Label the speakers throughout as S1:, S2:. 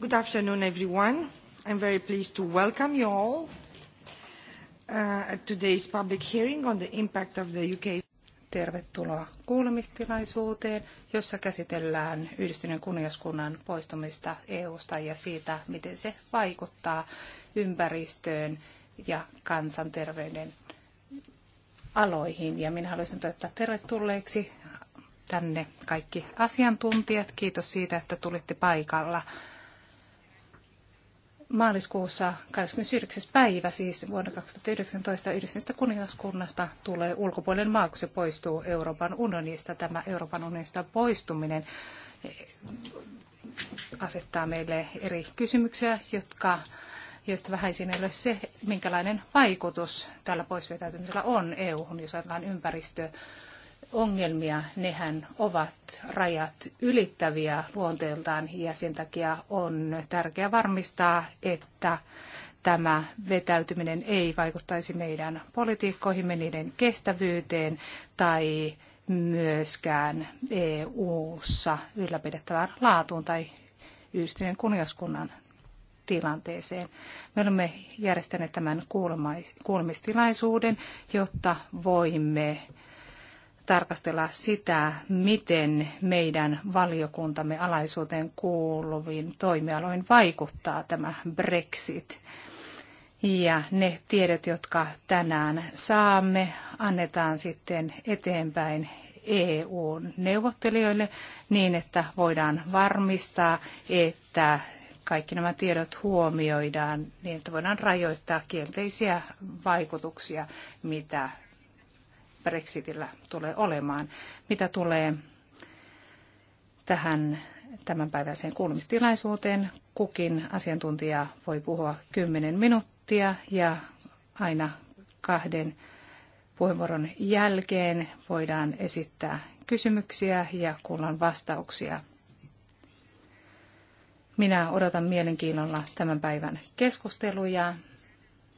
S1: Good afternoon, everyone. I'm very pleased to welcome you all uh, at today's public hearing on the impact of the UK. Tervetuloa kuulemistilaisuuteen, jossa käsitellään yhdistyneen kuningaskunnan poistumista EUsta ja siitä, miten se vaikuttaa ympäristöön ja kansanterveyden aloihin. Ja minä haluaisin toivottaa tervetulleeksi tänne kaikki asiantuntijat. Kiitos siitä, että tulitte paikalla maaliskuussa 29. päivä, siis vuonna 2019, yhdistyneestä kuningaskunnasta tulee ulkopuolinen maa, kun se poistuu Euroopan unionista. Tämä Euroopan unionista poistuminen eh, asettaa meille eri kysymyksiä, jotka, joista vähäisin ei ole se, minkälainen vaikutus tällä poisvetäytymisellä on EU-hun, jos ajatellaan ympäristö- ongelmia, nehän ovat rajat ylittäviä luonteeltaan ja sen takia on tärkeää varmistaa, että tämä vetäytyminen ei vaikuttaisi meidän politiikkoihimme, niiden kestävyyteen tai myöskään EU-ssa ylläpidettävään laatuun tai yhdistyneen kuningaskunnan tilanteeseen. Me olemme järjestäneet tämän kuulemistilaisuuden, jotta voimme tarkastella sitä, miten meidän valiokuntamme alaisuuteen kuuluviin toimialoihin vaikuttaa tämä Brexit. Ja ne tiedot, jotka tänään saamme, annetaan sitten eteenpäin EU-neuvottelijoille niin, että voidaan varmistaa, että kaikki nämä tiedot huomioidaan niin, että voidaan rajoittaa kielteisiä vaikutuksia, mitä Brexitillä tulee olemaan. Mitä tulee tähän tämänpäiväiseen kuulemistilaisuuteen, kukin asiantuntija voi puhua 10 minuuttia ja aina kahden puheenvuoron jälkeen voidaan esittää kysymyksiä ja kuullaan vastauksia. Minä odotan mielenkiinnolla tämän päivän keskusteluja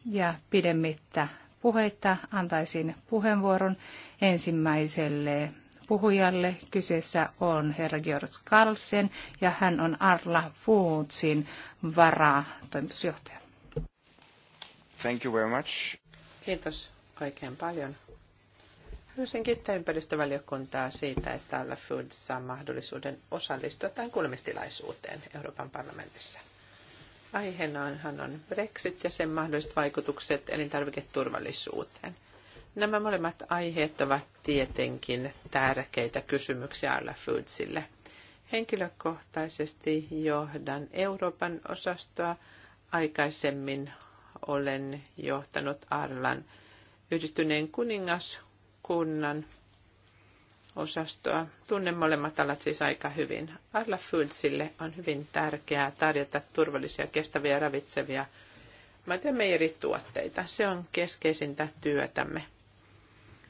S1: ja pidemmittä puheitta antaisin puheenvuoron ensimmäiselle puhujalle. Kyseessä on herra Georg Carlsen ja hän on Arla Foodsin varatoimitusjohtaja.
S2: Thank you very much. Kiitos oikein paljon. Haluaisin kiittää ympäristövaliokuntaa siitä, että Arla Foods saa mahdollisuuden osallistua tämän kuulemistilaisuuteen Euroopan parlamentissa. Aiheenaanhan on Brexit ja sen mahdolliset vaikutukset elintarviketurvallisuuteen. Nämä molemmat aiheet ovat tietenkin tärkeitä kysymyksiä Arla Foodsille. Henkilökohtaisesti johdan Euroopan osastoa. Aikaisemmin olen johtanut Arlan yhdistyneen kuningaskunnan osastoa. Tunnen molemmat alat siis aika hyvin. Arla Foodsille on hyvin tärkeää tarjota turvallisia, kestäviä ja ravitsevia tuotteita. Se on keskeisintä työtämme.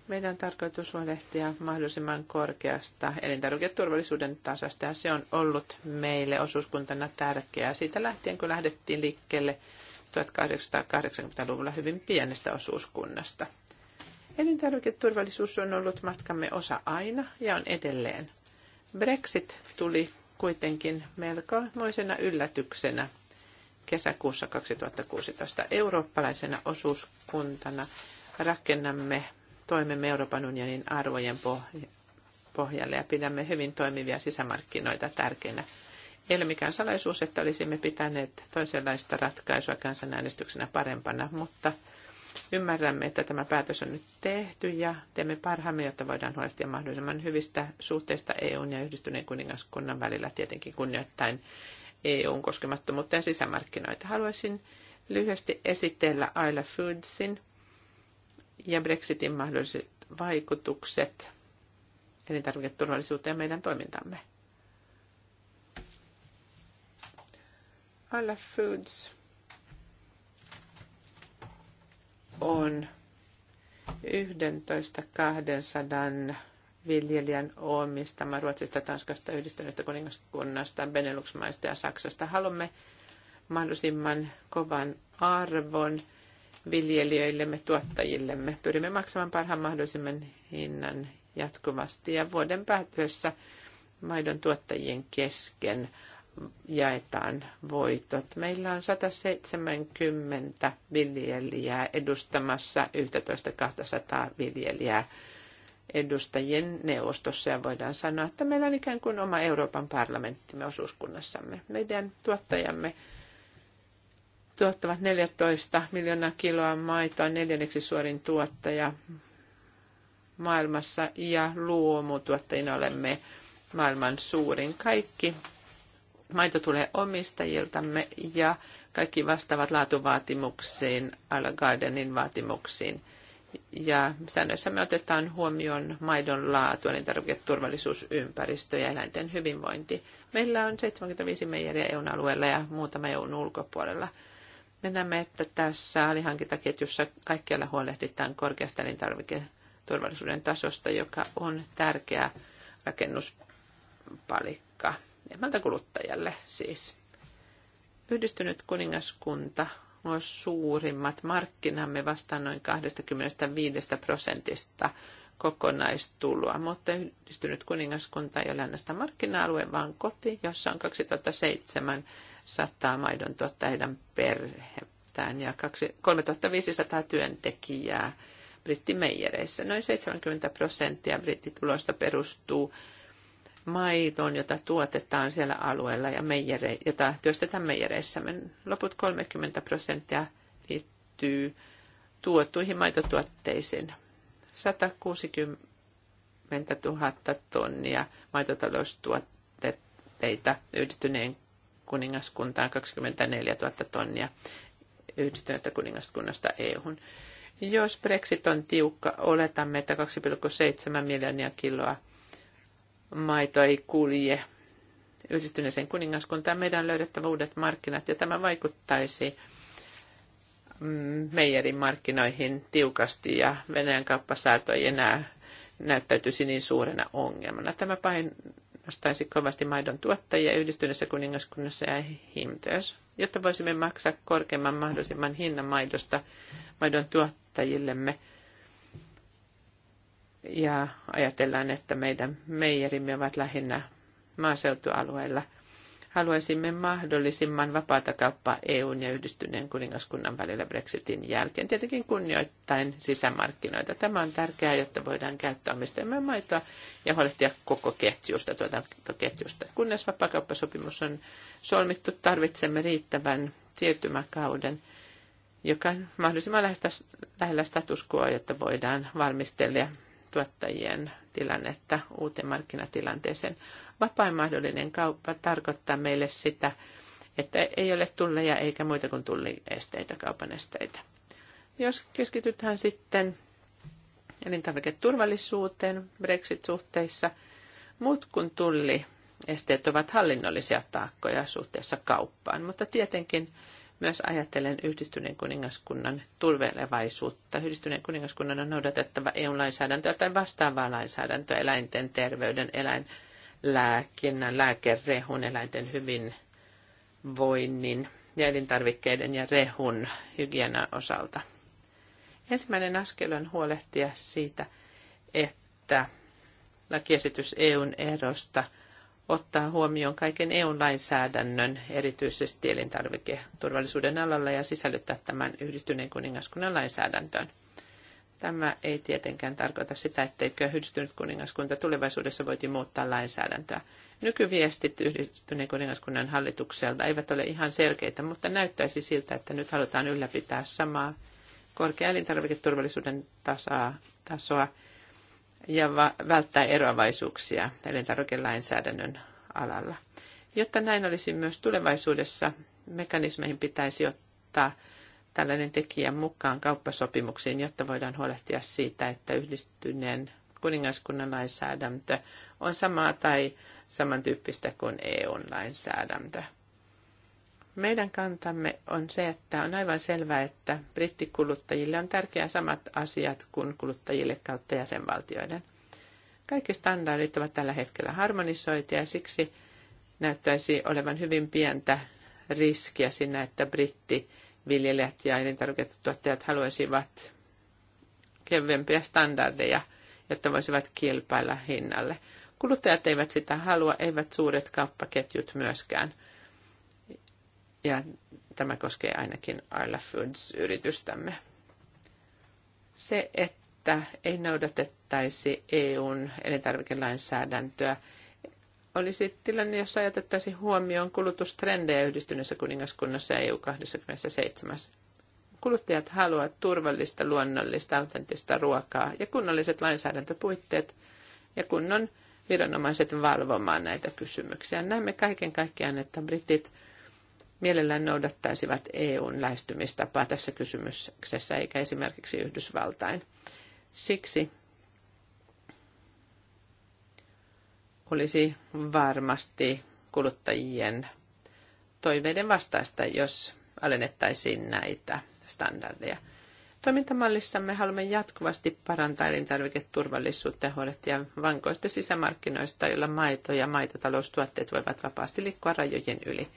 S2: Meidän on tarkoitus huolehtia mahdollisimman korkeasta elintarviketurvallisuuden tasasta ja se on ollut meille osuuskuntana tärkeää. Siitä lähtien, kun lähdettiin liikkeelle 1880-luvulla hyvin pienestä osuuskunnasta – Elintarviketurvallisuus on ollut matkamme osa aina ja on edelleen. Brexit tuli kuitenkin melkomoisena yllätyksenä kesäkuussa 2016 eurooppalaisena osuuskuntana rakennamme toimimme Euroopan unionin arvojen pohjalle ja pidämme hyvin toimivia sisämarkkinoita tärkeinä. Ei ole mikään salaisuus, että olisimme pitäneet toisenlaista ratkaisua kansanäänestyksenä parempana, mutta Ymmärrämme, että tämä päätös on nyt tehty ja teemme parhaamme, jotta voidaan huolehtia mahdollisimman hyvistä suhteista EUn ja yhdistyneen kuningaskunnan välillä tietenkin kunnioittain EUn koskemattomuutta ja sisämarkkinoita. Haluaisin lyhyesti esitellä Isla Foodsin ja Brexitin mahdolliset vaikutukset elintarviketurvallisuuteen ja meidän toimintamme. Isla Foods on 11 200 viljelijän omistama Ruotsista, Tanskasta, Yhdistyneestä kuningaskunnasta, Beneluxmaista ja Saksasta. Haluamme mahdollisimman kovan arvon viljelijöillemme, tuottajillemme. Pyrimme maksamaan parhaan mahdollisimman hinnan jatkuvasti ja vuoden päätyessä maidon tuottajien kesken jaetaan voitot. Meillä on 170 viljelijää edustamassa 11-200 viljelijää edustajien neuvostossa ja voidaan sanoa, että meillä on ikään kuin oma Euroopan parlamenttimme osuuskunnassamme. Meidän tuottajamme tuottavat 14 miljoonaa kiloa maitoa, neljänneksi suorin tuottaja maailmassa ja luomutuottajina olemme maailman suurin. Kaikki maito tulee omistajiltamme ja kaikki vastaavat laatuvaatimuksiin, Alla Gardenin vaatimuksiin. Ja säännöissä me otetaan huomioon maidon laatu, elintarviketurvallisuus, ympäristö ja eläinten hyvinvointi. Meillä on 75 meijeriä EUn alueella ja muutama EUn ulkopuolella. Me näemme, että tässä alihankintaketjussa kaikkialla huolehditaan korkeasta elintarviketurvallisuuden tasosta, joka on tärkeä rakennuspalikka pienemmältä kuluttajalle siis. Yhdistynyt kuningaskunta on suurimmat markkinamme vasta noin 25 prosentista kokonaistuloa, mutta yhdistynyt kuningaskunta ei ole ainoastaan markkina-alue, vaan koti, jossa on 2700 maidon tuottajan perhettään ja 3500 työntekijää brittimeijereissä. Noin 70 prosenttia brittituloista perustuu maiton, jota tuotetaan siellä alueella ja meijere, jota työstetään meijereissämme. Loput 30 prosenttia liittyy tuottuihin maitotuotteisiin. 160 000 tonnia maitotaloustuotteita yhdistyneen kuningaskuntaan, 24 000 tonnia yhdistyneestä kuningaskunnasta EUhun. Jos Brexit on tiukka, oletamme, että 2,7 miljoonaa kiloa maito ei kulje yhdistyneeseen kuningaskuntaan. Meidän on löydettävä uudet markkinat ja tämä vaikuttaisi mm, meijerin markkinoihin tiukasti ja Venäjän kauppasaarto ei enää näyttäytyisi niin suurena ongelmana. Tämä painostaisi kovasti maidon tuottajia yhdistyneessä kuningaskunnassa ja hintöys. Jotta voisimme maksaa korkeimman mahdollisimman hinnan maidosta maidon tuottajillemme, ja ajatellaan, että meidän meijerimme ovat lähinnä maaseutualueilla. Haluaisimme mahdollisimman vapaata kauppaa EUn ja yhdistyneen kuningaskunnan välillä Brexitin jälkeen, tietenkin kunnioittain sisämarkkinoita. Tämä on tärkeää, jotta voidaan käyttää omistajamme maitoa ja huolehtia koko ketjusta, tuotantoketjusta. Kunnes vapaakauppasopimus on solmittu, tarvitsemme riittävän siirtymäkauden – joka on mahdollisimman lähellä status quo, jotta voidaan valmistella tuottajien tilannetta uuteen markkinatilanteeseen. Vapaa mahdollinen kauppa tarkoittaa meille sitä, että ei ole tulleja eikä muita kuin tulliesteitä, kaupan esteitä. Jos keskitytään sitten elintarviketurvallisuuteen Brexit-suhteissa, muut kuin tulliesteet ovat hallinnollisia taakkoja suhteessa kauppaan, mutta tietenkin myös ajatellen yhdistyneen kuningaskunnan tulvelevaisuutta. Yhdistyneen kuningaskunnan on noudatettava EU-lainsäädäntöä tai vastaavaa lainsäädäntöä eläinten terveyden, eläinlääkinnän, lääkerehun, eläinten hyvinvoinnin ja elintarvikkeiden ja rehun hygienan osalta. Ensimmäinen askel on huolehtia siitä, että lakiesitys EUn erosta – ottaa huomioon kaiken EU-lainsäädännön, erityisesti elintarviketurvallisuuden alalla, ja sisällyttää tämän yhdistyneen kuningaskunnan lainsäädäntöön. Tämä ei tietenkään tarkoita sitä, etteikö yhdistynyt kuningaskunta tulevaisuudessa voiti muuttaa lainsäädäntöä. Nykyviestit yhdistyneen kuningaskunnan hallitukselta eivät ole ihan selkeitä, mutta näyttäisi siltä, että nyt halutaan ylläpitää samaa korkea elintarviketurvallisuuden tasoa ja välttää eroavaisuuksia elintarvikelainsäädännön alalla. Jotta näin olisi myös tulevaisuudessa, mekanismeihin pitäisi ottaa tällainen tekijä mukaan kauppasopimuksiin, jotta voidaan huolehtia siitä, että yhdistyneen kuningaskunnan lainsäädäntö on samaa tai samantyyppistä kuin EUn lainsäädäntö. Meidän kantamme on se, että on aivan selvää, että brittikuluttajille on tärkeää samat asiat kuin kuluttajille kautta jäsenvaltioiden. Kaikki standardit ovat tällä hetkellä harmonisoituja ja siksi näyttäisi olevan hyvin pientä riskiä siinä, että brittiviljelijät ja elintarviketuottajat haluaisivat kevempiä standardeja, jotta voisivat kilpailla hinnalle. Kuluttajat eivät sitä halua, eivät suuret kauppaketjut myöskään – ja tämä koskee ainakin Arla Foods-yritystämme. Se, että ei noudatettaisi EUn elintarvikelainsäädäntöä, olisi tilanne, jossa ajatettaisiin huomioon kulutustrendejä yhdistyneessä kuningaskunnassa EU27. Kuluttajat haluavat turvallista, luonnollista, autenttista ruokaa ja kunnolliset lainsäädäntöpuitteet ja kunnon viranomaiset valvomaan näitä kysymyksiä. Näemme kaiken kaikkiaan, että britit mielellään noudattaisivat EUn lähestymistapaa tässä kysymyksessä, eikä esimerkiksi Yhdysvaltain. Siksi olisi varmasti kuluttajien toiveiden vastaista, jos alennettaisiin näitä standardeja. Toimintamallissamme haluamme jatkuvasti parantaa elintarviketurvallisuutta ja huolehtia vankoista sisämarkkinoista, joilla maito ja maitotaloustuotteet voivat vapaasti liikkua rajojen yli.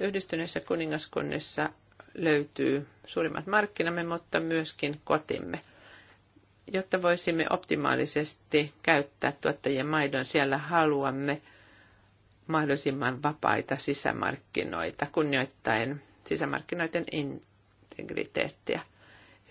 S2: Yhdistyneissä kuningaskunnissa löytyy suurimmat markkinamme, mutta myöskin kotimme. Jotta voisimme optimaalisesti käyttää tuottajien maidon, siellä haluamme mahdollisimman vapaita sisämarkkinoita, kunnioittaen sisämarkkinoiden integriteettiä.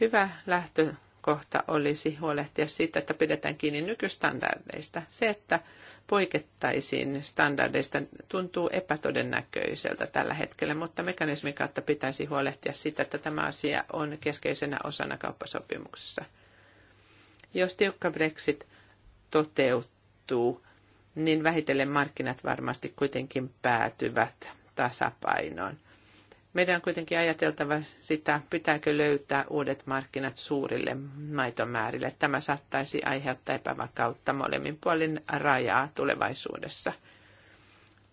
S2: Hyvä lähtö lähtökohta olisi huolehtia siitä, että pidetään kiinni nykystandardeista. Se, että poikettaisiin standardeista, tuntuu epätodennäköiseltä tällä hetkellä, mutta mekanismin kautta pitäisi huolehtia siitä, että tämä asia on keskeisenä osana kauppasopimuksessa. Jos tiukka Brexit toteutuu, niin vähitellen markkinat varmasti kuitenkin päätyvät tasapainoon meidän on kuitenkin ajateltava sitä, pitääkö löytää uudet markkinat suurille maitomäärille. Tämä saattaisi aiheuttaa epävakautta molemmin puolin rajaa tulevaisuudessa.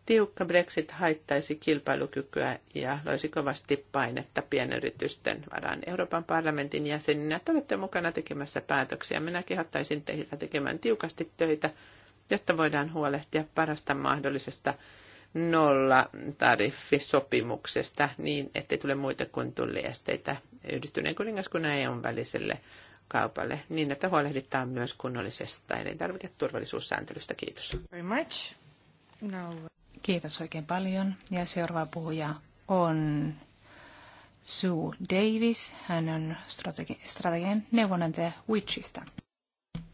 S2: Tiukka Brexit haittaisi kilpailukykyä ja loisi kovasti painetta pienyritysten varaan. Euroopan parlamentin jäseninä te olette mukana tekemässä päätöksiä. Minä kehottaisin teitä tekemään tiukasti töitä, jotta voidaan huolehtia parasta mahdollisesta nolla tariffisopimuksesta niin, ettei tule muita kuin tulliesteitä yhdistyneen kuningaskunnan ja EUn väliselle kaupalle, niin että huolehditaan myös kunnollisesta elintarviketurvallisuussääntelystä. Kiitos.
S1: Very much. No. Kiitos oikein paljon. Ja seuraava puhuja on Sue Davis. Hän on strategi- strategian neuvonantaja Witchista.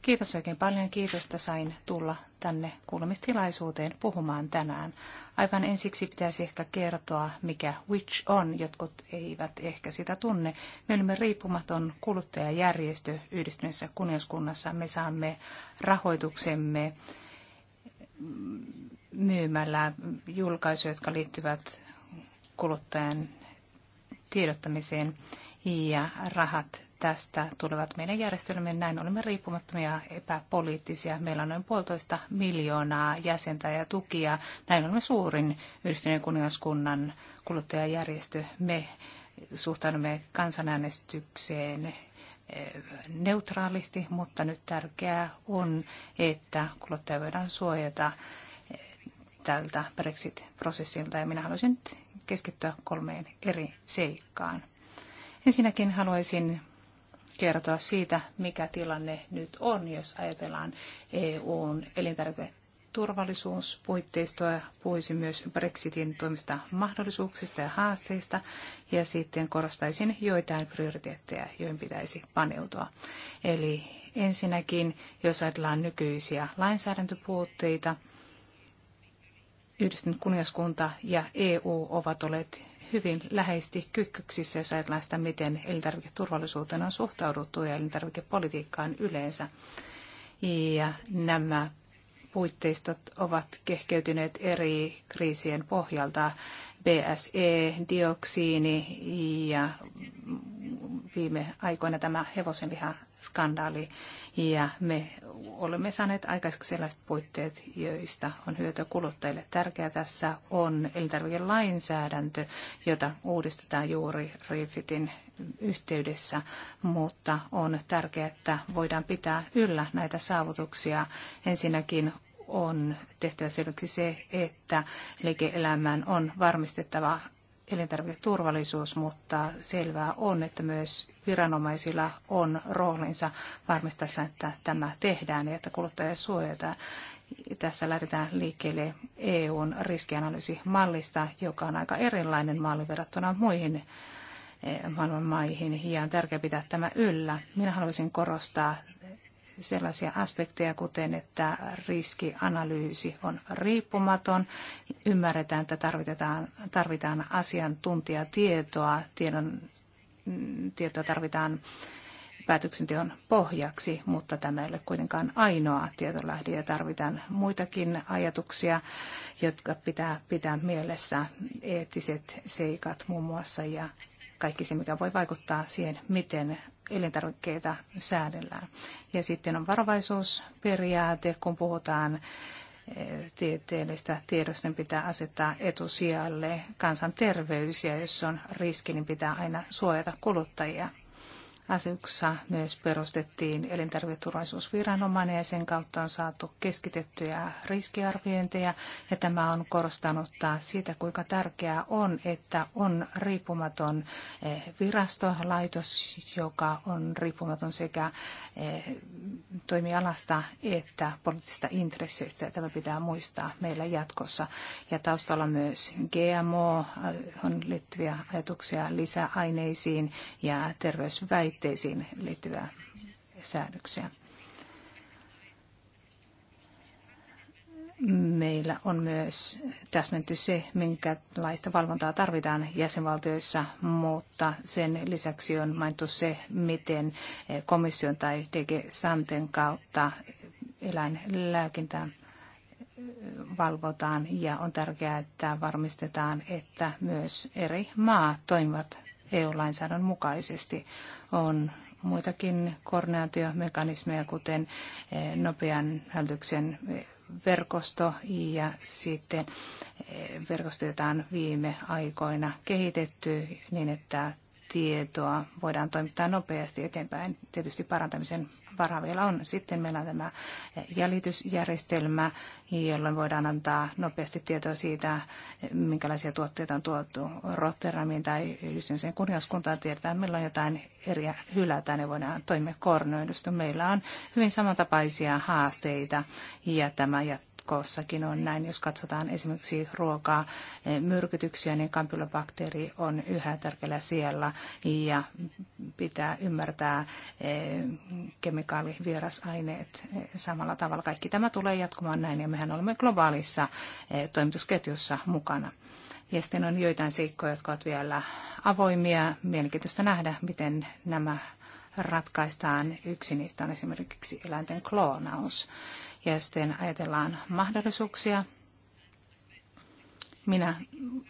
S1: Kiitos oikein paljon. Kiitos, että sain tulla tänne kuulemistilaisuuteen puhumaan tänään. Aivan ensiksi pitäisi ehkä kertoa, mikä Witch on. Jotkut eivät ehkä sitä tunne. Me olemme riippumaton kuluttajajärjestö yhdistyneessä kuningaskunnassa. Me saamme rahoituksemme myymällä julkaisuja, jotka liittyvät kuluttajan tiedottamiseen ja rahat tästä tulevat meidän järjestelmämme. Näin olemme riippumattomia epäpoliittisia. Meillä on noin puolitoista miljoonaa jäsentä ja tukia. Näin olemme suurin yhdistyneen kuningaskunnan kuluttajajärjestö. Me suhtaudumme kansanäänestykseen eh, neutraalisti, mutta nyt tärkeää on, että kuluttaja voidaan suojata eh, tältä Brexit-prosessilta ja minä haluaisin nyt keskittyä kolmeen eri seikkaan. Ensinnäkin haluaisin kertoa siitä, mikä tilanne nyt on, jos ajatellaan EUn elintarviketurvallisuuspuitteistoa. Puhuisin myös Brexitin toimista mahdollisuuksista ja haasteista ja sitten korostaisin joitain prioriteetteja, joihin pitäisi paneutua. Eli ensinnäkin, jos ajatellaan nykyisiä lainsäädäntöpuutteita, Yhdistynyt kuningaskunta ja EU ovat olleet hyvin läheisesti kytköksissä, jos ajatellaan sitä, miten elintarviketurvallisuuteen on suhtauduttu ja elintarvikepolitiikkaan yleensä. Ja nämä puitteistot ovat kehkeytyneet eri kriisien pohjalta. BSE, dioksiini ja viime aikoina tämä hevosenlihaskandaali ja me olemme saaneet aikaiseksi sellaiset puitteet, joista on hyötyä kuluttajille. Tärkeää tässä on lainsäädäntö, jota uudistetaan juuri Refitin yhteydessä, mutta on tärkeää, että voidaan pitää yllä näitä saavutuksia. Ensinnäkin on tehtävä selväksi se, että liike-elämään on varmistettava elintarviketurvallisuus, mutta selvää on, että myös viranomaisilla on roolinsa varmistaessa, että tämä tehdään ja että kuluttaja suojataan. Tässä lähdetään liikkeelle EUn riskianalyysimallista, joka on aika erilainen malli verrattuna muihin eh, maailman maihin ja on tärkeää pitää tämä yllä. Minä haluaisin korostaa sellaisia aspekteja, kuten että riskianalyysi on riippumaton. Ymmärretään, että tarvitaan, tarvitaan asiantuntijatietoa, tiedon, mm, tietoa tarvitaan päätöksenteon pohjaksi, mutta tämä ei ole kuitenkaan ainoa tietolähde ja tarvitaan muitakin ajatuksia, jotka pitää pitää mielessä eettiset seikat muun muassa ja kaikki se, mikä voi vaikuttaa siihen, miten elintarvikkeita säädellään. Ja sitten on varovaisuusperiaate, kun puhutaan eh, tieteellistä tiedosta, niin pitää asettaa etusijalle kansanterveys ja jos on riski, niin pitää aina suojata kuluttajia. Asiuksessa myös perustettiin elintarviketurvallisuusviranomainen ja sen kautta on saatu keskitettyjä riskiarviointeja. Ja tämä on korostanut taas siitä, kuinka tärkeää on, että on riippumaton eh, virasto, laitos, joka on riippumaton sekä eh, toimialasta että poliittisista intresseistä. Tämä pitää muistaa meillä jatkossa. Ja taustalla myös GMO eh, on liittyviä ajatuksia lisäaineisiin ja terveysväitteisiin jätteisiin liittyviä säädöksiä. Meillä on myös täsmenty se, minkälaista valvontaa tarvitaan jäsenvaltioissa, mutta sen lisäksi on mainittu se, miten komission tai DG Santen kautta eläinlääkintää valvotaan ja on tärkeää, että varmistetaan, että myös eri maat toimivat EU-lainsäädännön mukaisesti. On muitakin koordinaatiomekanismeja, kuten eh, nopean hälytyksen eh, verkosto ja sitten eh, verkosto, jota on viime aikoina kehitetty niin, että tietoa voidaan toimittaa nopeasti eteenpäin. Tietysti parantamisen parhaimmillaan on. Sitten meillä on tämä jäljitysjärjestelmä, jolloin voidaan antaa nopeasti tietoa siitä, minkälaisia tuotteita on tuotu Rotterdamiin tai yhdistyneeseen kuningaskuntaan. Tiedetään, on jotain eri hylätään ja voidaan toimia koordinoidusta. Meillä on hyvin samantapaisia haasteita ja tämä jättää Mekossakin on näin. Jos katsotaan esimerkiksi ruokaa, eh, myrkytyksiä, niin kampylobakteeri on yhä tärkeällä siellä ja pitää ymmärtää eh, kemikaalivierasaineet eh, samalla tavalla. Kaikki tämä tulee jatkumaan näin ja mehän olemme globaalissa toimitusketjussa mukana. Ja sitten on joitain seikkoja, jotka ovat vielä avoimia. Mielenkiintoista nähdä, miten nämä ratkaistaan. Yksi niistä on esimerkiksi eläinten kloonaus. Ja sitten ajatellaan mahdollisuuksia, minä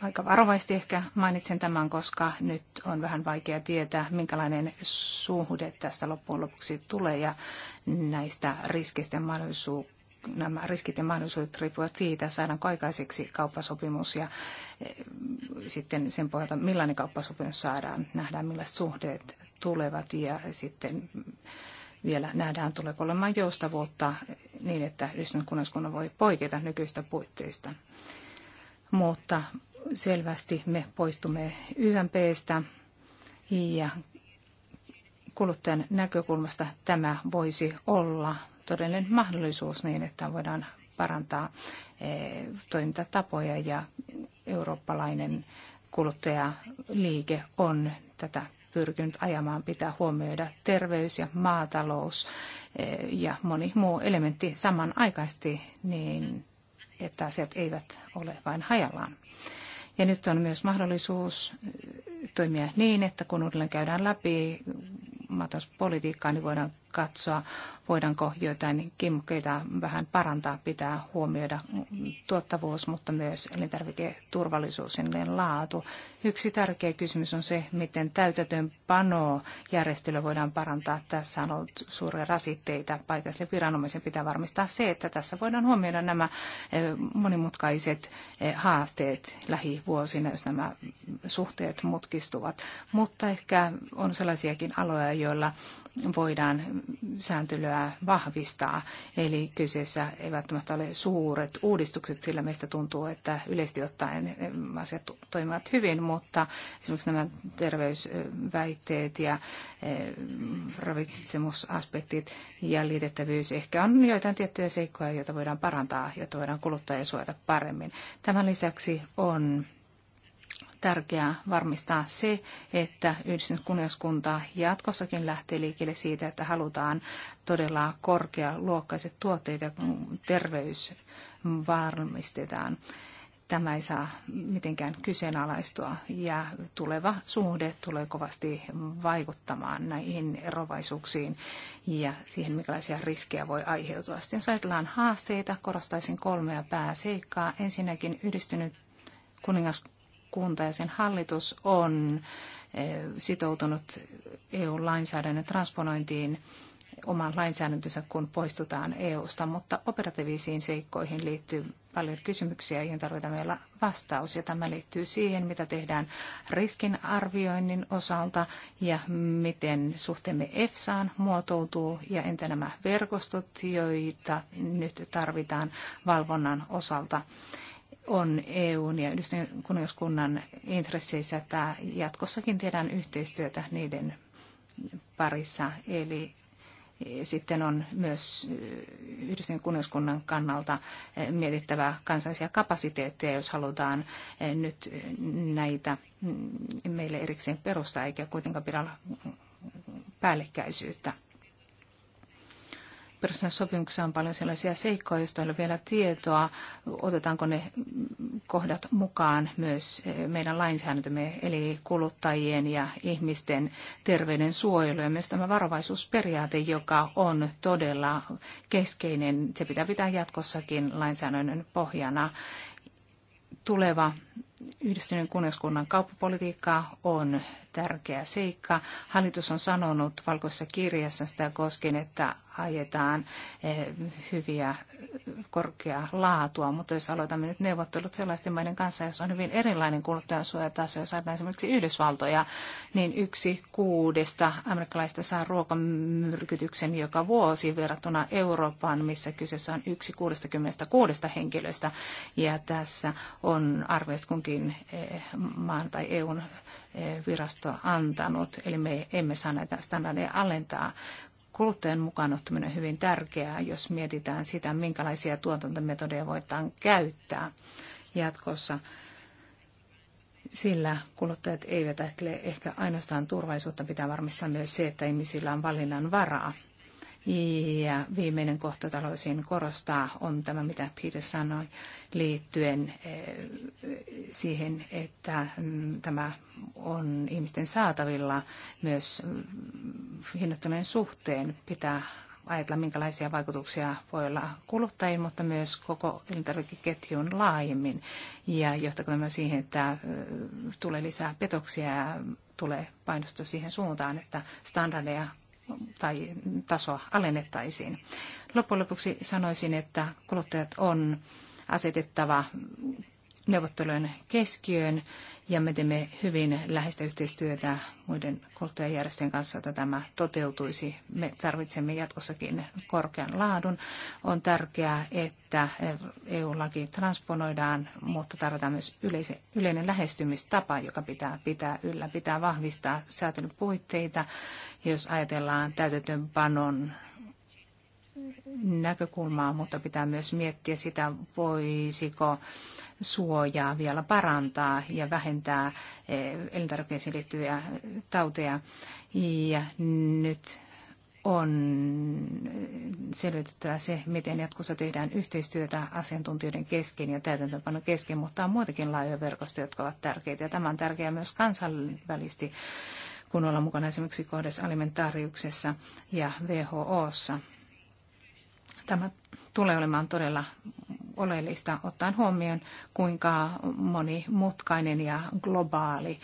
S1: aika varovaisesti ehkä mainitsen tämän, koska nyt on vähän vaikea tietää, minkälainen suhde tästä loppujen lopuksi tulee ja näistä riskeistä mahdollisuuksista nämä riskit ja mahdollisuudet riippuvat siitä, saadaanko aikaiseksi kauppasopimus ja e, sitten sen pohjalta, millainen kauppasopimus saadaan, nähdään millaiset suhteet tulevat ja sitten vielä nähdään, tuleeko olemaan joustavuutta niin, että yhdistynyt kuningaskunnan voi poiketa nykyistä puitteista. Mutta selvästi me poistumme YMPstä ja kuluttajan näkökulmasta tämä voisi olla todellinen mahdollisuus niin, että voidaan parantaa eh, toimintatapoja ja eurooppalainen kuluttajaliike on tätä pyrkinyt ajamaan, pitää huomioida terveys ja maatalous eh, ja moni muu elementti samanaikaisesti, niin että asiat eivät ole vain hajallaan. Ja nyt on myös mahdollisuus eh, toimia niin, että kun uudelleen käydään läpi maatalouspolitiikkaa, niin voidaan katsoa, voidaanko joitain kimmokkeita vähän parantaa, pitää huomioida tuottavuus, mutta myös elintarviketurvallisuus ja niiden laatu. Yksi tärkeä kysymys on se, miten täytetyn järjestelyä voidaan parantaa. Tässä on ollut suuria rasitteita. Paikallisille viranomaisen pitää varmistaa se, että tässä voidaan huomioida nämä eh, monimutkaiset eh, haasteet lähivuosina, jos nämä suhteet mutkistuvat. Mutta ehkä on sellaisiakin aloja, joilla voidaan sääntelyä vahvistaa. Eli kyseessä ei välttämättä ole suuret uudistukset, sillä meistä tuntuu, että yleisesti ottaen asiat toimivat hyvin, mutta esimerkiksi nämä terveysväitteet ja eh, ravitsemusaspektit ja liitettävyys ehkä on joitain tiettyjä seikkoja, joita voidaan parantaa, joita voidaan kuluttajia suojata paremmin. Tämän lisäksi on tärkeää varmistaa se, että yhdistynyt kuningaskunta jatkossakin lähtee liikkeelle siitä, että halutaan todella korkealuokkaiset tuotteet ja terveys varmistetaan. Tämä ei saa mitenkään kyseenalaistua ja tuleva suhde tulee kovasti vaikuttamaan näihin erovaisuuksiin ja siihen, minkälaisia riskejä voi aiheutua. Sitten jos ajatellaan haasteita, korostaisin kolmea pääseikkaa. Ensinnäkin yhdistynyt kuningas kunta ja sen hallitus on eh, sitoutunut EU-lainsäädännön transponointiin oman lainsäädäntönsä, kun poistutaan EUsta, mutta operatiivisiin seikkoihin liittyy paljon kysymyksiä, joihin tarvitaan vielä vastaus. Ja tämä liittyy siihen, mitä tehdään riskinarvioinnin osalta ja miten suhteemme EFSAan muotoutuu ja entä nämä verkostot, joita nyt tarvitaan valvonnan osalta on EUn ja yhdistyneen kuningaskunnan intresseissä, että jatkossakin tehdään yhteistyötä niiden parissa. Eli sitten on myös yhdistyneen kuningaskunnan kannalta mietittävä kansallisia kapasiteetteja, jos halutaan nyt näitä meille erikseen perustaa, eikä kuitenkaan pidä olla päällekkäisyyttä sopimuksessa on paljon sellaisia seikkoja, joista ei ole vielä tietoa. Otetaanko ne kohdat mukaan myös eh, meidän lainsäädäntömme, eli kuluttajien ja ihmisten terveyden suojelu ja myös tämä varovaisuusperiaate, joka on todella keskeinen. Se pitää pitää jatkossakin lainsäädännön pohjana. Tuleva yhdistyneen kuningaskunnan kauppapolitiikka on tärkeä seikka. Hallitus on sanonut valkoisessa kirjassa sitä koskien, että ajetaan eh, hyviä korkea laatua, mutta jos aloitamme nyt neuvottelut sellaisten maiden kanssa, jos on hyvin erilainen kuluttajansuojataso, jos ajatellaan esimerkiksi Yhdysvaltoja, niin yksi kuudesta amerikkalaista saa ruokamyrkytyksen joka vuosi verrattuna Eurooppaan, missä kyseessä on yksi kuudesta henkilöstä. Ja tässä on arvioitu kunkin eh, maan tai EUn eh, virasto antanut, eli me emme saa näitä standardeja alentaa. Kuluttajan mukaan ottaminen on hyvin tärkeää, jos mietitään sitä, minkälaisia tuotantometodeja voidaan käyttää jatkossa sillä kuluttajat eivät ajattele ehkä ainoastaan turvallisuutta, pitää varmistaa myös se, että ihmisillä on valinnan varaa. Ja viimeinen kohta haluaisin korostaa on tämä, mitä Peter sanoi liittyen eh, siihen, että mm, tämä on ihmisten saatavilla myös mm, hinnoittelujen suhteen. Pitää ajatella, minkälaisia vaikutuksia voi olla kuluttajiin, mutta myös koko elintarvikeketjun laajemmin. Ja johtako tämä siihen, että eh, tulee lisää petoksia ja tulee painosta siihen suuntaan, että standardeja tai tasoa alennettaisiin. Loppujen lopuksi sanoisin, että kuluttajat on asetettava neuvottelujen keskiöön ja me teemme hyvin läheistä yhteistyötä muiden kuluttajajärjestöjen kanssa, että tämä toteutuisi. Me tarvitsemme jatkossakin korkean laadun. On tärkeää, että EU-laki transponoidaan, mutta tarvitaan myös yleinen lähestymistapa, joka pitää pitää yllä, pitää vahvistaa säätelypuitteita jos ajatellaan panon näkökulmaa, mutta pitää myös miettiä sitä, voisiko suojaa vielä parantaa ja vähentää eh, elintarvikkeisiin liittyviä tauteja. Ja nyt on selvitettävä se, miten jatkossa tehdään yhteistyötä asiantuntijoiden kesken ja täytäntöönpanon kesken, mutta on muitakin laajoja verkostoja, jotka ovat tärkeitä. Ja tämä on tärkeää myös kansainvälisesti kun ollaan mukana esimerkiksi kohdassa alimentaariuksessa ja WHOssa. Tämä tulee olemaan todella oleellista ottaen huomioon, kuinka monimutkainen ja globaali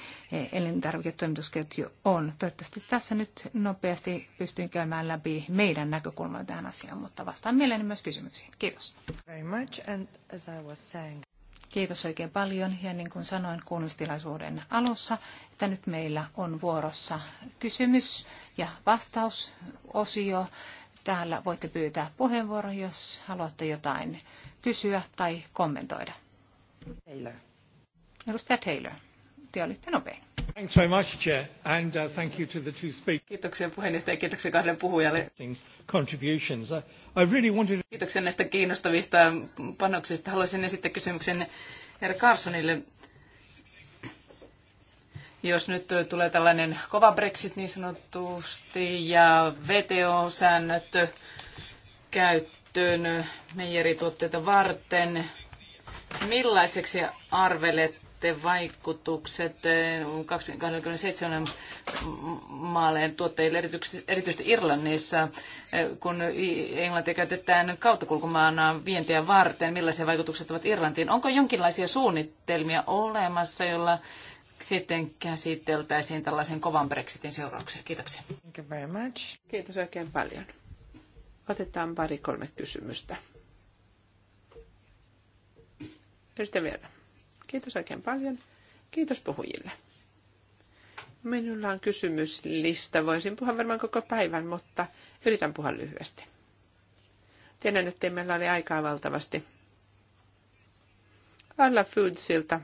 S1: elintarviketoimitusketju on. Toivottavasti tässä nyt nopeasti pystyn käymään läpi meidän näkökulmaa tähän asiaan, mutta vastaan mieleeni myös kysymyksiin. Kiitos. Very much. And as I was saying... Kiitos oikein paljon ja niin kuin sanoin kuulustilaisuuden alussa, että nyt meillä on vuorossa kysymys- ja vastausosio. Täällä voitte pyytää puheenvuoron, jos haluatte jotain kysyä tai kommentoida. Taylor. Edustaja Taylor, te olitte nopein. Thanks very much, Chair, and uh, thank you to the two speakers. Kiitoksia puheenjohtaja, kiitoksia kahdelle puhujalle. Contributions.
S3: I, I really wanted... Kiitoksia näistä kiinnostavista panoksista. Haluaisin esittää kysymyksen herra Carsonille. Jos nyt tulee tällainen kova Brexit niin sanotusti ja VTO-säännöt käyttöön meijerituotteita varten, millaiseksi arvelet vaikutukset 27 eh, maaleen tuottajille, erityisesti Irlannissa, eh, kun Englantia käytetään kauttakulkumaana vientiä varten, millaisia vaikutukset ovat Irlantiin? Onko jonkinlaisia suunnitelmia olemassa, jolla sitten käsiteltäisiin tällaisen
S2: kovan Brexitin seurauksia? Kiitoksia. Thank you very much. Kiitos oikein paljon. Otetaan pari-kolme kysymystä. Edustaja Vierna. Kiitos oikein paljon. Kiitos puhujille. Minulla on kysymyslista. Voisin puhua varmaan koko päivän, mutta yritän puhua lyhyesti. Tiedän, että meillä ole aikaa valtavasti. Alla Foodsilta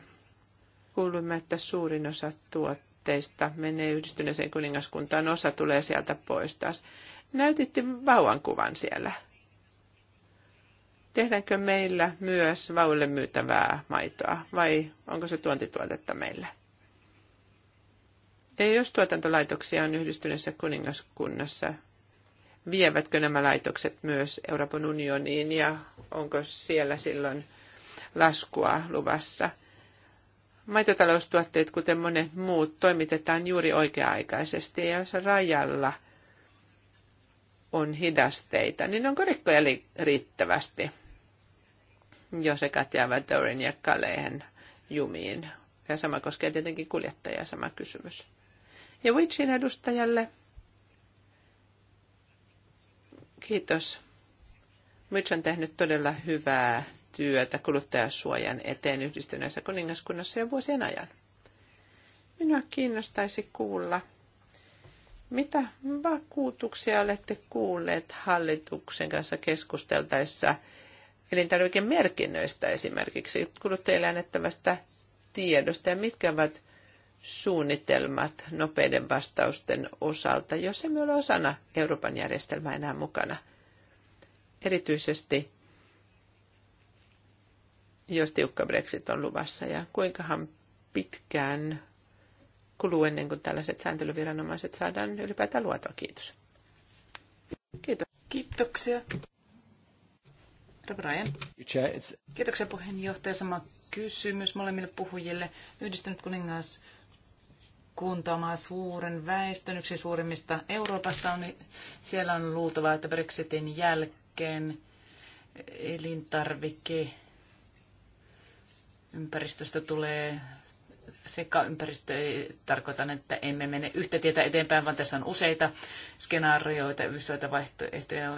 S2: kuulimme, että suurin osa tuotteista menee yhdistyneeseen kuningaskuntaan. Osa tulee sieltä pois taas. Näytitte vauvan kuvan siellä. Tehdäänkö meillä myös vauille myytävää maitoa vai onko se tuontituotetta meillä? Ja jos tuotantolaitoksia on yhdistyneessä kuningaskunnassa, vievätkö nämä laitokset myös Euroopan unioniin ja onko siellä silloin laskua luvassa? Maitotaloustuotteet, kuten monet muut, toimitetaan juuri oikea-aikaisesti ja jos rajalla – on hidasteita, niin onko rikkoja riittävästi? jos rekat jäävät Dorin ja Kaleen jumiin. Ja sama koskee tietenkin kuljettajia, sama kysymys. Ja Witchin edustajalle kiitos. Witch on tehnyt todella hyvää työtä kuluttajasuojan eteen yhdistyneessä kuningaskunnassa jo vuosien ajan. Minua kiinnostaisi kuulla, mitä vakuutuksia olette kuulleet hallituksen kanssa keskusteltaessa – elintarvikemerkinnöistä esimerkiksi, kuluttajille annettavasta tiedosta ja mitkä ovat suunnitelmat nopeiden vastausten osalta, jos emme ole osana Euroopan järjestelmää enää mukana. Erityisesti jos tiukka Brexit on luvassa ja kuinkahan pitkään kuluu ennen kuin tällaiset sääntelyviranomaiset saadaan ylipäätään luotua. Kiitos. Kiitos. Kiitoksia. Kiitoksia puheenjohtaja. Sama
S3: kysymys molemmille puhujille. Yhdistynyt kuningas kunta suuren väestön, yksi suurimmista Euroopassa on, siellä on luultavaa, että Brexitin jälkeen elintarvike ympäristöstä tulee sekä ympäristö ei tarkoita, että emme mene yhtä tietä eteenpäin, vaan tässä on useita skenaarioita, useita vaihtoehtoja,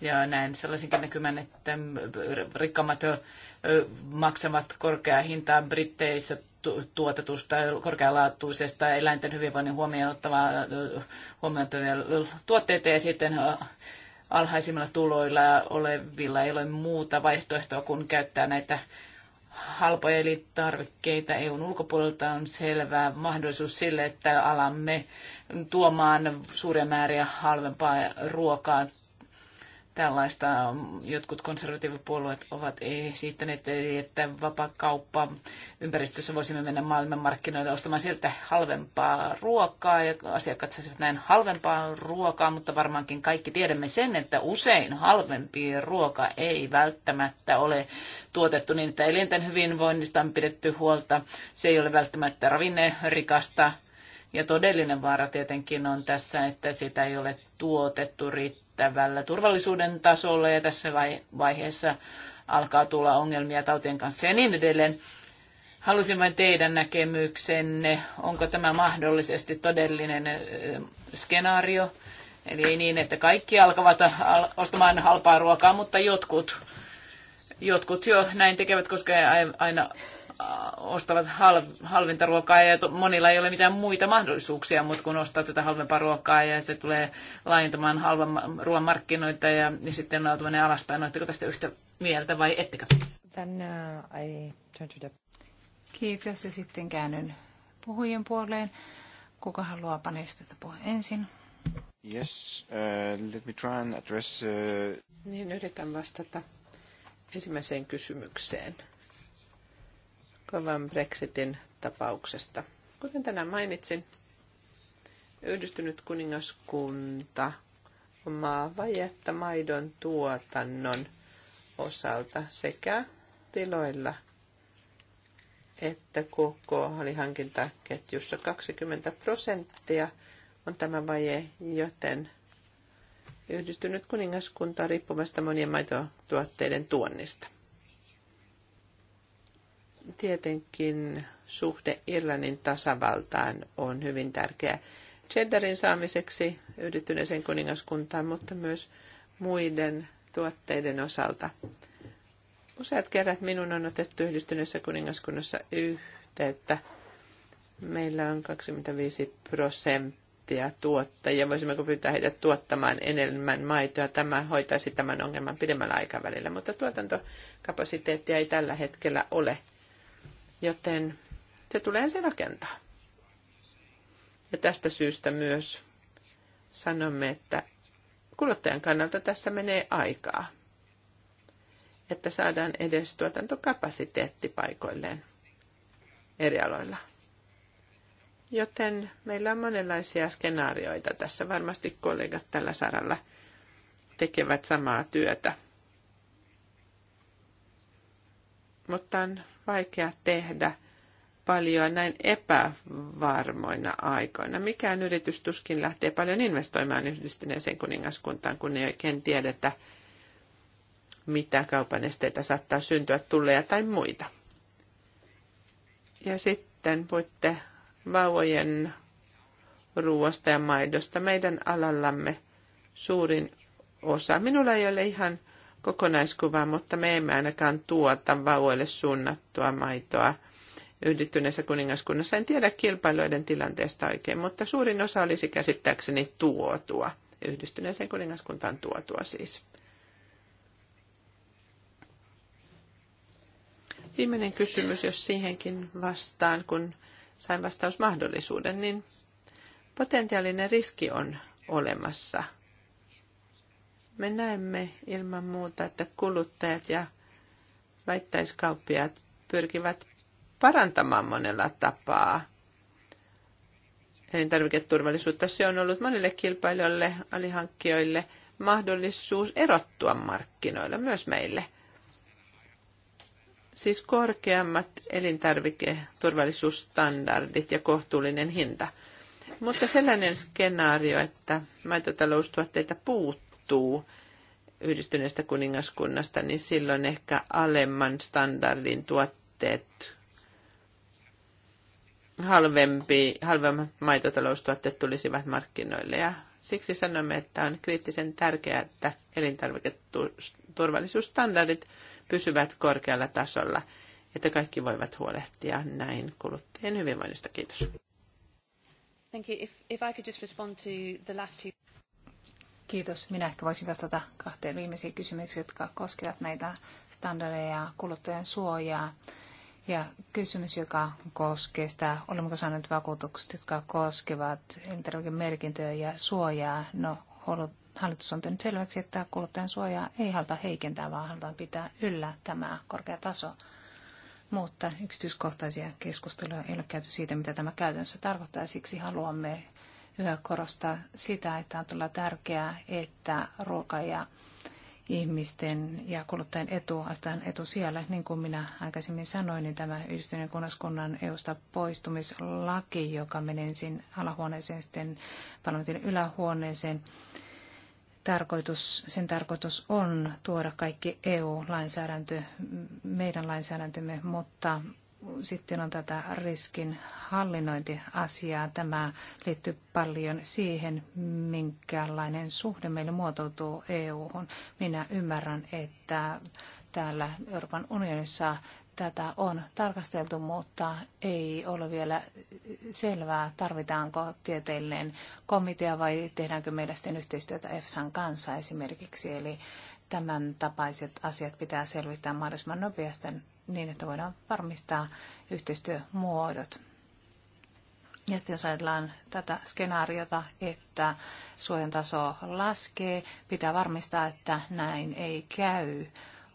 S3: ja näin sellaisenkin näkymän, että mm, rikkaammat maksavat korkeaa hintaa Britteissä tuotetusta, korkealaatuisesta eläinten hyvinvoinnin huomioon ottavaa huomioitavia tuotteita ja sitten alhaisimmilla tuloilla olevilla ei ole muuta vaihtoehtoa kuin käyttää näitä halpoja elintarvikkeita EUn ulkopuolelta on selvä mahdollisuus sille, että alamme tuomaan suuria määriä halvempaa ruokaa tällaista jotkut konservatiivipuolueet ovat esittäneet, että kauppa ympäristössä voisimme mennä maailmanmarkkinoille ostamaan sieltä halvempaa ruokaa ja asiakkaat saisivat näin halvempaa ruokaa, mutta varmaankin kaikki tiedämme sen, että usein halvempi ruoka ei välttämättä ole tuotettu niin, että elinten hyvinvoinnista on pidetty huolta. Se ei ole välttämättä ravinnerikasta ja todellinen vaara tietenkin on tässä, että sitä ei ole tuotettu riittävällä turvallisuuden tasolla ja tässä vaiheessa alkaa tulla ongelmia tautien kanssa ja niin edelleen. Halusin vain teidän näkemyksenne, onko tämä mahdollisesti todellinen skenaario. Eli ei niin, että kaikki alkavat ostamaan halpaa ruokaa, mutta jotkut, jotkut jo näin tekevät, koska aina Äh, ostavat hal, halvinta ruokaa ja monilla ei ole mitään muita mahdollisuuksia, mutta kun ostaa tätä halvempaa ruokaa ja että tulee laajentamaan halvan ruoan markkinoita ja niin sitten on tuonne alaspäin. Oletteko tästä yhtä mieltä vai ettekö?
S1: Uh, Kiitos ja sitten käännyn puhujien puoleen. Kuka haluaa panelistista puhua ensin?
S2: Yes, uh, let me try and address... Uh... Niin, yritän vastata ensimmäiseen kysymykseen – kovan Brexitin tapauksesta. Kuten tänään mainitsin, yhdistynyt kuningaskunta on vajetta maidon tuotannon osalta sekä tiloilla että koko alihankintaketjussa 20 prosenttia on tämä vaje, joten yhdistynyt kuningaskunta on riippuvasta monien maitotuotteiden tuonnista. Tietenkin suhde Irlannin tasavaltaan on hyvin tärkeä cheddarin saamiseksi yhdistyneeseen kuningaskuntaan, mutta myös muiden tuotteiden osalta. Useat kerrat minun on otettu yhdistyneessä kuningaskunnassa yhteyttä. Meillä on 25 prosenttia tuottajia. Voisimmeko pyytää heitä tuottamaan enemmän maitoa? Tämä hoitaisi tämän ongelman pidemmällä aikavälillä, mutta tuotantokapasiteettia ei tällä hetkellä ole. Joten se tulee ensin rakentaa. Ja tästä syystä myös sanomme, että kuluttajan kannalta tässä menee aikaa, että saadaan edes tuotantokapasiteetti paikoilleen eri aloilla. Joten meillä on monenlaisia skenaarioita tässä. Varmasti kollegat tällä saralla tekevät samaa työtä. Mutta on vaikea tehdä paljon näin epävarmoina aikoina. Mikään yritys tuskin lähtee paljon investoimaan yhdistyneeseen kuningaskuntaan, kun ei oikein tiedetä, mitä kaupan esteitä saattaa syntyä tulleja tai muita. Ja sitten voitte vauvojen ruoasta ja maidosta meidän alallamme suurin osa. Minulla ei ole ihan kokonaiskuvaa, mutta me emme ainakaan tuota vauvoille suunnattua maitoa yhdistyneessä kuningaskunnassa. En tiedä kilpailijoiden tilanteesta oikein, mutta suurin osa olisi käsittääkseni tuotua. Yhdistyneeseen kuningaskuntaan tuotua siis. Viimeinen kysymys, jos siihenkin vastaan, kun sain vastausmahdollisuuden, niin potentiaalinen riski on olemassa – me näemme ilman muuta, että kuluttajat ja väittäiskauppiaat pyrkivät parantamaan monella tapaa elintarviketurvallisuutta. Se on ollut monille kilpailijoille, alihankkijoille mahdollisuus erottua markkinoilla, myös meille. Siis korkeammat elintarviketurvallisuusstandardit ja kohtuullinen hinta. Mutta sellainen skenaario, että maitotaloustuotteita puuttuu, johtuu yhdistyneestä kuningaskunnasta, niin silloin ehkä alemman standardin tuotteet, halvempi, halvemmat maitotaloustuotteet tulisivat markkinoille. Ja siksi sanomme, että on kriittisen tärkeää, että elintarviketurvallisuusstandardit pysyvät korkealla tasolla, että kaikki voivat huolehtia näin kuluttajien hyvinvoinnista. Kiitos.
S1: Thank you. If, if I could just respond to the last two... Kiitos. Minä ehkä voisin vastata kahteen viimeisiin kysymyksiin, jotka koskevat näitä standardeja kuluttajan suojaa. Ja kysymys, joka koskee sitä, olemmeko saaneet vakuutukset, jotka koskevat elintarvikemerkintöjä ja suojaa. No, hallitus on tehnyt selväksi, että kuluttajan suojaa ei haluta heikentää, vaan halutaan pitää yllä tämä korkea taso. Mutta yksityiskohtaisia keskusteluja ei ole käyty siitä, mitä tämä käytännössä tarkoittaa, siksi haluamme yhä korostaa sitä, että on todella tärkeää, että ruoka ja ihmisten ja kuluttajien etu, astaan etu siellä. Niin kuin minä aikaisemmin sanoin, niin tämä yhdistyneen kunnaskunnan EUsta poistumislaki, joka meni ensin alahuoneeseen, sitten parlamentin ylähuoneeseen, tarkoitus, sen tarkoitus on tuoda kaikki EU-lainsäädäntö meidän lainsäädäntömme, mutta sitten on tätä riskin hallinnointiasiaa. Tämä liittyy paljon siihen, minkälainen suhde meille muotoutuu EU-hun. Minä ymmärrän, että täällä Euroopan unionissa tätä on tarkasteltu, mutta ei ole vielä selvää, tarvitaanko tieteellinen komitea vai tehdäänkö meillä sitten yhteistyötä EFSAn kanssa esimerkiksi. Eli tämän tapaiset asiat pitää selvittää mahdollisimman nopeasti niin, että voidaan varmistaa yhteistyömuodot. Ja sitten jos ajatellaan tätä skenaariota, että suojan taso laskee, pitää varmistaa, että näin ei käy.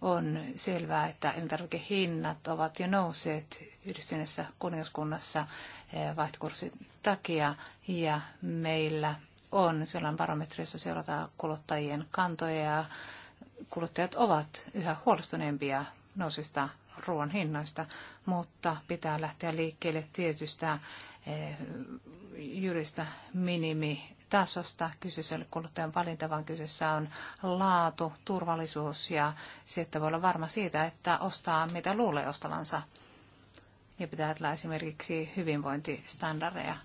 S1: On selvää, että elintarvikehinnat ovat jo nousseet yhdistyneessä kuningaskunnassa eh, vaihtokurssin takia ja meillä on sellainen barometri, jossa seurataan kuluttajien kantoja ja kuluttajat ovat yhä huolestuneempia nousista ruoan hinnoista, mutta pitää lähteä liikkeelle tietystä eh, juristä minimitasosta. Kyseessä ei kuluttajan valinta, vaan kyseessä on laatu, turvallisuus ja se, että voi olla varma siitä, että ostaa mitä luulee ostavansa. Ja pitää ajatella esimerkiksi hyvinvointistandardeja.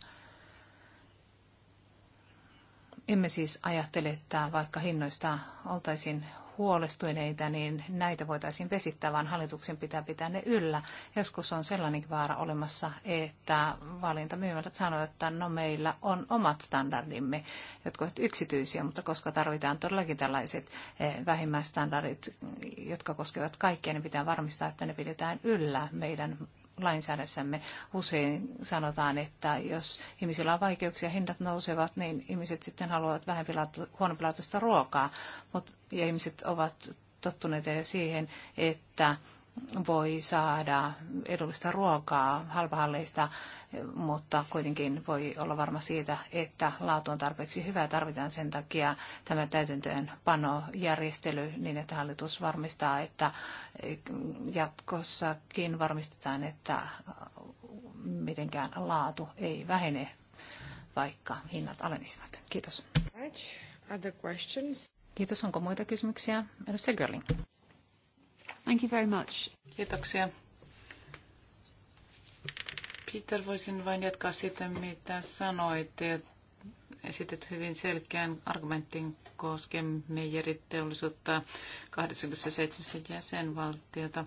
S1: Emme siis ajattele, että vaikka hinnoista oltaisiin huolestuneita, niin näitä voitaisiin vesittää, vaan hallituksen pitää pitää ne yllä. Joskus on sellainen vaara olemassa, että valintamyymälät sanoo, että no meillä on omat standardimme, jotka ovat yksityisiä, mutta koska tarvitaan todellakin tällaiset eh, vähimmäistandardit, jotka koskevat kaikkia, niin pitää varmistaa, että ne pidetään yllä meidän lainsäädännössämme. Usein sanotaan, että jos ihmisillä on vaikeuksia, hinnat nousevat, niin ihmiset sitten haluavat vähän huonolaatuista ruokaa. Mut, ja ihmiset ovat tottuneet siihen, että voi saada edullista ruokaa halpahalleista, mutta kuitenkin voi olla varma siitä, että laatu on tarpeeksi hyvä. Tarvitaan sen takia tämä täytäntöön panojärjestely niin, että hallitus varmistaa, että jatkossakin varmistetaan, että mitenkään laatu ei vähene, vaikka hinnat alenisivat. Kiitos. Kiitos. Onko muita kysymyksiä? Edustaja Görling. Thank you very much. Kiitoksia.
S3: Peter, voisin vain jatkaa sitä, mitä sanoit. Esitit hyvin selkeän argumentin koskien meijeriteollisuutta 27 jäsenvaltiota.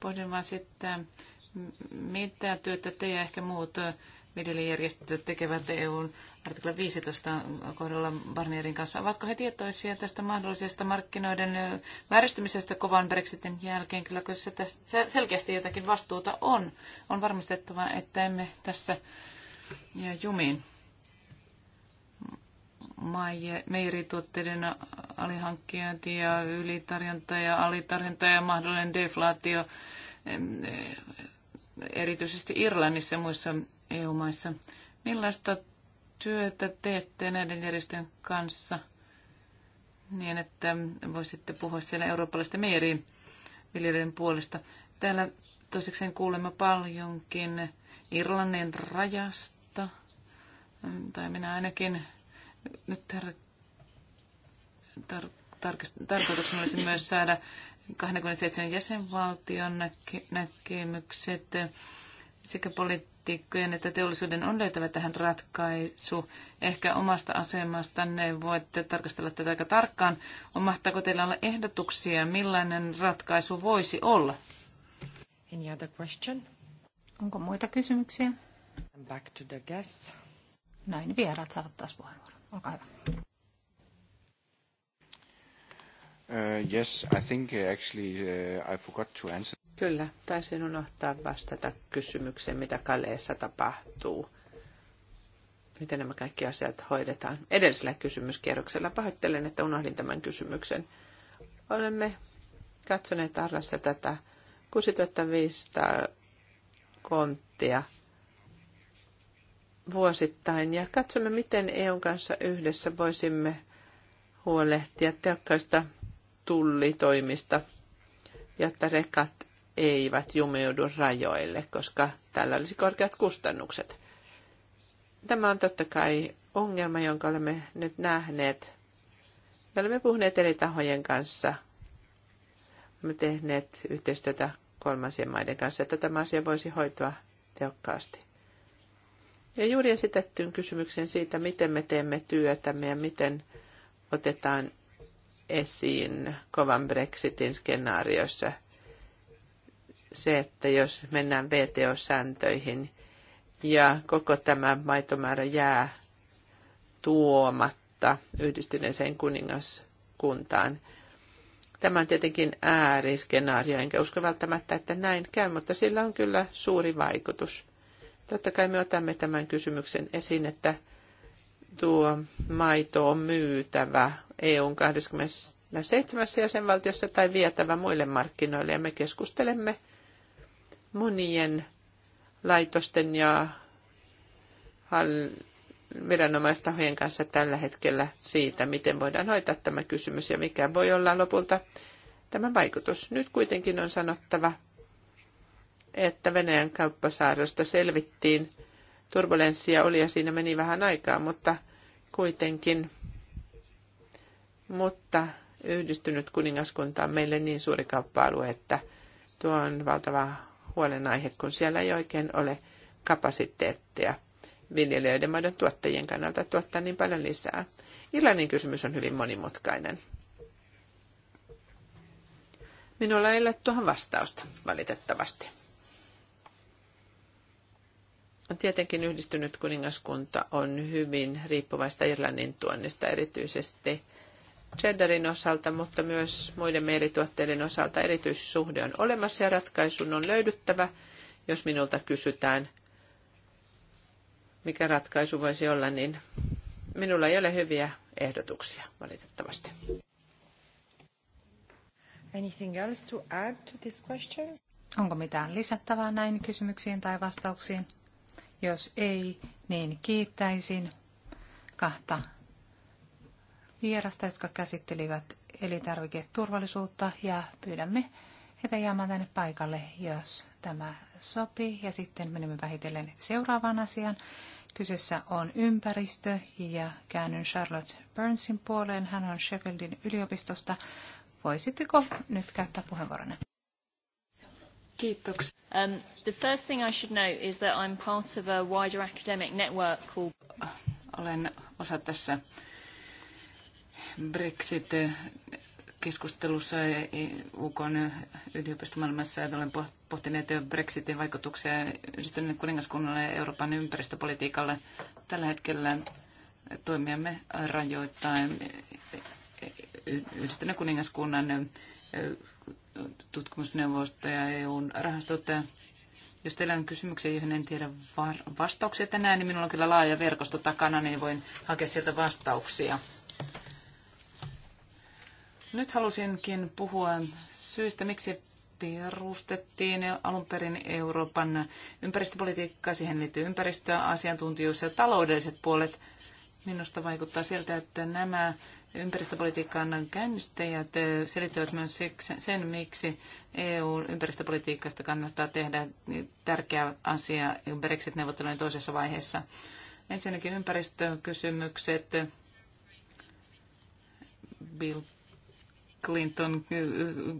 S3: Pohdin vain sitten, mitä työtä te ja ehkä muut viljelijärjestöt tekevät EUn artikla 15 kohdalla Barnierin kanssa. Ovatko he tietoisia tästä mahdollisesta markkinoiden vääristymisestä kovan Brexitin jälkeen? Kyllä kyllä se selkeästi jotakin vastuuta on. On varmistettava, että emme tässä jää jumiin. Meirituotteiden alihankkijointi ja ylitarjonta ja alitarjonta ja mahdollinen deflaatio e, erityisesti Irlannissa ja muissa EU-maissa. Millaista työtä teette näiden järjestöjen kanssa niin, että voisitte puhua siellä eurooppalaisten meiriin viljelijöiden puolesta. Täällä tosikseen kuulemme paljonkin Irlannin rajasta, tai minä ainakin nyt tar- tar- tar- tarkoituksena olisi myös saada 27 jäsenvaltion näke- näkemykset sekä poliittikkojen että teollisuuden on löytävä tähän ratkaisu. Ehkä omasta asemastanne voitte tarkastella tätä aika tarkkaan. On mahtaako teillä olla ehdotuksia, millainen ratkaisu voisi olla?
S1: Any other question? Onko muita kysymyksiä?
S2: And back to the guests.
S1: Näin vieraat saavat taas puheenvuoron. Olkaa hyvä.
S2: Uh, yes, I think uh, actually uh, I forgot to answer. Kyllä, taisin unohtaa vastata kysymykseen, mitä Kaleessa tapahtuu. Miten nämä kaikki asiat hoidetaan? Edellisellä kysymyskierroksella pahoittelen, että unohdin tämän kysymyksen. Olemme katsoneet arrassa tätä 6500 konttia vuosittain ja katsomme, miten EUn kanssa yhdessä voisimme huolehtia tehokkaista tullitoimista, jotta rekat eivät jumeudu rajoille, koska tällä olisi korkeat kustannukset. Tämä on totta kai ongelma, jonka olemme nyt nähneet. Me olemme puhuneet eri tahojen kanssa. Olemme tehneet yhteistyötä kolmansien maiden kanssa, että tämä asia voisi hoitua tehokkaasti. Ja juuri esitettyyn kysymykseen siitä, miten me teemme työtämme ja miten otetaan esiin kovan Brexitin skenaariossa – se, että jos mennään VTO-sääntöihin ja koko tämä maitomäärä jää tuomatta yhdistyneeseen kuningaskuntaan. Tämä on tietenkin ääriskenaario, enkä usko välttämättä, että näin käy, mutta sillä on kyllä suuri vaikutus. Totta kai me otamme tämän kysymyksen esiin, että tuo maito on myytävä EUn 27 jäsenvaltiossa tai vietävä muille markkinoille ja me keskustelemme monien laitosten ja hall- viranomaistahojen kanssa tällä hetkellä siitä, miten voidaan hoitaa tämä kysymys ja mikä voi olla lopulta tämä vaikutus. Nyt kuitenkin on sanottava, että Venäjän kauppasaarosta selvittiin. Turbulenssia oli ja siinä meni vähän aikaa, mutta kuitenkin. Mutta yhdistynyt kuningaskunta on meille niin suuri kauppa-alue, että tuo on valtava huolenaihe, kun siellä ei oikein ole kapasiteettia viljelijöiden maiden tuottajien kannalta tuottaa niin paljon lisää. Irlannin kysymys on hyvin monimutkainen. Minulla ei ole tuohon vastausta, valitettavasti. Tietenkin yhdistynyt kuningaskunta on hyvin riippuvaista Irlannin tuonnista, erityisesti genderin osalta, mutta myös muiden mielituotteiden osalta erityissuhde on olemassa ja ratkaisun on löydyttävä, jos minulta kysytään, mikä ratkaisu voisi olla, niin minulla ei ole hyviä ehdotuksia valitettavasti.
S1: Anything else to add to these questions? Onko mitään lisättävää näin kysymyksiin tai vastauksiin? Jos ei, niin kiittäisin kahta vierasta, jotka käsittelivät elintarviketurvallisuutta ja pyydämme heitä jäämään tänne paikalle, jos tämä sopii. Ja sitten menemme vähitellen seuraavaan asiaan. Kyseessä on ympäristö ja käännyn Charlotte Burnsin puoleen. Hän on Sheffieldin yliopistosta. Voisitteko nyt käyttää puheenvuoronne?
S3: Kiitoksia. Um, the first thing I should note is that I'm part of a wider academic network called... Olen osa tässä Brexit-keskustelussa UK yliopistomaailmassa olen pohtineet Brexitin vaikutuksia yhdistyneen kuningaskunnalle ja Euroopan ympäristöpolitiikalle. Tällä hetkellä toimiamme rajoittain yhdistyneen kuningaskunnan tutkimusneuvosto ja EUn rahastot. Jos teillä on kysymyksiä, joihin en tiedä vastauksia tänään, niin minulla on kyllä laaja verkosto takana, niin voin hakea sieltä vastauksia. Nyt
S1: halusinkin
S3: puhua syystä, miksi perustettiin alun perin Euroopan ympäristöpolitiikkaa. Siihen liittyy ympäristöasiantuntijuus ja taloudelliset puolet. Minusta vaikuttaa siltä, että nämä ympäristöpolitiikan käynnistäjät selittävät myös sen, miksi EU-ympäristöpolitiikasta kannattaa tehdä tärkeä asia Brexit-neuvottelujen toisessa vaiheessa. Ensinnäkin ympäristökysymykset, Bill Clinton,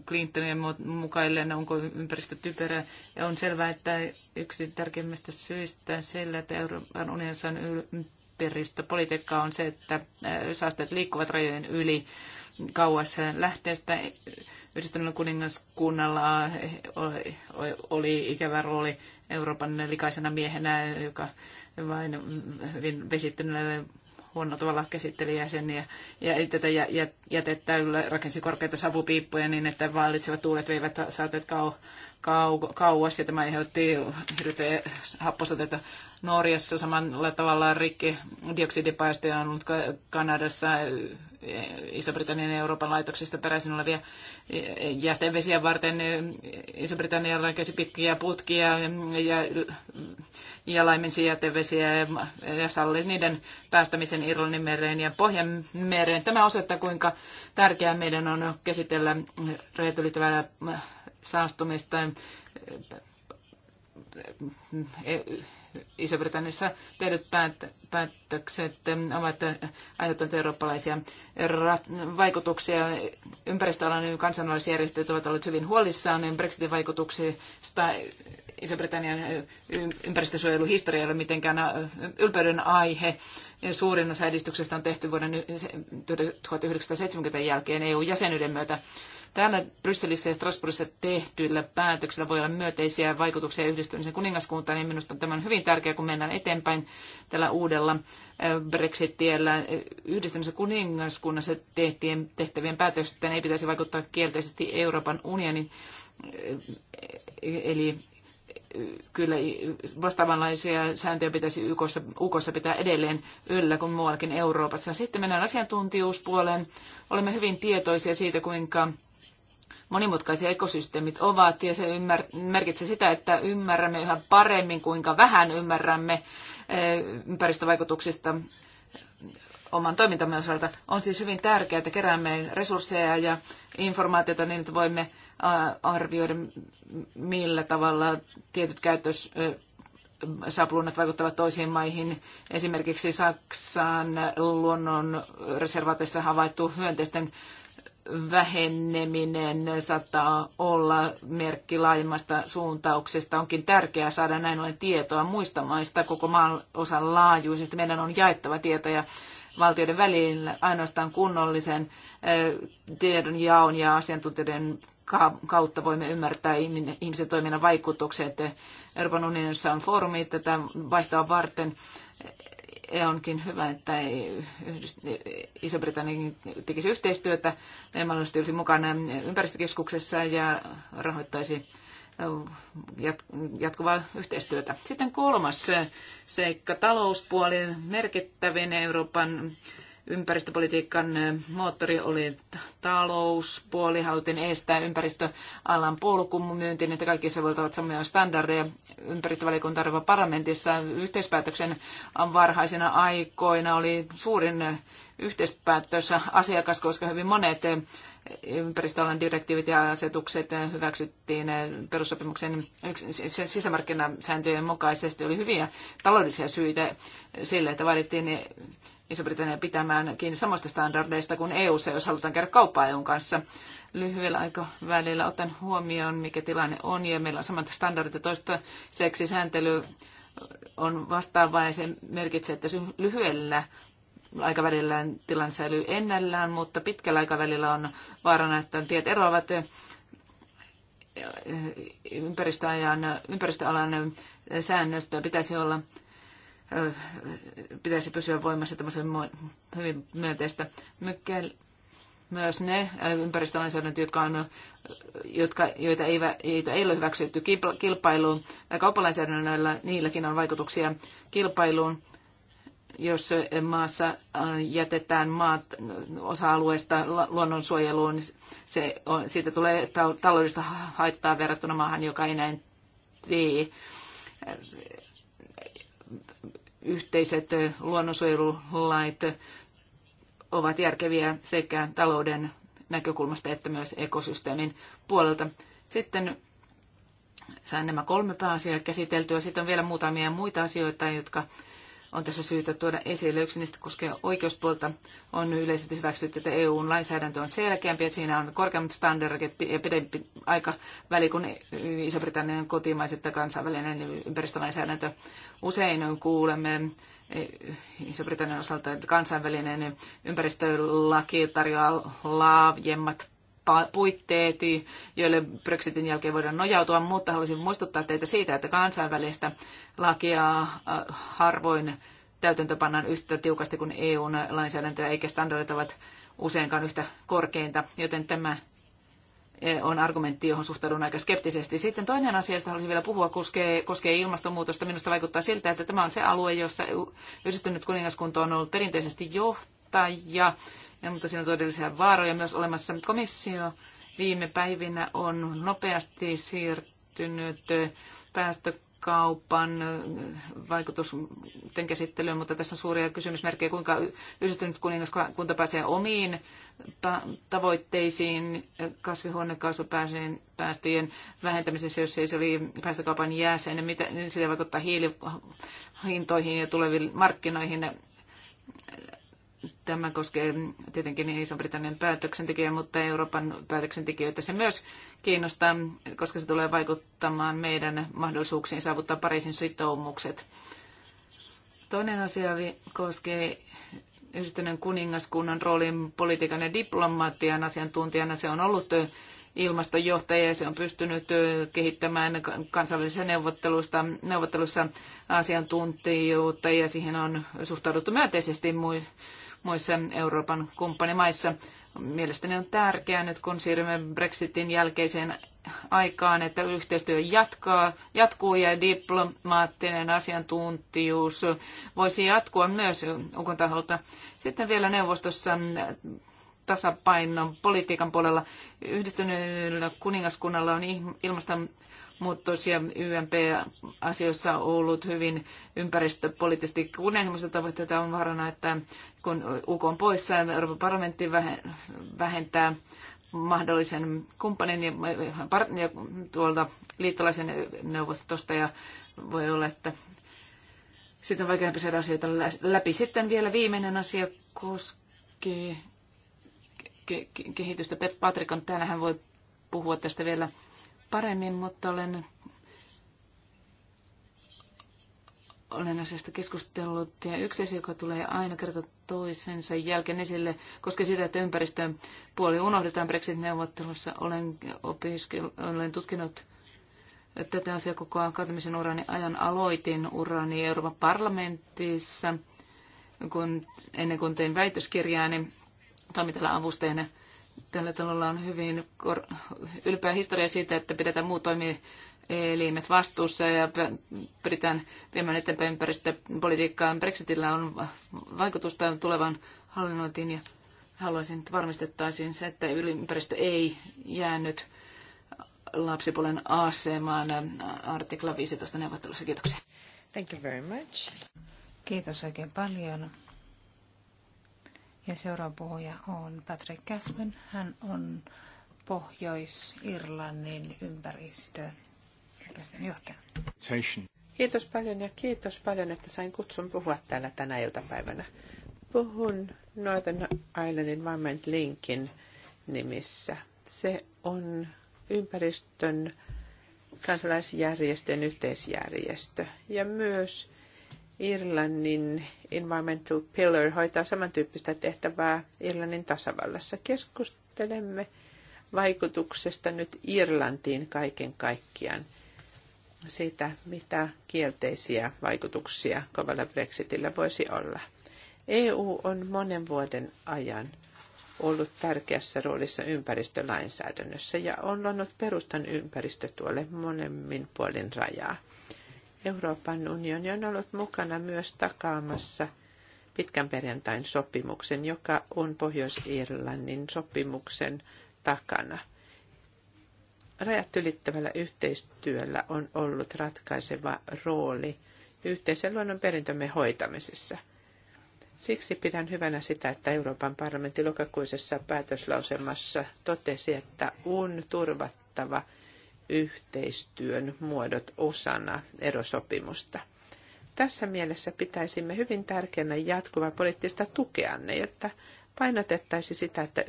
S3: Clintonia mukaillen, no, onko ympäristö typerä. Ja on selvää, että yksi tärkeimmistä syistä sillä, että Euroopan unionissa on ympäristöpolitiikka, on se, että äh, saasteet liikkuvat rajojen yli kauas lähteestä. Yhdistyneellä kuningaskunnalla oli ikävä rooli Euroopan likaisena miehenä, joka vain hyvin vesittyneellä huonolla tuolla käsitteli jäseniä ja ei tätä jätettä rakensi korkeita savupiippuja niin, että vallitsevat tuulet veivät saatetkaan kauas ja tämä aiheutti hirveä happosta tätä Norjassa samalla tavalla rikki dioksidipäästöjä on ollut Kanadassa, Iso-Britannian ja Euroopan laitoksista peräisin olevia jätevesiä varten. Iso-Britannia rakensi pitkiä putkia ja, ja laiminsi jätevesiä ja, ja salli niiden päästämisen Irlannin mereen ja Pohjanmereen. Tämä osoittaa, kuinka tärkeää meidän on käsitellä rajat ylittävää saastumista. E, Iso-Britanniassa tehdyt päätökset ovat aiheuttaneet eurooppalaisia vaikutuksia. Ympäristöalan kansainvälisjärjestöt ovat olleet hyvin huolissaan Brexitin vaikutuksista. Iso-Britannian ympäristösuojeluhistoria ei ole mitenkään ylpeyden aihe. Suurin osa edistyksestä on tehty vuoden 1970 jälkeen EU-jäsenyyden myötä. Täällä Brysselissä ja Strasbourgissa tehtyillä päätöksillä voi olla myöteisiä vaikutuksia yhdistymisen kuningaskuntaan, niin minusta tämä on hyvin tärkeää, kun mennään eteenpäin tällä uudella Brexit-tiellä. Yhdistymisen kuningaskunnassa tehtien, tehtävien päätösten ei pitäisi vaikuttaa kielteisesti Euroopan unionin e, eli kyllä vastaavanlaisia sääntöjä pitäisi YKssa, UKssa pitää edelleen yllä kuin muuallakin Euroopassa. Sitten mennään asiantuntijuuspuoleen. Olemme hyvin tietoisia siitä, kuinka monimutkaisia ekosysteemit ovat, ja se ymmär- merkitsee sitä, että ymmärrämme yhä paremmin, kuinka vähän ymmärrämme eh, ympäristövaikutuksista oman toimintamme osalta. On siis hyvin tärkeää, että keräämme resursseja ja informaatiota niin, että voimme eh, arvioida, millä tavalla tietyt käytös eh, sapluunat vaikuttavat toisiin maihin. Esimerkiksi Saksan luonnonreservaatissa havaittu hyönteisten vähenneminen saattaa olla merkki laajemmasta suuntauksesta. Onkin tärkeää saada näin ollen tietoa muista maista koko maan osan laajuisesti. Meidän on jaettava tietoja valtioiden väliin ainoastaan kunnollisen tiedon jaon ja asiantuntijoiden kautta voimme ymmärtää ihmisen toiminnan vaikutukset. Euroopan unionissa on foorumi tätä vaihtoa varten ja onkin hyvä, että Iso-Britannia tekisi yhteistyötä. mahdollisesti olisi mukana ympäristökeskuksessa ja rahoittaisi jatkuvaa yhteistyötä. Sitten kolmas seikka, talouspuoli, merkittävin Euroopan ympäristöpolitiikan eh, moottori oli puoli Haluttiin estää ympäristöalan polkumyyntiin, että kaikki soveltavat samoja standardeja. Ympäristövaliokunta arvo parlamentissa yhteispäätöksen varhaisina aikoina oli suurin eh, yhteispäätös asiakas, koska hyvin monet eh, ympäristöalan direktiivit ja asetukset hyväksyttiin perussopimuksen sisämarkkinasääntöjen mukaisesti. Oli hyviä taloudellisia syitä sille, että vaadittiin Iso-Britannia pitämään kiinni samoista standardeista kuin eu jos halutaan käydä kauppaa EUn kanssa. Lyhyellä aikavälillä otan huomioon, mikä tilanne on, ja meillä on samat standardit ja toista seksisääntely on vastaavaa, ja se merkitsee, että lyhyellä aikavälillä tilanne säilyy ennällään, mutta pitkällä aikavälillä on vaarana, että tiet eroavat ympäristöajan, ympäristöalan säännöstöä pitäisi olla pitäisi pysyä voimassa. Tämä hyvin myönteistä. mykkel, myös ne ympäristölainsäädännöt, jotka on, jotka, joita, ei, joita ei ole hyväksytty kilpailuun tai kauppalainsäädännöllä, niilläkin on vaikutuksia kilpailuun. Jos maassa jätetään maat osa-alueesta luonnonsuojeluun, niin se on, siitä tulee taloudellista haittaa verrattuna maahan, joka ei näin tee yhteiset luonnonsuojelulait ovat järkeviä sekä talouden näkökulmasta että myös ekosysteemin puolelta. Sitten sain nämä kolme pääasiaa käsiteltyä. Sitten on vielä muutamia muita asioita, jotka on tässä syytä tuoda esille. Yksi niistä koskee oikeuspuolta. On yleisesti hyväksytty, että EUn lainsäädäntö on selkeämpi ja siinä on korkeammat standardit ja pidempi aikaväli kuin Iso-Britannian kotimaiset ja kansainvälinen ympäristölainsäädäntö. Usein kuulemme e, Iso-Britannian osalta, että kansainvälinen ympäristölaki tarjoaa laajemmat puitteet, joille Brexitin jälkeen voidaan nojautua, mutta haluaisin muistuttaa teitä siitä, että kansainvälistä lakia äh, harvoin täytäntöpannaan yhtä tiukasti kuin EUn lainsäädäntöä, eikä standardit ovat useinkaan yhtä korkeinta, joten tämä äh, on argumentti, johon suhtaudun aika skeptisesti. Sitten toinen asia, josta haluaisin vielä puhua, koskee, koskee ilmastonmuutosta. Minusta vaikuttaa siltä, että tämä on se alue, jossa yhdistynyt kuningaskunta on ollut perinteisesti johtaja ja, mutta siinä on todellisia vaaroja myös olemassa. Komissio viime päivinä on nopeasti siirtynyt päästökaupan äh, vaikutusten käsittelyyn, mutta tässä on suuria kysymysmerkkejä, kuinka yhdistynyt kuningaskunta pääsee omiin tavoitteisiin kasvihuonekaasupäästöjen vähentämisessä, jos ei se oli päästökaupan jäsen, mitä niin se vaikuttaa hiilihintoihin ja tuleviin markkinoihin Tämä koskee tietenkin niin Iso-Britannian päätöksentekijä, mutta Euroopan päätöksentekijöitä se myös kiinnostaa, koska se tulee vaikuttamaan meidän mahdollisuuksiin saavuttaa Pariisin sitoumukset. Toinen asia koskee yhdistyneen kuningaskunnan roolin politiikan ja diplomatian asiantuntijana. Se on ollut ilmastojohtaja ja se on pystynyt kehittämään kansallisessa neuvottelusta, neuvottelussa asiantuntijuutta ja siihen on suhtauduttu myönteisesti muissa Euroopan kumppanimaissa. Mielestäni on tärkeää nyt, kun siirrymme Brexitin jälkeiseen aikaan, että yhteistyö jatkaa, jatkuu ja diplomaattinen asiantuntijuus voisi jatkua myös UKon taholta. Sitten vielä neuvostossa tasapainon politiikan puolella. Yhdistyneellä kuningaskunnalla on ilmaston tosiaan YMP-asioissa ollut hyvin ympäristöpoliittisesti kunnianhimoista tavoitteita on varana, että kun UK on poissa ja Euroopan parlamentti vähentää mahdollisen kumppanin ja, ja tuolta liittolaisen neuvostosta ja voi olla, että sitten on vaikeampi saada asioita läpi. Sitten vielä viimeinen asia koskee kehitystä. Patrik on täällä, hän voi puhua tästä vielä paremmin, mutta olen, olen asiasta keskustellut. Ja yksi asia, joka tulee aina kerta toisensa jälkeen esille, koskee sitä, että ympäristön puoli unohdetaan Brexit-neuvottelussa. Olen, opiskel- olen tutkinut tätä asiaa koko akatemisen urani ajan. Aloitin urani Euroopan parlamentissa, kun, ennen kuin tein väitöskirjaani niin toimitella avustajana Tällä talolla on hyvin ylpeä historia siitä, että pidetään muut toimielimet vastuussa ja pyritään viemään eteenpäin ympäristöpolitiikkaa. Brexitillä on vaikutusta tulevan hallinnointiin ja haluaisin, että varmistettaisiin se, että ympäristö ei jäänyt lapsipuolen asemaan artikla 15 neuvottelussa. Kiitoksia.
S1: Thank you very much. Kiitos oikein paljon. Ja seuraava puhuja on Patrick Casman. Hän on Pohjois-Irlannin ympäristön johtaja.
S2: Kiitos paljon ja kiitos paljon, että sain kutsun puhua täällä tänä iltapäivänä. Puhun Northern Islandin Environment Linkin nimissä. Se on ympäristön kansalaisjärjestön yhteisjärjestö ja myös Irlannin Environmental Pillar hoitaa samantyyppistä tehtävää Irlannin tasavallassa. Keskustelemme vaikutuksesta nyt Irlantiin kaiken kaikkiaan. Siitä, mitä kielteisiä vaikutuksia kovalla Brexitillä voisi olla. EU on monen vuoden ajan ollut tärkeässä roolissa ympäristölainsäädännössä ja on luonut perustan ympäristötuolle monemmin puolin rajaa. Euroopan unioni on ollut mukana myös takaamassa pitkän perjantain sopimuksen, joka on Pohjois-Irlannin sopimuksen takana. Rajat ylittävällä yhteistyöllä on ollut ratkaiseva rooli yhteisen luonnon perintömme hoitamisessa. Siksi pidän hyvänä sitä, että Euroopan parlamentti lokakuisessa päätöslauselmassa totesi, että on turvattava – yhteistyön muodot osana erosopimusta. Tässä mielessä pitäisimme hyvin tärkeänä jatkuvaa poliittista tukeanne, jotta painotettaisi sitä, että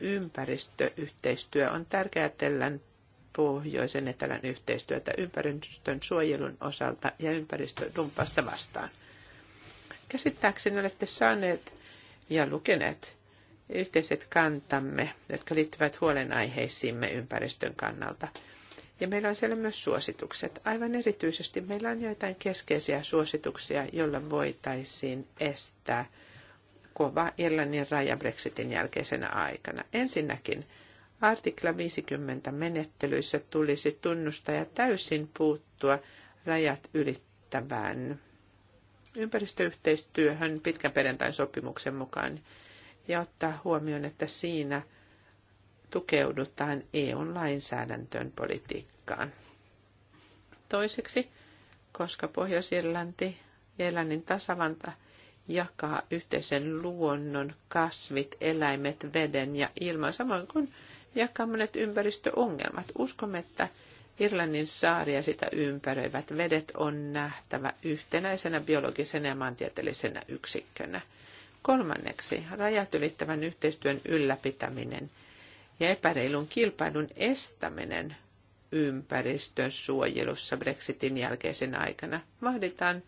S2: ympäristöyhteistyö on tärkeää tällän pohjoisen etelän yhteistyötä ympäristön suojelun osalta ja ympäristödumpasta vastaan. Käsittääkseni olette saaneet ja lukeneet yhteiset kantamme, jotka liittyvät huolenaiheisiimme ympäristön kannalta – ja meillä on siellä myös suositukset. Aivan erityisesti meillä on joitain keskeisiä suosituksia, joilla voitaisiin estää kova Irlannin raja Brexitin jälkeisenä aikana. Ensinnäkin artikla 50 menettelyissä tulisi tunnustaa ja täysin puuttua rajat ylittävään ympäristöyhteistyöhön pitkän perjantain sopimuksen mukaan ja ottaa huomioon, että siinä – tukeudutaan EUn lainsäädäntöön politiikkaan. Toiseksi, koska Pohjois-Irlanti ja Irlannin tasavanta jakaa yhteisen luonnon, kasvit, eläimet, veden ja ilman, samoin kuin jakaa monet ympäristöongelmat. Uskomme, että Irlannin saari ja sitä ympäröivät vedet on nähtävä yhtenäisenä biologisena ja maantieteellisenä yksikkönä. Kolmanneksi, rajat ylittävän yhteistyön ylläpitäminen ja epäreilun kilpailun estäminen ympäristön suojelussa Brexitin jälkeisen aikana. Vahditaan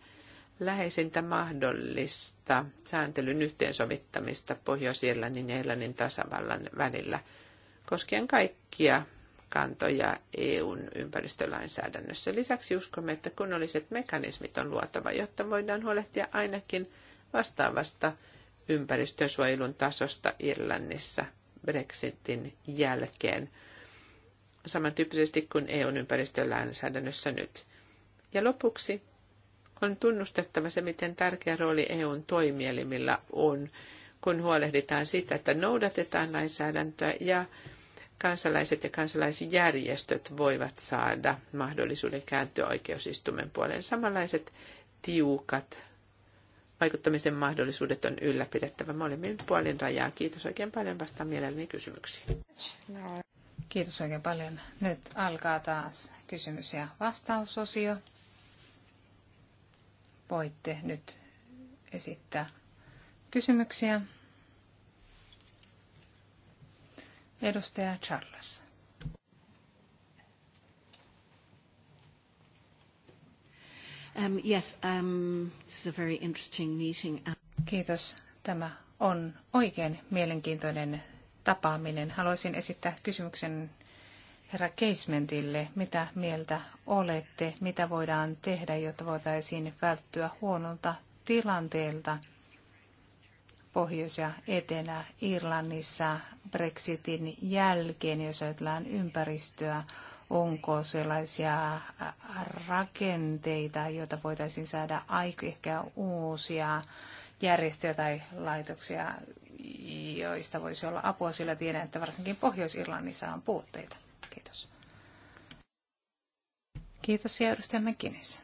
S2: läheisintä mahdollista sääntelyn yhteensovittamista Pohjois-Irlannin ja Irlannin tasavallan välillä koskien kaikkia kantoja EUn ympäristölainsäädännössä. Lisäksi uskomme, että kunnolliset mekanismit on luotava, jotta voidaan huolehtia ainakin vastaavasta ympäristönsuojelun tasosta Irlannissa – Brexitin jälkeen samantyyppisesti kuin EUn ympäristölainsäädännössä nyt. Ja lopuksi on tunnustettava se, miten tärkeä rooli EUn toimielimillä on, kun huolehditaan siitä, että noudatetaan lainsäädäntöä ja kansalaiset ja kansalaisjärjestöt voivat saada mahdollisuuden kääntyä oikeusistumen puoleen. Samanlaiset tiukat vaikuttamisen mahdollisuudet on ylläpidettävä molemmin puolin rajaa. Kiitos oikein paljon. Vastaan mielelläni kysymyksiin.
S1: Kiitos oikein paljon. Nyt alkaa taas kysymys- ja vastausosio. Voitte nyt esittää kysymyksiä. Edustaja Charles, Um, yes, um, this is a very interesting meeting. Kiitos. Tämä on oikein mielenkiintoinen tapaaminen. Haluaisin esittää kysymyksen herra Keismentille. Mitä mieltä olette? Mitä voidaan tehdä, jotta voitaisiin välttyä huonolta tilanteelta Pohjois- ja Etelä-Irlannissa Brexitin jälkeen, jos ajatellaan ympäristöä? onko sellaisia äh, rakenteita, joita voitaisiin saada aiksi ehkä uusia järjestöjä tai laitoksia, joista voisi olla apua, sillä tiedän, että varsinkin Pohjois-Irlannissa on puutteita. Kiitos. Kiitos ja edustaja McGinnis.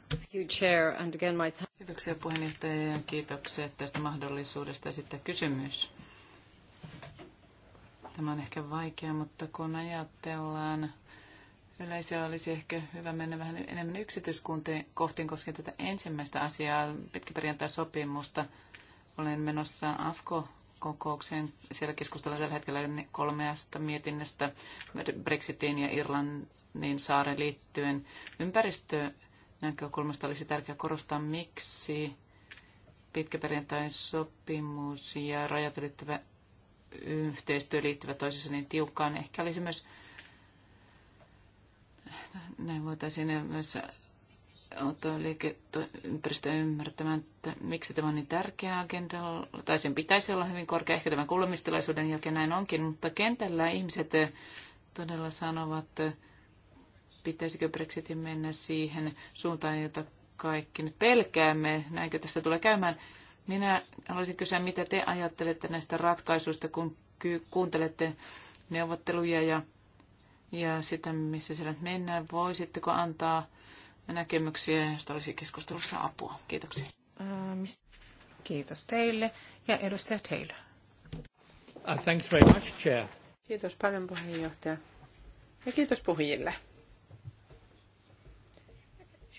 S3: Kiitoksia puheenjohtaja ja kiitoksia tästä mahdollisuudesta esittää kysymys. Tämä on ehkä vaikea, mutta kun ajatellaan yleisöä olisi ehkä hyvä mennä vähän enemmän yksityiskohtiin koskien tätä ensimmäistä asiaa, pitkäperjantai-sopimusta. Olen menossa AFKO kokoukseen. Siellä keskustellaan tällä hetkellä kolmeasta mietinnöstä Brexitiin ja Irlannin saaren liittyen. Ympäristönäkökulmasta olisi tärkeää korostaa, miksi pitkäperjantain sopimus ja rajat ylittävä yhteistyö liittyvät toisiinsa niin tiukkaan. Ehkä olisi myös näin voitaisiin myös ottaa liikeympäristö ymmärtämään, että miksi tämä on niin tärkeä agendalla, tai sen pitäisi olla hyvin korkea, ehkä tämän kuulemistilaisuuden jälkeen näin onkin, mutta kentällä ihmiset todella sanovat, pitäisikö Brexitin mennä siihen suuntaan, jota kaikki nyt pelkäämme, näinkö tässä tulee käymään. Minä haluaisin kysyä, mitä te ajattelette näistä ratkaisuista, kun kuuntelette neuvotteluja ja ja sitä, missä siellä mennään. Voisitteko antaa näkemyksiä, jos olisi
S2: keskustelussa apua? Kiitoksia. Ähm, kiitos teille ja edustaja Taylor.
S3: Uh, thanks very much, Chair.
S2: Kiitos paljon puheenjohtaja. Ja kiitos puhujille.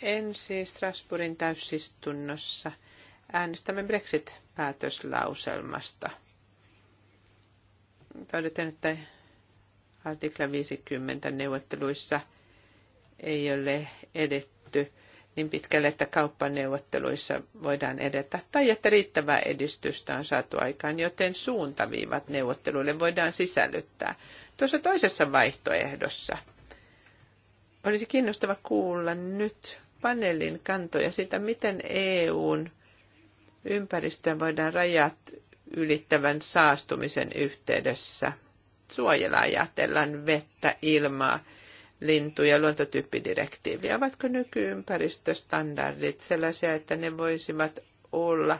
S2: Ensi Strasbourgin täysistunnossa äänestämme Brexit-päätöslauselmasta. Toivottavasti, että artikla 50 neuvotteluissa ei ole edetty niin pitkälle, että kauppaneuvotteluissa voidaan edetä, tai että riittävää edistystä on saatu aikaan, joten suuntaviivat neuvotteluille voidaan sisällyttää. Tuossa toisessa vaihtoehdossa olisi kiinnostava kuulla nyt paneelin kantoja siitä, miten EUn ympäristöä voidaan rajat ylittävän saastumisen yhteydessä suojella ajatellaan vettä, ilmaa, lintu- ja luontotyyppidirektiiviä? Ovatko nykyympäristöstandardit sellaisia, että ne voisivat olla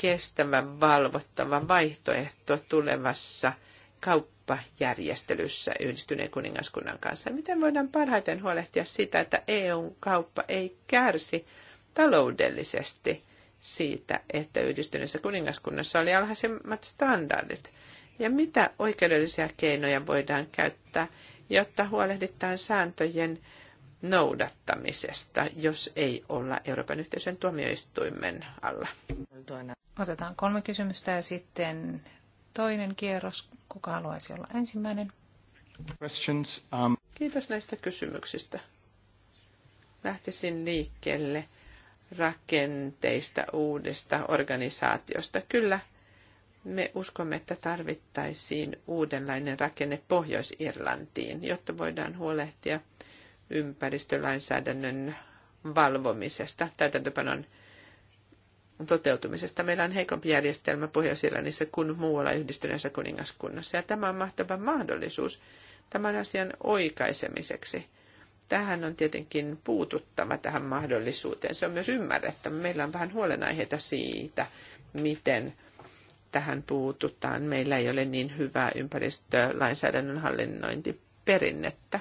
S2: kestävä valvottava vaihtoehto tulevassa kauppajärjestelyssä yhdistyneen kuningaskunnan kanssa? Miten voidaan parhaiten huolehtia sitä, että EUn kauppa ei kärsi taloudellisesti siitä, että yhdistyneessä kuningaskunnassa oli alhaisemmat standardit? Ja mitä oikeudellisia keinoja voidaan käyttää, jotta huolehditaan sääntöjen noudattamisesta, jos ei olla Euroopan yhteisön tuomioistuimen alla?
S1: Otetaan kolme kysymystä ja sitten toinen kierros. Kuka haluaisi olla ensimmäinen?
S2: Questions, um... Kiitos näistä kysymyksistä. Lähtisin liikkeelle rakenteista, uudesta organisaatiosta. Kyllä, me uskomme, että tarvittaisiin uudenlainen rakenne Pohjois-Irlantiin, jotta voidaan huolehtia ympäristölainsäädännön valvomisesta, täytäntöpanon toteutumisesta. Meillä on heikompi järjestelmä Pohjois-Irlannissa kuin muualla yhdistyneessä kuningaskunnassa, ja tämä on mahtava mahdollisuus tämän asian oikaisemiseksi. Tähän on tietenkin puututtava tähän mahdollisuuteen. Se on myös ymmärrettävä. Meillä on vähän huolenaiheita siitä, miten – tähän puututaan. Meillä ei ole niin hyvää ympäristölainsäädännön hallinnointiperinnettä.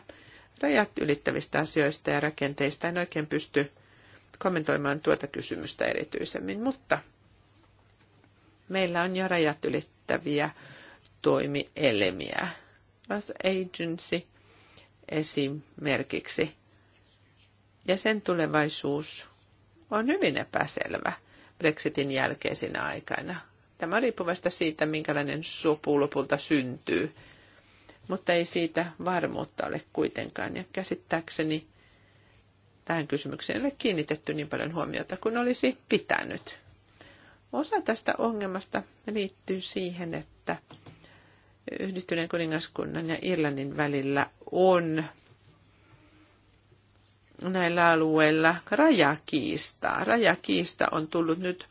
S2: Rajat ylittävistä asioista ja rakenteista en oikein pysty kommentoimaan tuota kysymystä erityisemmin, mutta meillä on jo rajat ylittäviä toimielimiä. Las Agency esimerkiksi. Ja sen tulevaisuus on hyvin epäselvä Brexitin jälkeisinä aikana. Tämä riippuu vasta siitä, minkälainen sopu lopulta syntyy. Mutta ei siitä varmuutta ole kuitenkaan. Ja käsittääkseni tähän kysymykseen ei ole kiinnitetty niin paljon huomiota kuin olisi pitänyt. Osa tästä ongelmasta liittyy siihen, että Yhdistyneen kuningaskunnan ja Irlannin välillä on näillä alueilla rajakiistaa. Rajakiista on tullut nyt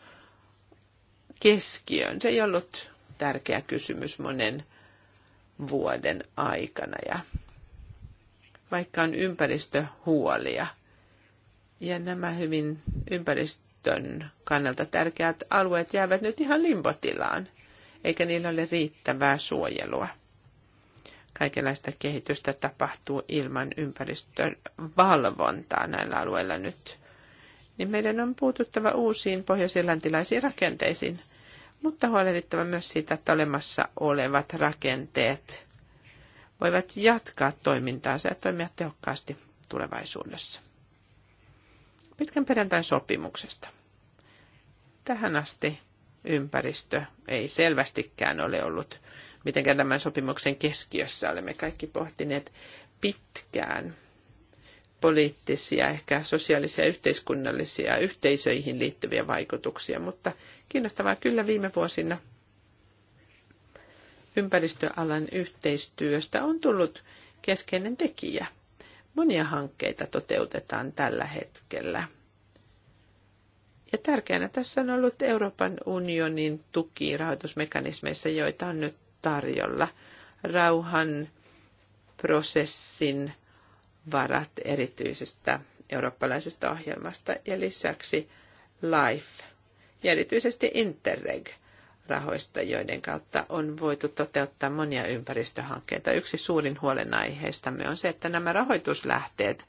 S2: keskiöön. Se ei ollut tärkeä kysymys monen vuoden aikana. Ja vaikka on ympäristöhuolia ja nämä hyvin ympäristön kannalta tärkeät alueet jäävät nyt ihan limpotilaan, eikä niillä ole riittävää suojelua. Kaikenlaista kehitystä tapahtuu ilman ympäristön valvontaa näillä alueilla nyt niin meidän on puututtava uusiin pohjoisirlantilaisiin rakenteisiin, mutta huolehdittava myös siitä, että olemassa olevat rakenteet voivat jatkaa toimintaansa ja toimia tehokkaasti tulevaisuudessa. Pitkän perjantain sopimuksesta. Tähän asti ympäristö ei selvästikään ole ollut mitenkään tämän sopimuksen keskiössä. Olemme kaikki pohtineet pitkään poliittisia, ehkä sosiaalisia, yhteiskunnallisia, yhteisöihin liittyviä vaikutuksia, mutta kiinnostavaa kyllä viime vuosina ympäristöalan yhteistyöstä on tullut keskeinen tekijä. Monia hankkeita toteutetaan tällä hetkellä. Ja tärkeänä tässä on ollut Euroopan unionin tuki rahoitusmekanismeissa, joita on nyt tarjolla. Rauhan prosessin varat erityisestä eurooppalaisesta ohjelmasta ja lisäksi LIFE ja erityisesti Interreg rahoista, joiden kautta on voitu toteuttaa monia ympäristöhankkeita. Yksi suurin huolenaiheistamme on se, että nämä rahoituslähteet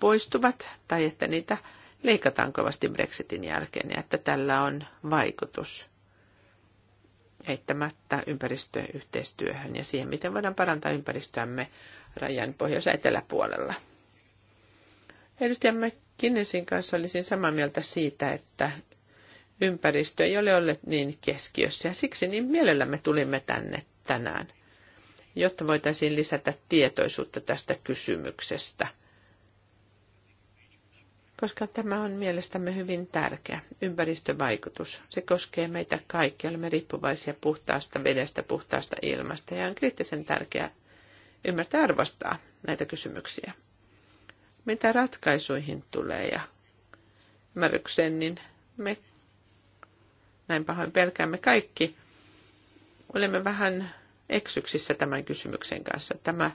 S2: poistuvat tai että niitä leikataan kovasti Brexitin jälkeen ja että tällä on vaikutus eittämättä ympäristöyhteistyöhön ja siihen, miten voidaan parantaa ympäristöämme rajan pohjois- ja eteläpuolella. Edustaja McKinneysin kanssa olisin samaa mieltä siitä, että ympäristö ei ole ollut niin keskiössä ja siksi niin mielellämme tulimme tänne tänään, jotta voitaisiin lisätä tietoisuutta tästä kysymyksestä, koska tämä on mielestämme hyvin tärkeä ympäristövaikutus. Se koskee meitä kaikkia, olemme riippuvaisia puhtaasta vedestä, puhtaasta ilmasta ja on kriittisen tärkeää ymmärtää arvostaa näitä kysymyksiä. Mitä ratkaisuihin tulee ja ymmärrykseen, niin me näin pahoin pelkäämme kaikki. Olemme vähän eksyksissä tämän kysymyksen kanssa. Tämä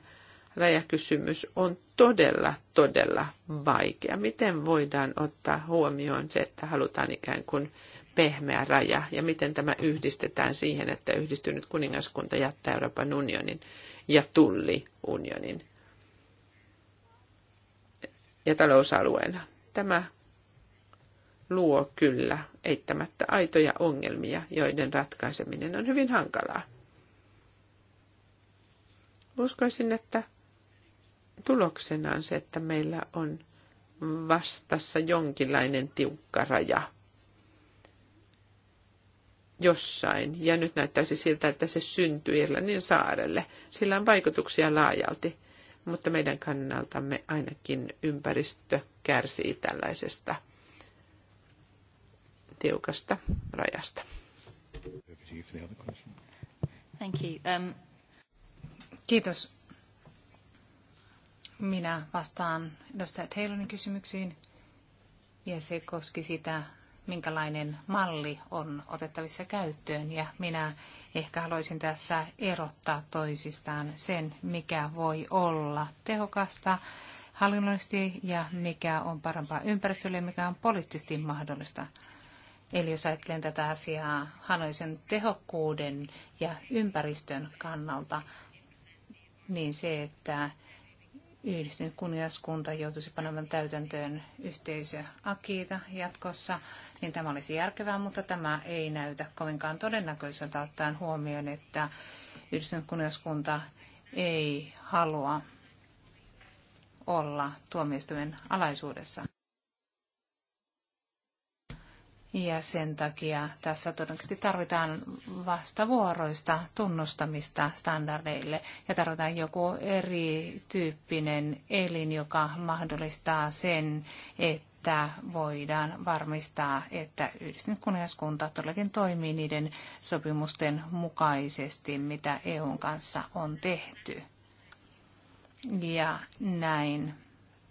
S2: rajakysymys on todella, todella vaikea. Miten voidaan ottaa huomioon se, että halutaan ikään kuin pehmeä raja ja miten tämä yhdistetään siihen, että yhdistynyt kuningaskunta jättää Euroopan unionin ja tulliunionin ja talousalueena. Tämä luo kyllä eittämättä aitoja ongelmia, joiden ratkaiseminen on hyvin hankalaa. Uskoisin, että tuloksena on se, että meillä on vastassa jonkinlainen tiukka raja – jossain, ja nyt näyttäisi siltä, että se syntyy Irlannin saarelle. Sillä on vaikutuksia laajalti, mutta meidän kannaltamme ainakin ympäristö kärsii tällaisesta tiukasta rajasta.
S1: Thank you. Um... Kiitos. Minä vastaan edustaja Taylorin kysymyksiin, ja se koski sitä, minkälainen malli on otettavissa käyttöön. Ja minä ehkä haluaisin tässä erottaa toisistaan sen, mikä voi olla tehokasta hallinnollisesti ja mikä on parempaa ympäristölle ja mikä on poliittisesti mahdollista. Eli jos ajattelen tätä asiaa hanoisen tehokkuuden ja ympäristön kannalta, niin se, että yhdistynyt kuningaskunta joutuisi panemaan täytäntöön yhteisö Akiita jatkossa, niin tämä olisi järkevää, mutta tämä ei näytä kovinkaan todennäköiseltä ottaen huomioon, että yhdistynyt kuningaskunta ei halua olla tuomioistuimen alaisuudessa. Ja sen takia tässä todennäköisesti tarvitaan vastavuoroista tunnustamista standardeille ja tarvitaan joku erityyppinen elin, joka mahdollistaa sen, että voidaan varmistaa, että yhdistynyt kuningaskunta todellakin toimii niiden sopimusten mukaisesti, mitä EUn kanssa on tehty. Ja näin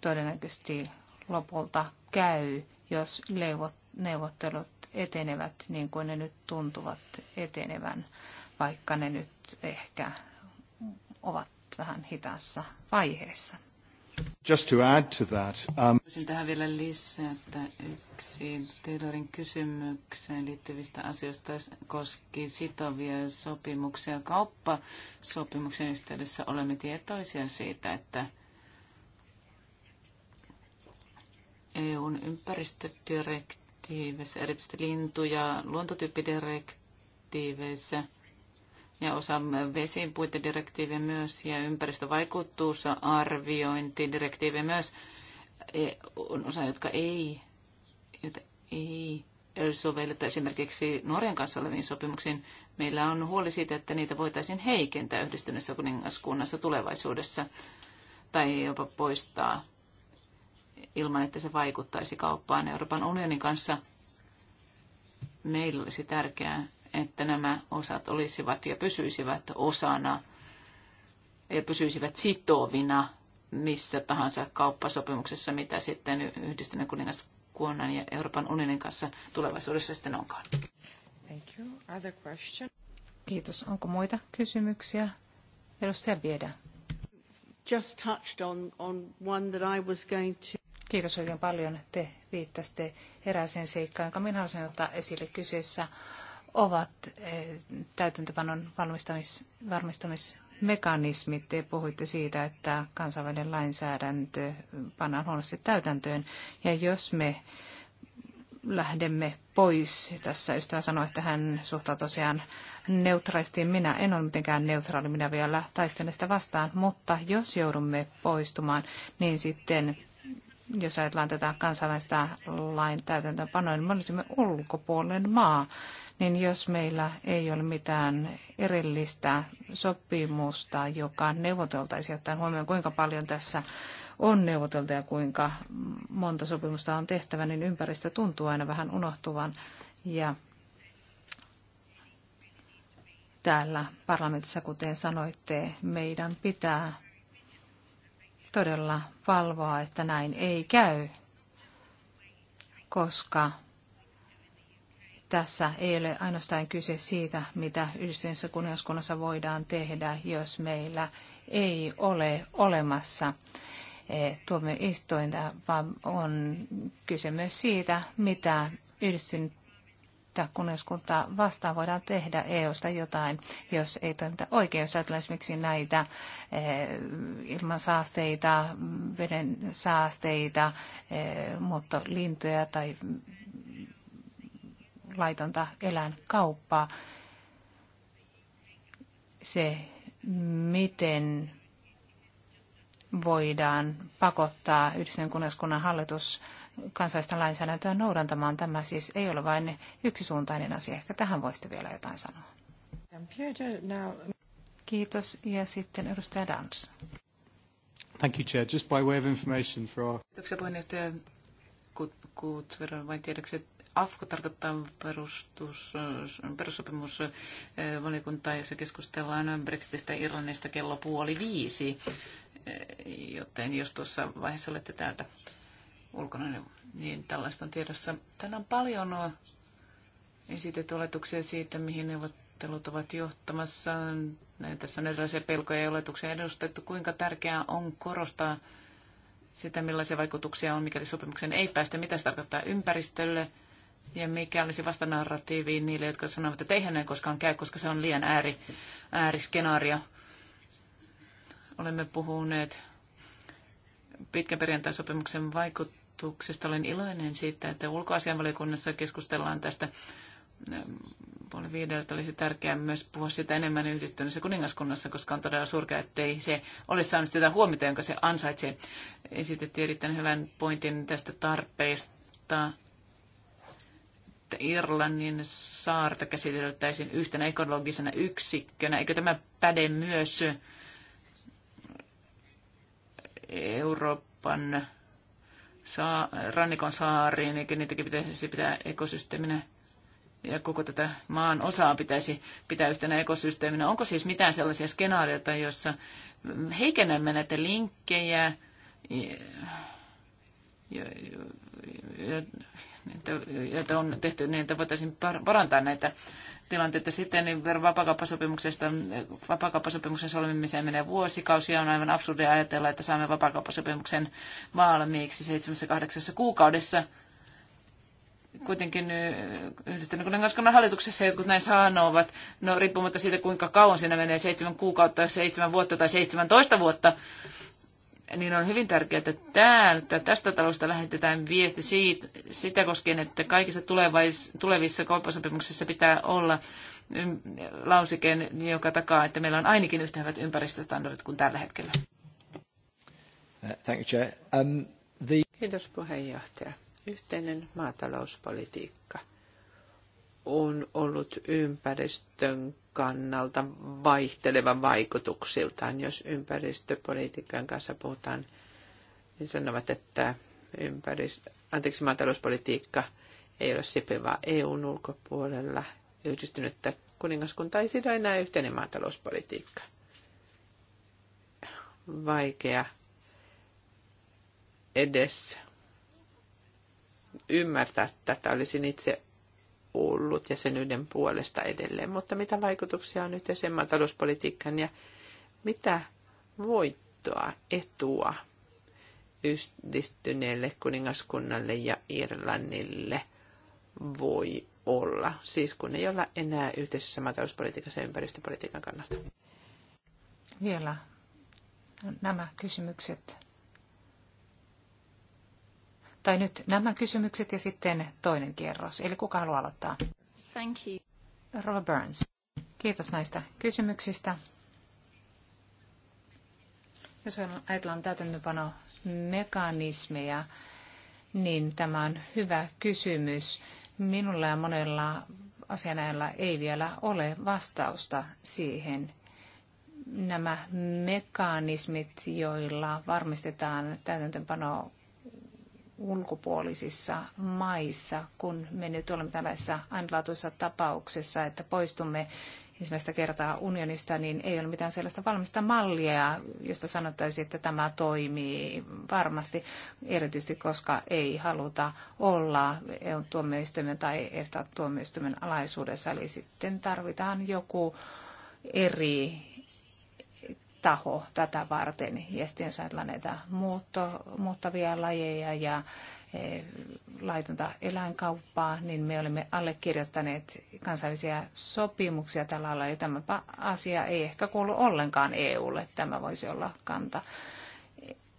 S1: todennäköisesti lopulta käy, jos leuvot neuvottelut etenevät niin kuin ne nyt tuntuvat etenevän, vaikka ne nyt ehkä ovat vähän hitaassa vaiheessa. Just to add to that, um... Voisin tähän vielä että
S3: yksi Taylorin kysymykseen liittyvistä asioista koski sitovia sopimuksia. Kauppasopimuksen yhteydessä olemme tietoisia siitä, että EUn ympäristödirektiivi direktiiveissä, erityisesti lintu- ja luontotyyppidirektiiveissä ja osa vesipuitedirektiiviä myös ja ympäristövaikutuussa arviointidirektiiviä myös e, on osa, jotka ei, jota ei sovelleta esimerkiksi Norjan kanssa oleviin sopimuksiin. Meillä on huoli siitä, että niitä voitaisiin heikentää yhdistyneessä kuningaskunnassa tulevaisuudessa tai jopa poistaa ilman, että se vaikuttaisi kauppaan Euroopan unionin kanssa. Meillä olisi tärkeää, että nämä osat olisivat ja pysyisivät osana ja pysyisivät sitovina missä tahansa kauppasopimuksessa, mitä sitten yhdistyneen kuningaskunnan ja Euroopan unionin kanssa tulevaisuudessa sitten onkaan.
S1: Thank you. Other question? Kiitos. Onko muita kysymyksiä? Edustaja Bieda. Just touched on, on one that I was going to... Kiitos oikein paljon. Te viittasitte erääseen seikkaan, jonka minä haluaisin ottaa esille. Kyseessä ovat eh, täytäntöpanon valmistamis, varmistamismekanismit. Te puhuitte siitä, että kansainvälinen lainsäädäntö pannaan huonosti täytäntöön. Ja jos me lähdemme pois. Tässä ystävä sanoi, että hän suhtautuu tosiaan neutraalisti. Minä en ole mitenkään neutraali, minä vielä taistelen sitä vastaan, mutta jos joudumme poistumaan, niin sitten jos ajatellaan tätä kansainvälistä lain täytäntöönpanoa, niin me olisimme ulkopuolinen maa. Niin jos meillä ei ole mitään erillistä sopimusta, joka neuvoteltaisiin, ottaen huomioon kuinka paljon tässä on neuvoteltu ja kuinka monta sopimusta on tehtävä, niin ympäristö tuntuu aina vähän unohtuvan. Ja täällä parlamentissa, kuten sanoitte, meidän pitää todella valvoa, että näin ei käy, koska tässä ei ole ainoastaan kyse siitä, mitä yhdistyneessä kunnioskunnassa voidaan tehdä, jos meillä ei ole olemassa eh, tuomioistuinta, vaan on kyse myös siitä, mitä yhdistynyt että kunnalliskuntaa vastaan voidaan tehdä EUsta jotain, jos ei toimita oikein. Jos ajatellaan esimerkiksi näitä eh, ilman saasteita, veden saasteita, eh, muuttolintuja tai laitonta eläinkauppaa, se miten voidaan pakottaa yhdistyneen kuningaskunnan hallitus kansallista lainsäädäntöä noudantamaan. Tämä siis ei ole vain yksisuuntainen asia. Ehkä tähän voisitte vielä jotain sanoa. Kiitos. Ja sitten edustaja Dans.
S2: Thank you, Chair. Just by way of information for our...
S3: Kiitoksia puheenjohtaja
S1: Kutsveron
S3: vain tiedoksi, AFKO tarkoittaa perustus, perussopimusvaliokuntaa, jossa keskustellaan Brexitistä Irlannista kello puoli viisi, joten jos tuossa vaiheessa olette täältä ulkona, niin tällaista on tiedossa. tänään on paljon esitetty oletuksia siitä, mihin neuvottelut ovat johtamassa. Näin, tässä on erilaisia pelkoja ja oletuksia edustettu. Kuinka tärkeää on korostaa sitä, millaisia vaikutuksia on, mikäli sopimuksen ei päästä, mitä se tarkoittaa ympäristölle ja mikä olisi vastanarratiivi niille, jotka sanovat, että eihän näin koskaan käy, koska se on liian ääri, ääriskenaario. Olemme puhuneet pitkän perjantai-sopimuksen vaikut, ehdotuksesta. Olen iloinen siitä, että ulkoasianvaliokunnassa keskustellaan tästä puoli viideltä olisi tärkeää myös puhua sitä enemmän yhdistyneessä kuningaskunnassa, koska on todella surkea, ettei se ole saanut sitä huomiota, jonka se ansaitsee. Esitettiin erittäin hyvän pointin tästä tarpeesta, että Irlannin saarta käsiteltäisiin yhtenä ekologisena yksikkönä. Eikö tämä päde myös Euroopan saa, rannikon saariin, eikä niitäkin pitäisi pitää ekosysteeminä ja koko tätä maan osaa pitäisi pitää yhtenä ekosysteeminä. Onko siis mitään sellaisia skenaarioita, joissa heikennämme näitä linkkejä, ja, ja, on tehty niin, että voitaisiin parantaa näitä tilanteita sitten, niin vapaakauppasopimuksesta, vapaakauppasopimuksen solmimiseen menee vuosikausia. On aivan absurdia ajatella, että saamme vapaakauppasopimuksen valmiiksi 7-8 kuukaudessa. Kuitenkin eh, yhdistyneen kuningaskunnan hallituksessa jotkut näin sanovat, no riippumatta siitä kuinka kauan siinä menee, seitsemän kuukautta, seitsemän vuotta tai seitsemäntoista vuotta, niin on hyvin tärkeää, että täältä, tästä talosta lähetetään viesti siitä, sitä koskien, että kaikissa tulevissa kauppasopimuksissa pitää olla mm, lausike, joka takaa, että meillä on ainakin yhtä hyvät ympäristöstandardit kuin tällä hetkellä. Uh,
S2: thank you, Chair. Um, the... Kiitos puheenjohtaja. Yhteinen maatalouspolitiikka on ollut ympäristön kannalta vaihteleva vaikutuksiltaan. Jos ympäristöpolitiikan kanssa puhutaan, niin sanovat, että ympäristö, anteeksi, maatalouspolitiikka ei ole sipivää EUn ulkopuolella. Yhdistynyttä kuningaskunta ei sido enää yhteinen maatalouspolitiikka. Vaikea edes ymmärtää tätä. Olisin itse ollut jäsenyyden puolesta edelleen, mutta mitä vaikutuksia on nyt jäsenmaan talouspolitiikkaan ja mitä voittoa, etua yhdistyneelle kuningaskunnalle ja Irlannille voi olla, siis kun ei olla enää yhteisessä maatalouspolitiikassa ja ympäristöpolitiikan kannalta.
S1: Vielä nämä kysymykset tai nyt nämä kysymykset ja sitten toinen kierros. Eli kuka haluaa aloittaa? Thank you. Rova Burns. Kiitos näistä kysymyksistä. Jos ajatellaan täytäntöpano mekanismeja, niin tämä on hyvä kysymys. Minulla ja monella asianajalla ei vielä ole vastausta siihen. Nämä mekanismit, joilla varmistetaan täytäntöpano ulkopuolisissa maissa, kun me nyt olemme tällaisessa ainutlaatuisessa tapauksessa, että poistumme ensimmäistä kertaa unionista, niin ei ole mitään sellaista valmista mallia, josta sanottaisiin, että tämä toimii varmasti, erityisesti koska ei haluta olla EU-tuomioistuimen tai EFTA-tuomioistuimen alaisuudessa. Eli sitten tarvitaan joku eri taho tätä varten. Ja sitten jos näitä muutto, muuttavia lajeja ja e, laitonta eläinkauppaa, niin me olemme allekirjoittaneet kansainvälisiä sopimuksia tällä alalla. Ja tämä asia ei ehkä kuulu ollenkaan EUlle. Tämä voisi olla kanta.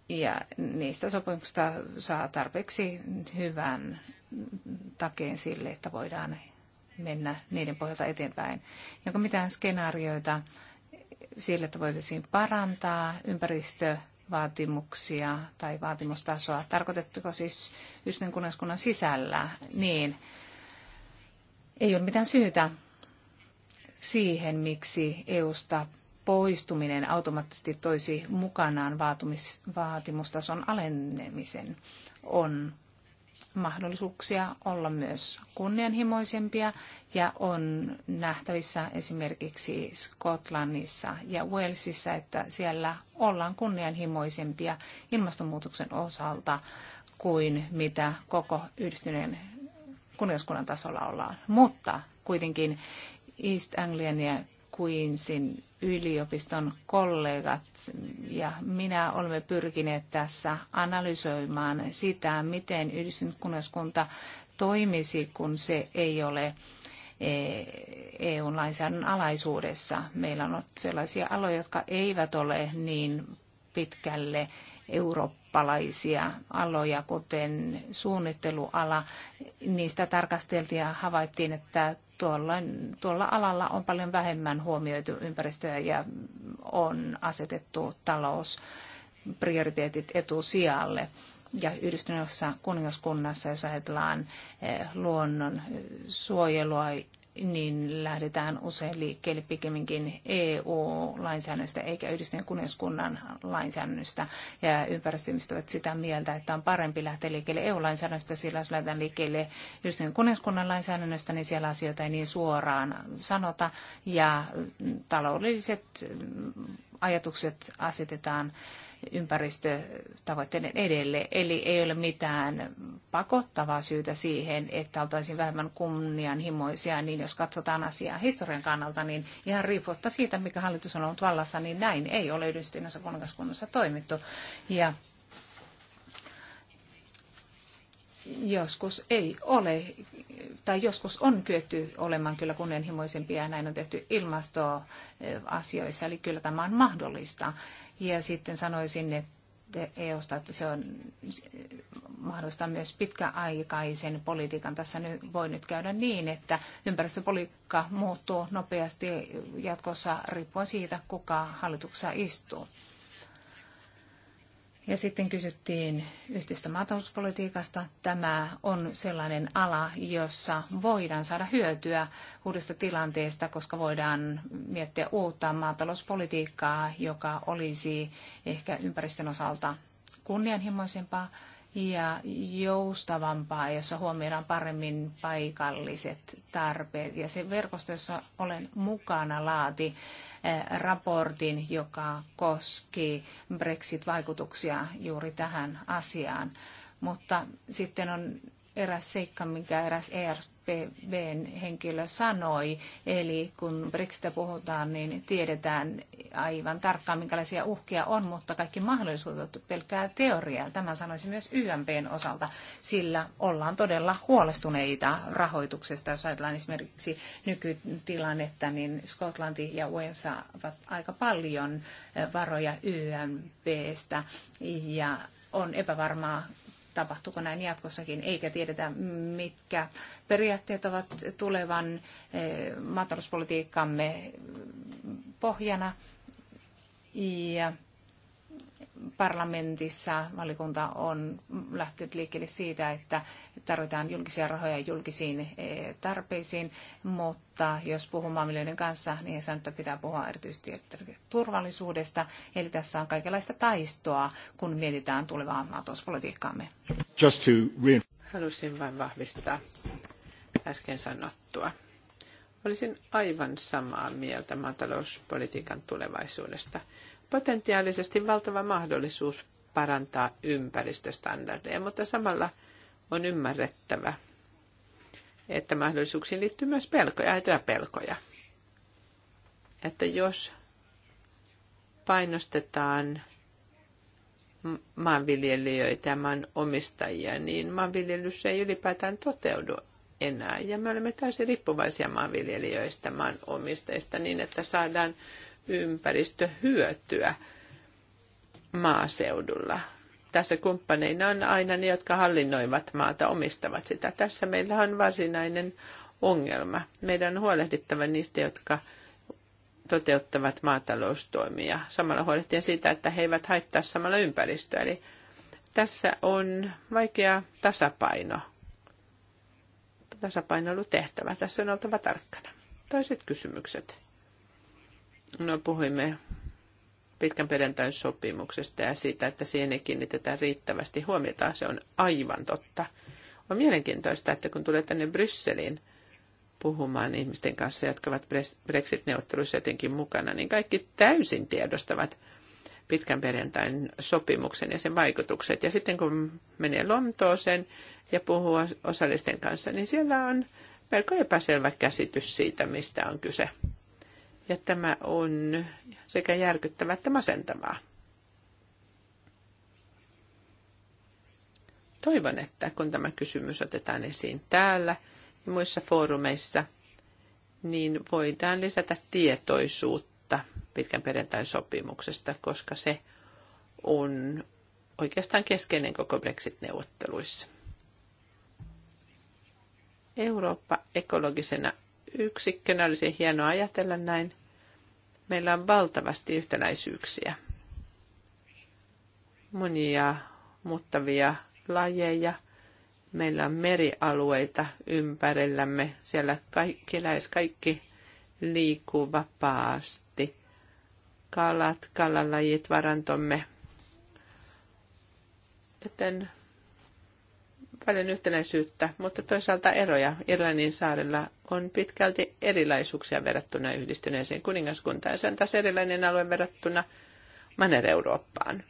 S1: Ja niistä sopimuksista saa tarpeeksi hyvän takeen sille, että voidaan mennä niiden pohjalta eteenpäin. Jonka mitään skenaarioita sillä, että voitaisiin parantaa ympäristövaatimuksia tai vaatimustasoa. Tarkoitettuko siis yhdistyneen kuningaskunnan sisällä? Niin, ei ole mitään syytä siihen, miksi EUsta poistuminen automaattisesti toisi mukanaan vaatimustason alennemisen. On mahdollisuuksia olla myös kunnianhimoisempia ja on nähtävissä esimerkiksi Skotlannissa ja Walesissa, että siellä ollaan kunnianhimoisempia ilmastonmuutoksen osalta kuin mitä koko yhdistyneen kuningaskunnan tasolla ollaan. Mutta kuitenkin East Anglian ja Queensin yliopiston kollegat ja minä olemme pyrkineet tässä analysoimaan sitä, miten yhdistynyt toimisi, kun se ei ole EU-lainsäädännön e alaisuudessa. Meillä on sellaisia aloja, jotka eivät ole niin pitkälle Eurooppa eurooppalaisia aloja, kuten suunnitteluala. Niistä tarkasteltiin ja havaittiin, että tuolla, tuolla alalla on paljon vähemmän huomioitu ympäristöä ja on asetettu talous prioriteetit etusijalle. Ja yhdistyneessä kuningaskunnassa, jos ajatellaan eh, luonnon eh, suojelua niin lähdetään usein liikkeelle pikemminkin EU-lainsäädännöstä eikä yhdistyneen kuningaskunnan lainsäädännöstä. Ja ympäristöystävät ovat sitä mieltä, että on parempi lähteä liikkeelle EU-lainsäädännöstä, sillä jos lähdetään liikkeelle yhdistyneen kuningaskunnan lainsäädännöstä, niin siellä asioita ei niin suoraan sanota. Ja taloudelliset ajatukset asetetaan ympäristötavoitteiden edelle. Eli ei ole mitään pakottavaa syytä siihen, että oltaisiin vähemmän kunnianhimoisia, niin jos katsotaan asiaa historian kannalta, niin ihan riippuutta siitä, mikä hallitus on ollut vallassa, niin näin ei ole yhdistyneessä kuningaskunnassa toimittu. Ja joskus ei ole, tai joskus on kyetty olemaan kyllä kunnianhimoisempia, ja näin on tehty ilmastoasioissa, eli kyllä tämä on mahdollista. Ja sitten sanoisin, että EUsta, että se on mahdollista myös pitkäaikaisen politiikan. Tässä nyt, voi nyt käydä niin, että ympäristöpolitiikka muuttuu nopeasti jatkossa riippuen siitä, kuka hallituksessa istuu. Ja sitten kysyttiin yhteistä maatalouspolitiikasta. Tämä on sellainen ala, jossa voidaan saada hyötyä uudesta tilanteesta, koska voidaan miettiä uutta maatalouspolitiikkaa, joka olisi ehkä ympäristön osalta kunnianhimoisempaa, ja joustavampaa, jossa huomioidaan paremmin paikalliset tarpeet. Ja se verkosto, jossa olen mukana, laati eh, raportin, joka koski Brexit-vaikutuksia juuri tähän asiaan. Mutta sitten on eräs seikka, mikä eräs ERPBn henkilö sanoi. Eli kun Brexitä puhutaan, niin tiedetään aivan tarkkaan, minkälaisia uhkia on, mutta kaikki mahdollisuudet pelkää teoriaa. Tämä sanoisi myös YMPn osalta, sillä ollaan todella huolestuneita rahoituksesta. Jos ajatellaan esimerkiksi nykytilannetta, niin Skotlanti ja Wales saavat aika paljon eh, varoja YMPstä ja on epävarmaa, tapahtuuko näin jatkossakin, eikä tiedetä mitkä periaatteet ovat tulevan eh, maatalouspolitiikkamme pohjana. Ja parlamentissa valikunta on lähtenyt liikkeelle siitä, että tarvitaan julkisia rahoja julkisiin eh, tarpeisiin, mutta jos puhuu maanviljelijöiden kanssa, niin he sanoo, että pitää puhua erityisesti turvallisuudesta. Eli tässä on kaikenlaista taistoa, kun mietitään tulevaa maatalouspolitiikkaamme.
S3: Just to
S1: Halusin vain vahvistaa
S2: äsken sanottua. Olisin aivan samaa mieltä maatalouspolitiikan tulevaisuudesta – potentiaalisesti valtava mahdollisuus parantaa ympäristöstandardeja, mutta samalla on ymmärrettävä, että mahdollisuuksiin liittyy myös pelkoja, aitoja pelkoja. Että jos painostetaan maanviljelijöitä ja maanomistajia, niin maanviljelys ei ylipäätään toteudu enää. Ja me olemme täysin riippuvaisia maanviljelijöistä, maanomistajista, niin että saadaan ympäristöhyötyä maaseudulla. Tässä kumppaneina on aina ne, jotka hallinnoivat maata, omistavat sitä. Tässä meillä on varsinainen ongelma. Meidän on huolehdittava niistä, jotka toteuttavat maataloustoimia. Samalla huolehtien siitä, että he eivät haittaa samalla ympäristöä. Eli tässä on vaikea tasapaino. tehtävä. Tässä on oltava tarkkana. Toiset kysymykset. No puhuimme pitkän perjantain sopimuksesta ja siitä, että siihen ei kiinnitetä riittävästi huomiota. Se on aivan totta. On mielenkiintoista, että kun tulee tänne Brysseliin puhumaan ihmisten kanssa, jotka ovat Brexit-neuvotteluissa jotenkin mukana, niin kaikki täysin tiedostavat pitkän perjantain sopimuksen ja sen vaikutukset. Ja sitten kun menee Lontooseen ja puhuu osallisten kanssa, niin siellä on melko epäselvä käsitys siitä, mistä on kyse. Ja tämä on sekä järkyttävää että masentavaa. Toivon, että kun tämä kysymys otetaan esiin täällä ja muissa foorumeissa, niin voidaan lisätä tietoisuutta pitkän perjantain sopimuksesta, koska se on oikeastaan keskeinen koko Brexit-neuvotteluissa. Eurooppa ekologisena yksikkönä olisi hienoa ajatella näin. Meillä on valtavasti yhtenäisyyksiä. Monia muuttavia lajeja. Meillä on merialueita ympärillämme. Siellä kaikki, lähes kaikki liikkuu vapaasti. Kalat, kalalajit, varantomme. Joten paljon yhtenäisyyttä, mutta toisaalta eroja. Irlannin saarella on pitkälti erilaisuuksia verrattuna yhdistyneeseen kuningaskuntaan. Se on taas erilainen alue verrattuna Manner-Eurooppaan.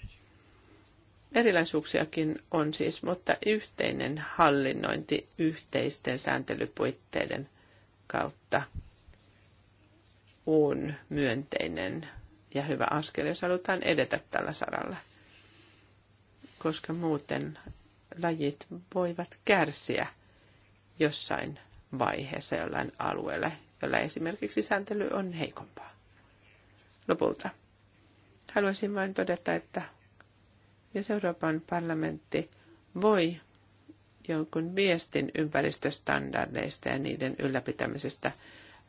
S2: Erilaisuuksiakin on siis, mutta yhteinen hallinnointi yhteisten sääntelypuitteiden kautta on myönteinen ja hyvä askel, jos halutaan edetä tällä saralla. Koska muuten lajit voivat kärsiä jossain vaiheessa jollain alueella, jolla esimerkiksi sääntely on heikompaa. Lopulta haluaisin vain todeta, että jos Euroopan parlamentti voi jonkun viestin ympäristöstandardeista ja niiden ylläpitämisestä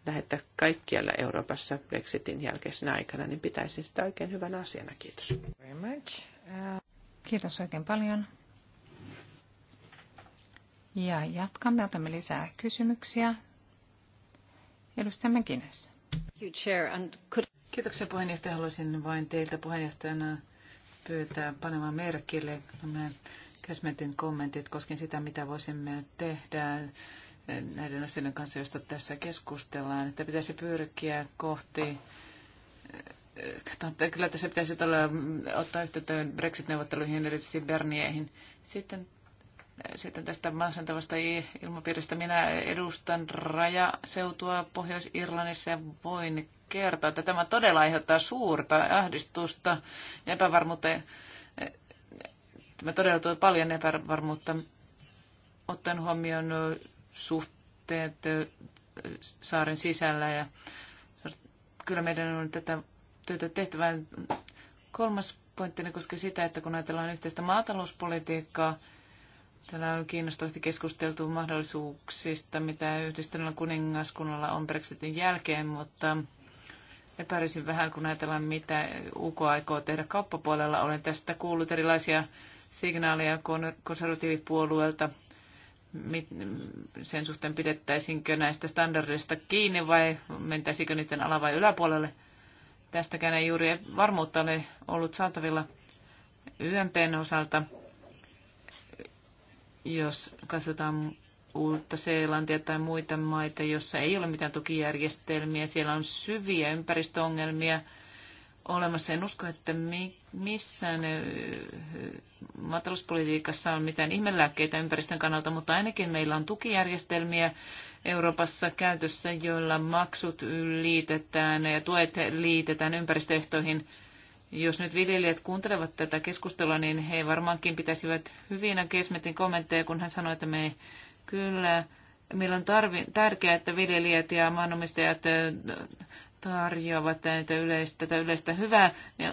S2: lähettää kaikkialla Euroopassa Brexitin jälkeisenä aikana, niin pitäisin sitä oikein hyvänä asiana. Kiitos.
S1: Uh, Kiitos oikein paljon. Ja jatkamme, otamme lisää kysymyksiä. Edustaja McGuinness.
S3: Kiitoksia puheenjohtaja. Haluaisin vain teiltä puheenjohtajana pyytää panemaan merkille nämä Käsmetin kommentit koskien sitä, mitä voisimme tehdä näiden asioiden kanssa, joista tässä keskustellaan, että pitäisi pyrkiä kohti Kyllä tässä pitäisi ottaa yhteyttä Brexit-neuvotteluihin, erityisesti Bernieihin. Sitten sitten tästä maasantavasta ilmapiiristä minä edustan rajaseutua Pohjois-Irlannissa ja voin kertoa, että tämä todella aiheuttaa suurta ahdistusta ja epävarmuutta. Eh, tämä todella tuo paljon epävarmuutta ottaen huomioon suhteet eh, saaren sisällä ja kyllä meidän on tätä työtä tehtävä. Kolmas pointti, koskee sitä, että kun ajatellaan yhteistä maatalouspolitiikkaa, Täällä on kiinnostavasti keskusteltu mahdollisuuksista, mitä yhdistelmällä kuningaskunnalla on Brexitin jälkeen, mutta epäilisin vähän, kun ajatellaan, mitä UK aikoo tehdä kauppapuolella. Olen tästä kuullut erilaisia signaaleja konservatiivipuolueelta sen suhteen pidettäisinkö näistä standardeista kiinni vai mentäisikö niiden ala- vai yläpuolelle. Tästäkään ei juuri varmuutta ole ollut saatavilla YMPn osalta. Jos katsotaan uutta Seelantia tai muita maita, jossa ei ole mitään tukijärjestelmiä, siellä on syviä ympäristöongelmia olemassa. En usko, että mi- missään maatalouspolitiikassa on mitään ihmelääkkeitä ympäristön kannalta, mutta ainakin meillä on tukijärjestelmiä Euroopassa käytössä, joilla maksut liitetään ja tuet liitetään ympäristöehtoihin – jos nyt viljelijät kuuntelevat tätä keskustelua, niin he varmaankin pitäisivät hyvinä Kesmetin kommentteja, kun hän sanoi, että me kyllä, meillä on tarvi, tärkeää, että viljelijät ja maanomistajat tarjoavat tätä yleistä, tätä yleistä hyvää. Ja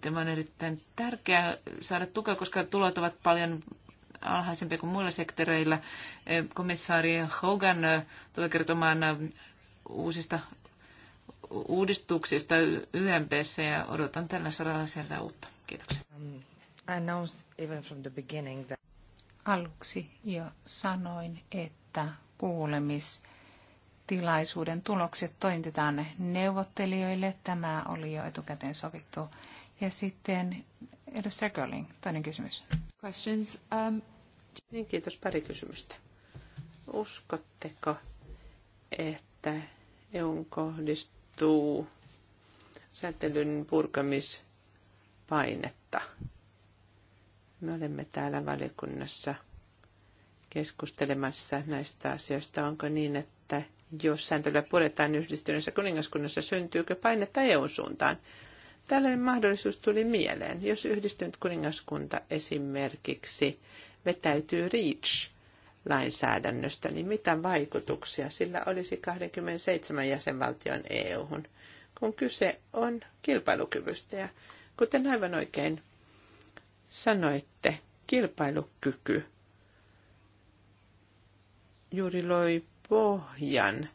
S3: tämä on erittäin tärkeää saada tukea, koska tulot ovat paljon alhaisempia kuin muilla sektoreilla. Komissaari Hogan tulee kertomaan uusista uudistuksista YMPssä ja odotan tällä saralla sieltä uutta. Kiitoksia.
S1: Um, Aluksi jo sanoin, että kuulemistilaisuuden tulokset toimitetaan neuvottelijoille. Tämä oli jo etukäteen sovittu. Ja sitten edustaja Görling, toinen kysymys. Questions, um... niin, kiitos. Pari kysymystä.
S2: Uskotteko, että EUn kohdist tapahtuu sääntelyn purkamispainetta. Me olemme täällä valiokunnassa keskustelemassa näistä asioista. Onko niin, että jos sääntelyä puretaan yhdistyneessä kuningaskunnassa, syntyykö painetta eu suuntaan? Tällainen mahdollisuus tuli mieleen, jos yhdistynyt kuningaskunta esimerkiksi vetäytyy REACH lainsäädännöstä, niin mitä vaikutuksia sillä olisi 27 jäsenvaltion EU-hun, kun kyse on kilpailukyvystä. Ja kuten aivan oikein sanoitte, kilpailukyky juuri loi pohjan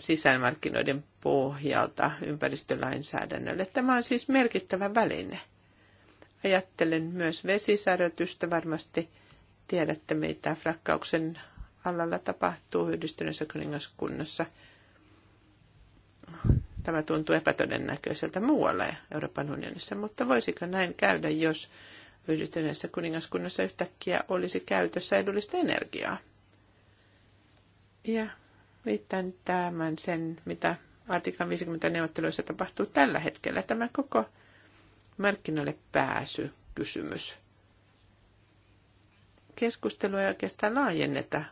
S2: sisämarkkinoiden pohjalta ympäristölainsäädännölle. Tämä on siis merkittävä väline. Ajattelen myös vesisärötystä varmasti – Tiedätte, mitä frakkauksen alalla tapahtuu yhdistyneessä kuningaskunnassa. Tämä tuntuu epätodennäköiseltä muualla Euroopan unionissa, mutta voisiko näin käydä, jos yhdistyneessä kuningaskunnassa yhtäkkiä olisi käytössä edullista energiaa? Ja liittän tämän sen, mitä artiklan 50 neuvotteluissa tapahtuu tällä hetkellä. Tämä koko markkinoille pääsy kysymys keskustelua ei oikeastaan laajenneta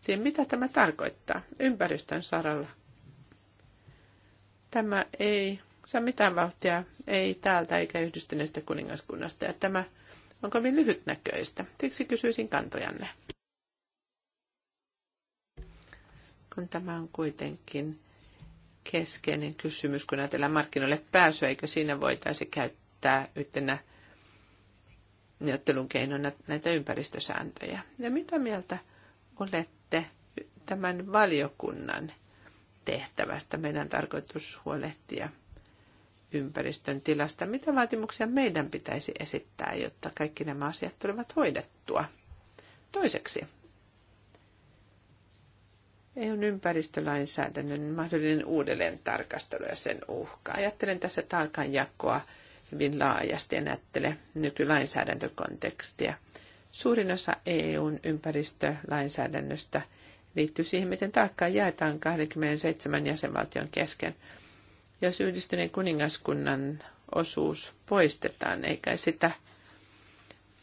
S2: siihen, mitä tämä tarkoittaa ympäristön saralla. Tämä ei saa mitään vauhtia, ei täältä eikä yhdistyneestä kuningaskunnasta, ja tämä on kovin lyhytnäköistä. Siksi kysyisin kantojanne. Kun tämä on kuitenkin keskeinen kysymys, kun ajatellaan markkinoille pääsyä, eikö siinä voitaisiin käyttää yhtenä neuvottelun keinona näitä ympäristösääntöjä. Ja mitä mieltä olette tämän valiokunnan tehtävästä? Meidän tarkoitus huolehtia ympäristön tilasta. Mitä vaatimuksia meidän pitäisi esittää, jotta kaikki nämä asiat tulevat hoidettua? Toiseksi, EUn ympäristölainsäädännön mahdollinen uudelleen tarkastelu ja sen uhka. Ajattelen tässä taakanjakoa jakoa hyvin laajasti en ajattele nykylainsäädäntökontekstia. Suurin osa EUn ympäristölainsäädännöstä liittyy siihen, miten tarkkaan jaetaan 27 jäsenvaltion kesken. Jos yhdistyneen kuningaskunnan osuus poistetaan, eikä sitä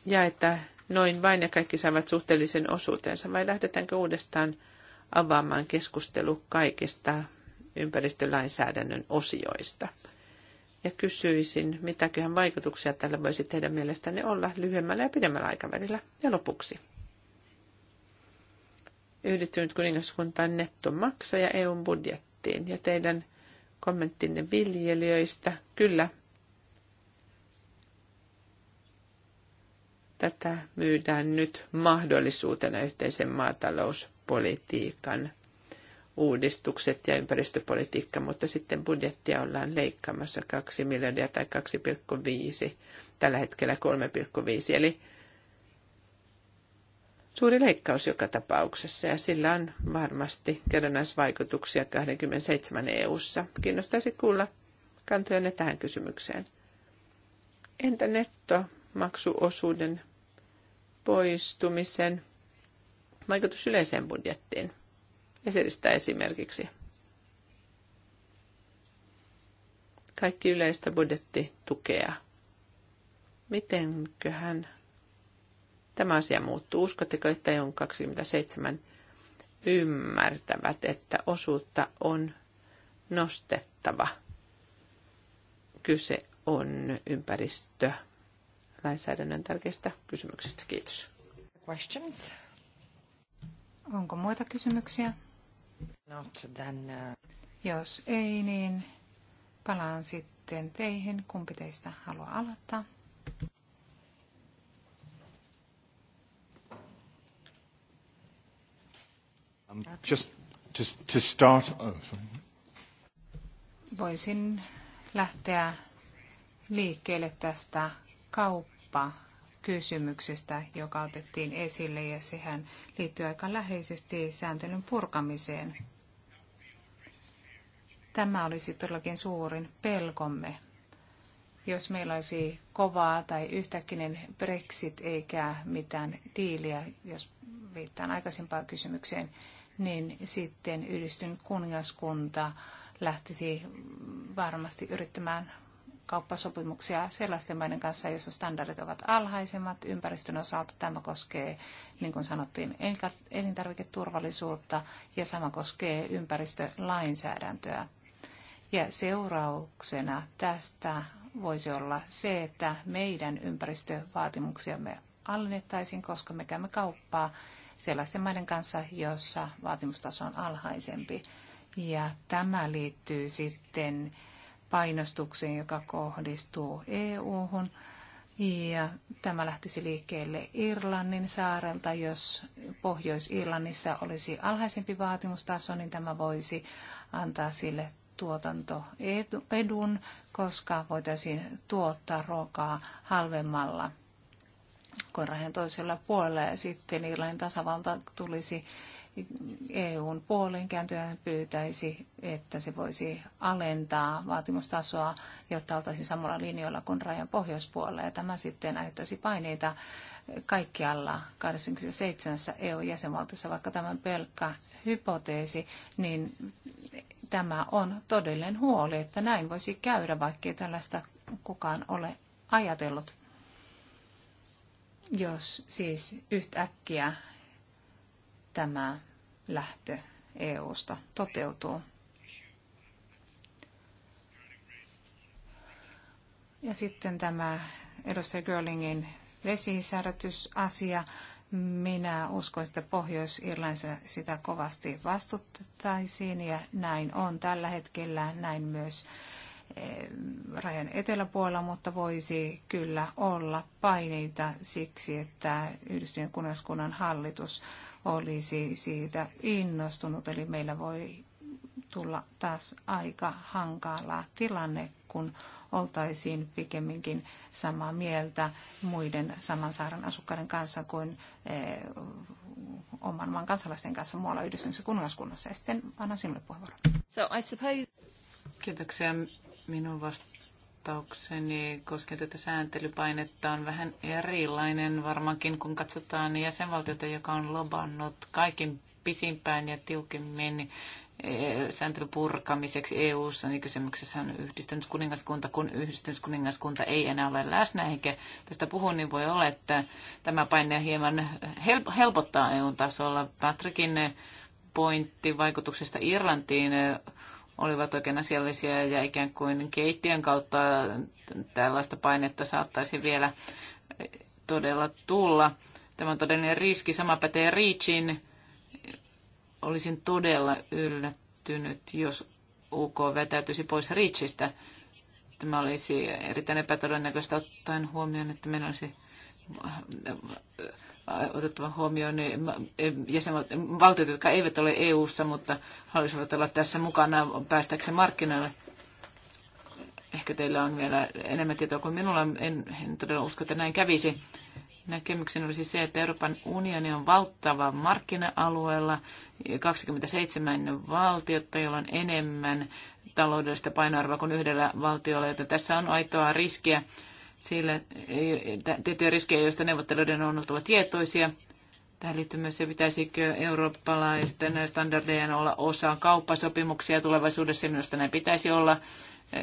S2: jaeta noin vain ja kaikki saavat suhteellisen osuutensa, vai lähdetäänkö uudestaan avaamaan keskustelu kaikista ympäristölainsäädännön osioista – ja kysyisin, mitäköhän vaikutuksia tällä voisi teidän mielestänne olla lyhyemmällä ja pidemmällä aikavälillä. Ja lopuksi. Yhdistynyt kuningaskunta on nettomaksaja EUn budjettiin ja teidän kommenttinne viljelijöistä. Kyllä, tätä myydään nyt mahdollisuutena yhteisen maatalouspolitiikan uudistukset ja ympäristöpolitiikka, mutta sitten budjettia ollaan leikkaamassa 2 miljardia tai 2,5, tällä hetkellä 3,5. Eli suuri leikkaus joka tapauksessa ja sillä on varmasti kerrannaisvaikutuksia 27 EU-ssa. Kiinnostaisi kuulla kantojanne tähän kysymykseen. Entä nettomaksuosuuden poistumisen vaikutus yleiseen budjettiin? Esiristä esimerkiksi. Kaikki yleistä budjettitukea. Mitenköhän tämä asia muuttuu? Uskotteko, että on e 27 ymmärtävät, että osuutta on nostettava? Kyse on ympäristö lainsäädännön tärkeistä kysymyksistä. Kiitos. Questions?
S1: Onko muita kysymyksiä? Not then, uh... Jos ei, niin palaan sitten teihin. Kumpi teistä haluaa aloittaa?
S3: Um, just to, to start... Oh,
S1: Voisin lähteä liikkeelle tästä kauppa kysymyksestä, joka otettiin esille, ja sehän liittyy aika läheisesti sääntelyn purkamiseen. Tämä olisi todellakin suurin pelkomme. Jos meillä olisi kovaa tai yhtäkkinen Brexit eikä mitään diiliä, jos viittaan aikaisempaan kysymykseen, niin sitten yhdistyn kuningaskunta lähtisi varmasti yrittämään kauppasopimuksia sellaisten maiden kanssa, joissa standardit ovat alhaisemmat ympäristön osalta. Tämä koskee, niin kuin sanottiin, elintarviketurvallisuutta ja sama koskee ympäristölainsäädäntöä. Ja seurauksena tästä voisi olla se, että meidän ympäristövaatimuksiamme alennettaisiin, koska me käymme kauppaa sellaisten maiden kanssa, joissa vaatimustaso on alhaisempi. Ja tämä liittyy sitten painostukseen, joka kohdistuu EU-hun. Ja tämä lähtisi liikkeelle Irlannin saarelta. Jos Pohjois-Irlannissa olisi alhaisempi vaatimustaso, niin tämä voisi antaa sille tuotantoedun, koska voitaisiin tuottaa ruokaa halvemmalla kuin toisella puolella. Ja sitten Irlannin tasavalta tulisi EUn puoleen kääntyä pyytäisi, että se voisi alentaa vaatimustasoa, jotta oltaisiin samalla linjoilla kuin rajan pohjoispuolella. Ja tämä sitten aiheuttaisi paineita kaikkialla 27 EU-jäsenvaltiossa, vaikka tämä pelkkä hypoteesi, niin tämä on todellinen huoli, että näin voisi käydä, vaikkei tällaista kukaan ole ajatellut jos siis yhtäkkiä tämä lähtö EUsta toteutuu. Ja sitten tämä edustaja Görlingin vesisäädötysasia. Minä uskon, että Pohjois-Irlannissa sitä kovasti vastuttaisiin ja näin on tällä hetkellä, näin myös eh, rajan eteläpuolella, mutta voisi kyllä olla paineita siksi, että Yhdistyneen kuningaskunnan hallitus olisi siitä innostunut. Eli meillä voi tulla taas aika hankala tilanne, kun oltaisiin pikemminkin samaa mieltä muiden saman saaren asukkaiden kanssa kuin e, oman maan kansalaisten kanssa muualla yhdessä kunnallaskunnassa. Ja sitten annan sinulle puheenvuoron.
S3: So I suppose... Kiitoksia. Minun vasta- vastaukseni koska tätä sääntelypainetta on vähän erilainen varmaankin, kun katsotaan jäsenvaltiota, joka on lobannut kaikin pisimpään ja tiukimmin eh, sääntelyn purkamiseksi EU-ssa, niin kysymyksessä on yhdistynyt kuningaskunta. Kun yhdistynyt kuningaskunta ei enää ole läsnä eikä tästä puhun, niin voi olla, että tämä paine hieman helpottaa EU-tasolla. Patrickin pointti vaikutuksesta Irlantiin olivat oikein asiallisia ja ikään kuin keittiön kautta tällaista painetta saattaisi vielä todella tulla. Tämä on todellinen riski. Sama pätee Reachin. Olisin todella yllättynyt, jos UK vetäytyisi pois Reachistä. Tämä olisi erittäin epätodennäköistä ottaen huomioon, että meillä olisi otettava huomioon ne niin jäsenvaltiot, jotka eivät ole EU-ssa, mutta haluaisivat olla tässä mukana päästäkseen markkinoille. Ehkä teillä on vielä enemmän tietoa kuin minulla. En, en todella usko, että näin kävisi. Näkemykseni olisi se, että Euroopan unioni on valtava markkina-alueella, 27 valtiota, joilla on enemmän taloudellista painoarvoa kuin yhdellä valtiolla, joten tässä on aitoa riskiä Sille tiettyjä riskejä, joista neuvottelijoiden on oltava tietoisia. Tähän liittyy myös se, pitäisikö eurooppalaisten standardejen olla osa kauppasopimuksia tulevaisuudessa. Minusta näin pitäisi olla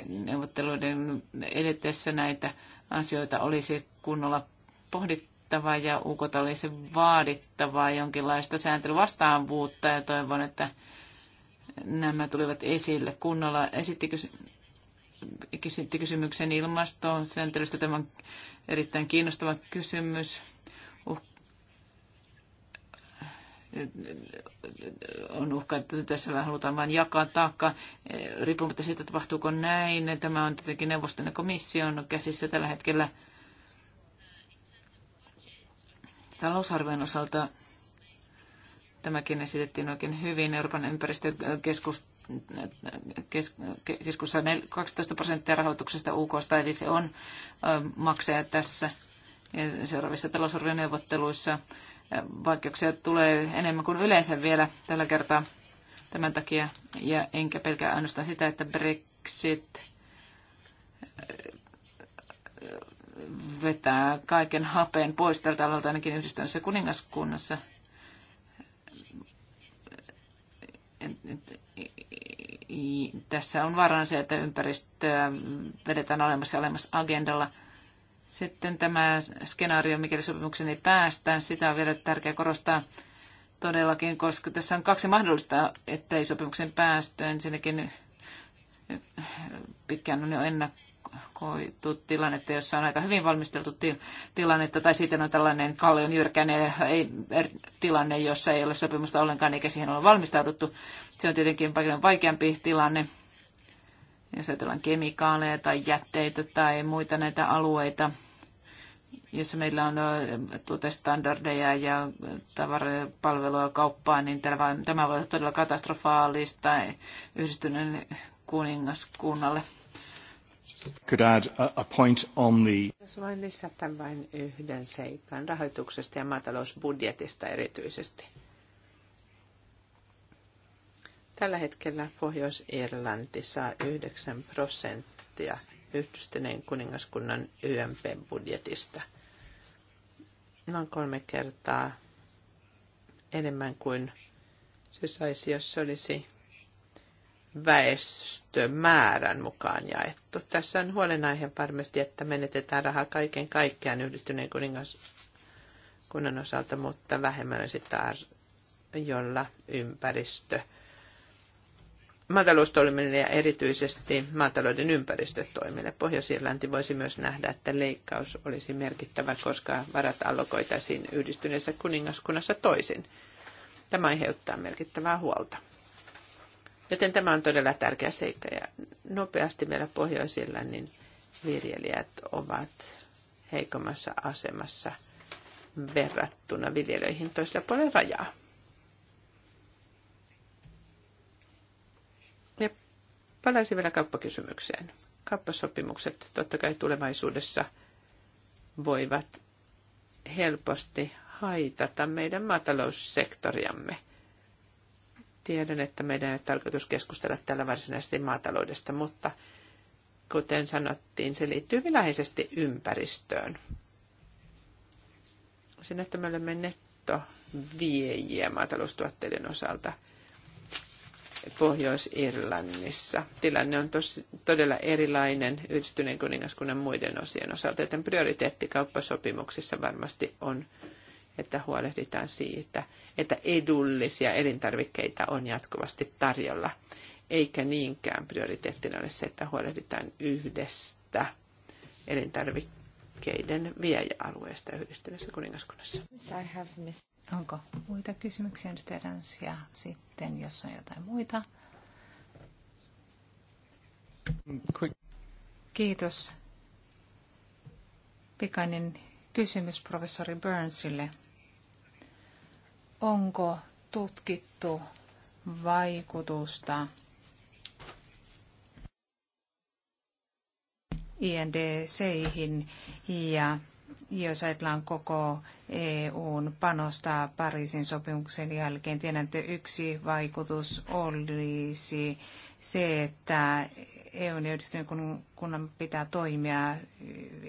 S3: neuvotteluiden edetessä näitä asioita olisi kunnolla pohdittava ja ukot olisi vaadittava jonkinlaista sääntelyvastaavuutta ja toivon, että nämä tulivat esille kunnolla. Esittikö esitti kysymyksen ilmastoon sääntelystä. Tämä on erittäin kiinnostava kysymys. Uh, on uhka, että tässä vähän halutaan vain jakaa taakka, riippumatta siitä, tapahtuuko näin. Tämä on tietenkin neuvoston ja komission käsissä tällä hetkellä. Talousarvion osalta tämäkin esitettiin oikein hyvin Euroopan ympäristökeskus keskussa 12 prosenttia rahoituksesta UK, eli se on maksaja tässä seuraavissa talousarvioneuvotteluissa. Vaikeuksia tulee enemmän kuin yleensä vielä tällä kertaa tämän takia, ja enkä pelkää ainoastaan sitä, että Brexit vetää kaiken hapen pois tältä alalta ainakin yhdistyneessä kuningaskunnassa tässä on vaarana se, että ympäristöä vedetään olemassa ja olemassa agendalla. Sitten tämä skenaario, mikäli sopimuksen ei päästään, sitä on vielä tärkeää korostaa todellakin, koska tässä on kaksi mahdollista, ei sopimuksen päästöön. Ensinnäkin pitkään on jo ennakko koitu tilannetta, jossa on aika hyvin valmisteltu ti- tilannetta, tai sitten on tällainen kallion jyrkäinen er, tilanne, jossa ei ole sopimusta ollenkaan eikä siihen ole valmistauduttu. Se on tietenkin paljon vaikeampi tilanne, jos ajatellaan kemikaaleja tai jätteitä tai muita näitä alueita, jossa meillä on tuotestandardeja ja tavarapalvelua kauppaa, niin tämä voi olla todella katastrofaalista yhdistyneen
S2: kuningaskunnalle.
S1: Could add a, point on the...
S2: vain lisätä vain yhden seikan rahoituksesta ja maatalousbudjetista erityisesti. Tällä hetkellä Pohjois-Irlanti saa 9 prosenttia yhdistyneen kuningaskunnan YMP-budjetista. Noin kolme kertaa enemmän kuin se saisi, jos se olisi väestömäärän mukaan jaettu. Tässä on huolenaihe varmasti, että menetetään rahaa kaiken kaikkiaan yhdistyneen kuningaskunnan osalta, mutta vähemmän sitä, jolla ympäristö maataloustoimille ja erityisesti maatalouden ympäristötoimille. Pohjois-Irlanti voisi myös nähdä, että leikkaus olisi merkittävä, koska varat allokoitaisiin yhdistyneessä kuningaskunnassa toisin. Tämä aiheuttaa merkittävää huolta. Joten tämä on todella tärkeä seikka ja nopeasti meillä pohjoisilla niin viljelijät ovat heikommassa asemassa verrattuna viljelijöihin toisella puolella rajaa. Ja palaisin vielä kauppakysymykseen. Kauppasopimukset totta kai tulevaisuudessa voivat helposti haitata meidän maataloussektoriamme. Tiedän, että meidän ei tarkoitus keskustella täällä varsinaisesti maataloudesta, mutta kuten sanottiin, se liittyy läheisesti ympäristöön. Sen, että me olemme nettoviejiä maataloustuotteiden osalta Pohjois-Irlannissa. Tilanne on tosi, todella erilainen yhdistyneen kuningaskunnan muiden osien osalta, joten prioriteetti kauppasopimuksissa varmasti on että huolehditaan siitä, että edullisia elintarvikkeita on jatkuvasti tarjolla, eikä niinkään prioriteettina ole se, että huolehditaan yhdestä elintarvikkeiden viejäalueesta yhdistyneessä kuningaskunnassa.
S1: Onko muita kysymyksiä, nyt ja sitten jos on jotain muita? Kiitos. Pikainen kysymys professori Burnsille. Onko tutkittu vaikutusta INDCihin ja jos ajatellaan koko EUn panostaa Pariisin sopimuksen jälkeen, tiedän, että yksi vaikutus olisi se, että EUn ja yhdistyneen kunnan pitää toimia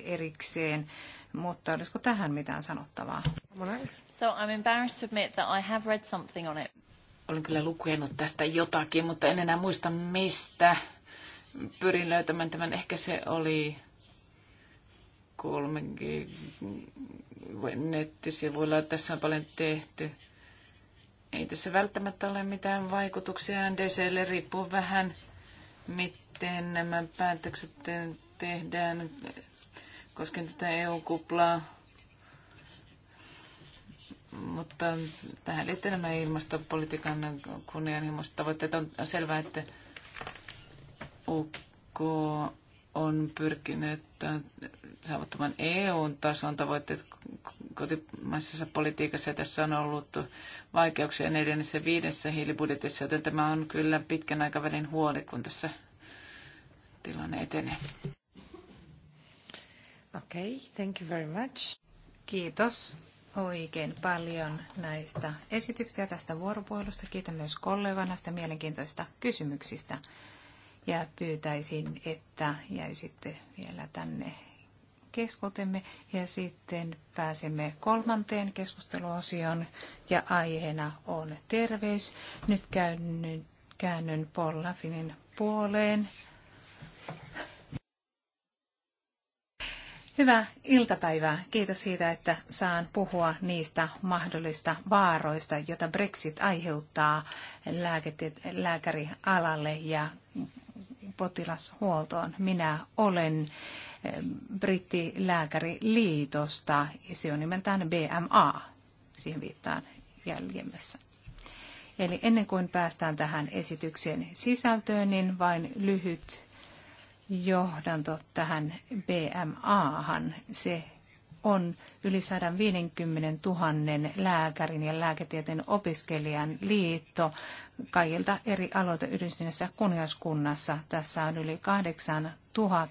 S1: erikseen, mutta olisiko tähän mitään sanottavaa?
S3: So I'm embarrassed to admit that I have read something on it.
S1: Olen kyllä lukenut tästä jotakin, mutta en enää muista mistä.
S3: Pyrin löytämään tämän. Ehkä se oli 3G nettisivuilla. Tässä on paljon tehty. Ei tässä välttämättä ole mitään vaikutuksia NDClle. Riippuu vähän, miten nämä päätökset tehdään koskien tätä EU-kuplaa mutta tähän liittyy nämä ilmastopolitiikan kunnianhimoiset tavoitteet. On selvää, että UK on pyrkinyt saavuttamaan EU-tason tavoitteet kotimaisessa politiikassa. Ja tässä on ollut vaikeuksia neljännessä viidessä hiilibudjetissa, joten tämä on kyllä pitkän aikavälin huoli, kun tässä
S1: tilanne etenee. Okay, thank you very much. Kiitos oikein paljon näistä esityksistä ja tästä vuoropuhelusta. Kiitän myös kollegaa näistä mielenkiintoista kysymyksistä. Ja pyytäisin, että jäisitte vielä tänne keskutemme ja sitten pääsemme kolmanteen keskusteluosioon ja aiheena on terveys. Nyt käännyn, käännyn Paul Laffinin puoleen. Hyvää iltapäivää. Kiitos siitä, että saan puhua niistä mahdollista vaaroista, joita Brexit aiheuttaa lääkärialalle ja potilashuoltoon. Minä olen eh, brittilääkäriliitosta, se on nimeltään BMA, siihen viittaan jäljemmässä. Eli ennen kuin päästään tähän esityksen sisältöön, niin vain lyhyt johdanto tähän BMAhan. Se on yli 150 000 lääkärin ja lääketieteen opiskelijan liitto kaikilta eri aloita yhdistyneessä kuningaskunnassa. Tässä on yli 8 000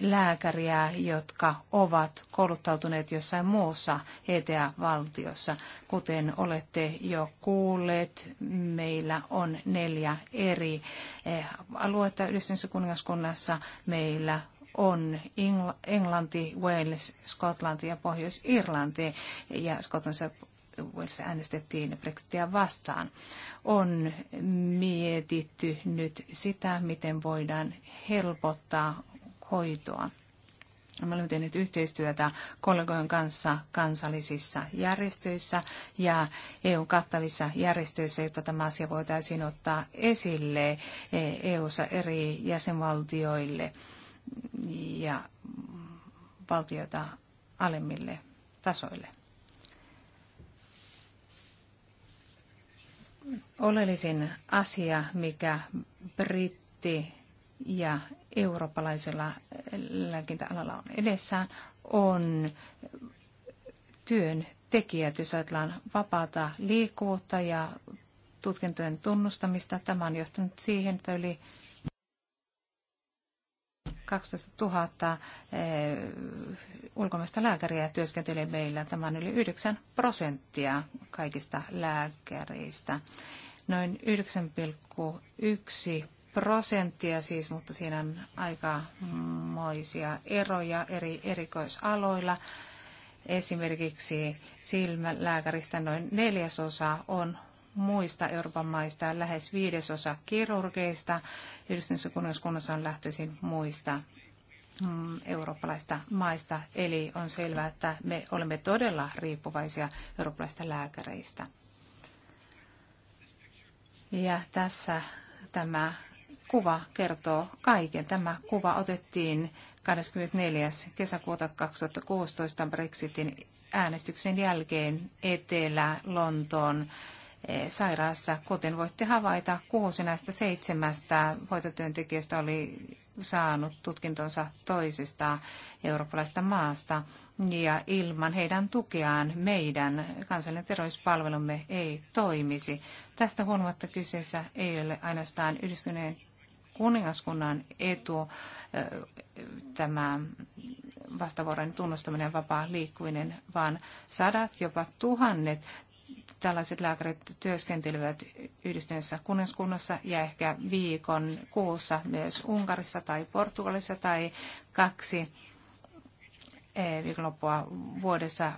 S1: lääkäriä, jotka ovat kouluttautuneet jossain muussa ETA-valtiossa. Kuten olette jo kuulleet, meillä on neljä eri eh, aluetta yhdistyneessä kuningaskunnassa. Meillä on Englanti, Wales, Skotlanti ja Pohjois-Irlanti. Ja Skotlannissa Wales äänestettiin Brexitia vastaan. On mietitty nyt sitä, miten voidaan helpottaa hoitoa. Me olemme tehneet yhteistyötä kollegojen kanssa kansallisissa järjestöissä ja EUn kattavissa järjestöissä, jotta tämä asia voitaisiin ottaa esille e EUssa eri jäsenvaltioille ja valtioita alemmille tasoille. Oleellisin asia, mikä britti ja eurooppalaisella lääkintäalalla on edessään, on työn tekijät, jos ajatellaan vapaata liikkuvuutta ja tutkintojen tunnustamista. Tämä on johtanut siihen, että yli 12 000 eh, ulkomaista lääkäriä työskentelee meillä. Tämä on yli 9 prosenttia kaikista lääkäreistä. Noin 9,1 prosenttia siis, mutta siinä on aika moisia eroja eri erikoisaloilla. Esimerkiksi silmälääkäristä noin neljäsosa on muista Euroopan maista. Lähes viidesosa kirurgeista yhdistyneessä kuningaskunnassa on lähtöisin muista mm, eurooppalaista maista. Eli on selvää, että me olemme todella riippuvaisia eurooppalaista lääkäreistä. Ja tässä tämä kuva kertoo kaiken. Tämä kuva otettiin 24. kesäkuuta 2016 Brexitin äänestyksen jälkeen Etelä-Lontoon sairaassa. Kuten voitte havaita, kuusi näistä seitsemästä hoitotyöntekijästä oli saanut tutkintonsa toisesta eurooppalaista maasta. Ja ilman heidän tukeaan meidän kansallinen terveyspalvelumme ei toimisi. Tästä huolimatta kyseessä ei ole ainoastaan yhdistyneen kuningaskunnan etu, tämä vastavuoroinen tunnustaminen vapaa liikkuminen, vaan sadat, jopa tuhannet tällaiset lääkärit työskentelevät yhdistyneessä kuningaskunnassa ja ehkä viikon kuussa myös Unkarissa tai Portugalissa tai kaksi eh, viikonloppua vuodessa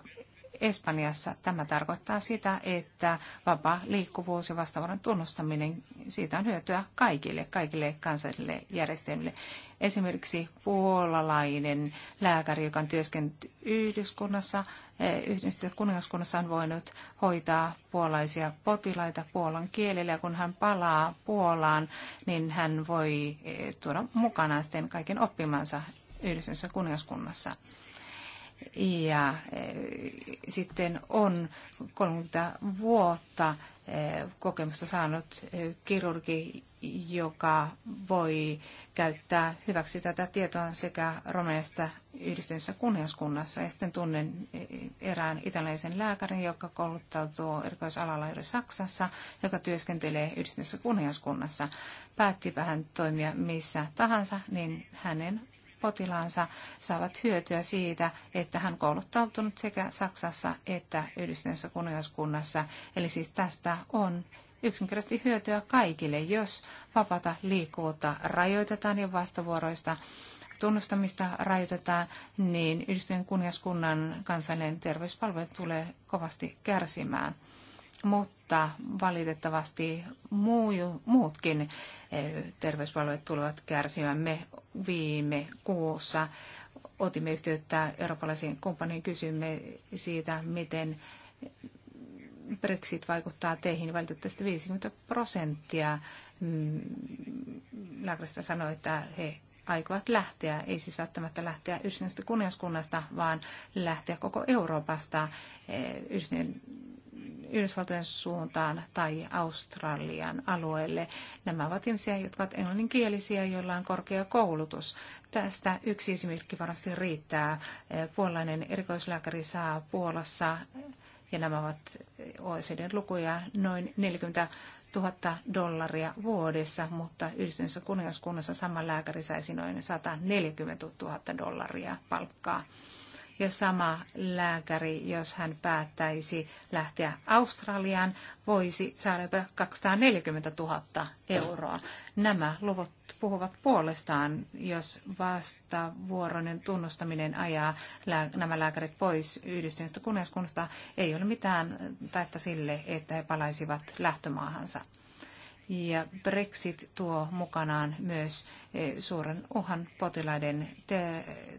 S1: Espanjassa. Tämä tarkoittaa sitä, että vapaa liikkuvuus ja vastavuoron tunnustaminen, siitä on hyötyä kaikille, kaikille kansallisille järjestelmille. Esimerkiksi puolalainen lääkäri, joka on työskennellyt Yhdyskunnassa, eh, yhdistetyssä kuningaskunnassa on voinut hoitaa puolaisia potilaita puolan kielellä. Ja kun hän palaa Puolaan, niin hän voi eh, tuoda mukanaan sitten kaiken oppimansa yhdistyssä kuningaskunnassa. Ja eh, sitten on 30 vuotta eh, kokemusta saanut eh, kirurgi, joka voi käyttää hyväksi tätä tietoa sekä Romeista yhdistyneessä kunniaskunnassa, Ja sitten tunnen erään italialaisen lääkärin, joka kouluttautuu erikoisalalla juuri Saksassa, joka työskentelee yhdistyneessä kunniaskunnassa, Päättipä hän toimia missä tahansa, niin hänen potilaansa saavat hyötyä siitä, että hän kouluttautunut sekä Saksassa että Yhdistyneessä kuningaskunnassa. Eli siis tästä on yksinkertaisesti hyötyä kaikille, jos vapaata liikkuvuutta rajoitetaan ja vastavuoroista tunnustamista rajoitetaan, niin yhdistyneen kuningaskunnan kansallinen terveyspalvelu tulee kovasti kärsimään mutta valitettavasti muu, muutkin eh, terveyspalvelut tulevat kärsimään. Me viime kuussa otimme yhteyttä eurooppalaisiin kumppaniin, kysymme siitä, miten Brexit vaikuttaa teihin. Valitettavasti 50 prosenttia mm, lääkäristä sanoi, että he aikovat lähteä, ei siis välttämättä lähteä yhdistyneestä kuningaskunnasta, vaan lähteä koko Euroopasta. Eh, yhdistyneen Yhdysvaltojen suuntaan tai Australian alueelle. Nämä ovat ihmisiä, jotka ovat englanninkielisiä, joilla on korkea koulutus. Tästä yksi esimerkki varmasti riittää. Puolainen erikoislääkäri saa Puolassa, ja nämä ovat oecd lukuja, noin 40 000 dollaria vuodessa, mutta yhdistyneessä kuningaskunnassa sama lääkäri saisi noin 140 000 dollaria palkkaa ja sama lääkäri, jos hän päättäisi lähteä Australiaan, voisi saada jopa 240 000 euroa. Nämä luvut puhuvat puolestaan, jos vastavuoroinen tunnustaminen ajaa nämä lääkärit pois yhdistyneestä kuningaskunnasta, ei ole mitään taetta sille, että he palaisivat lähtömaahansa. Ja Brexit tuo mukanaan myös suuren uhan potilaiden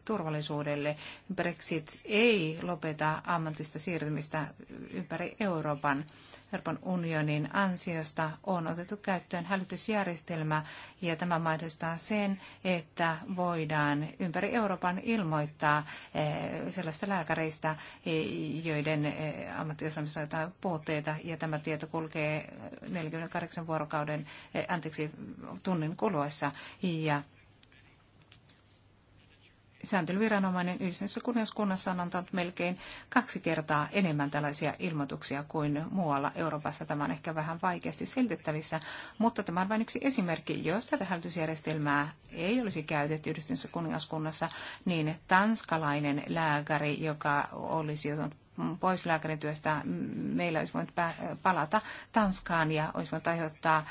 S1: turvallisuudelle. Brexit ei lopeta ammatista siirtymistä ympäri Euroopan. Euroopan unionin ansiosta on otettu käyttöön hälytysjärjestelmä ja tämä mahdollistaa sen, että voidaan ympäri Euroopan ilmoittaa eh, sellaista lääkäreistä, eh, joiden eh, ammattiosaamista on puutteita ja tämä tieto kulkee 48 vuorokauden, anteeksi, tunnin kuluessa ja sääntelyviranomainen yhdessä kunnassa on antanut melkein kaksi kertaa enemmän tällaisia ilmoituksia kuin muualla Euroopassa. Tämä on ehkä vähän vaikeasti selitettävissä, mutta tämä on vain yksi esimerkki. Jos tätä hälytysjärjestelmää ei olisi käytetty yhdessä kuningaskunnassa, niin tanskalainen lääkäri, joka olisi joutunut pois lääkärin työstä, meillä olisi voinut palata Tanskaan ja olisi voinut aiheuttaa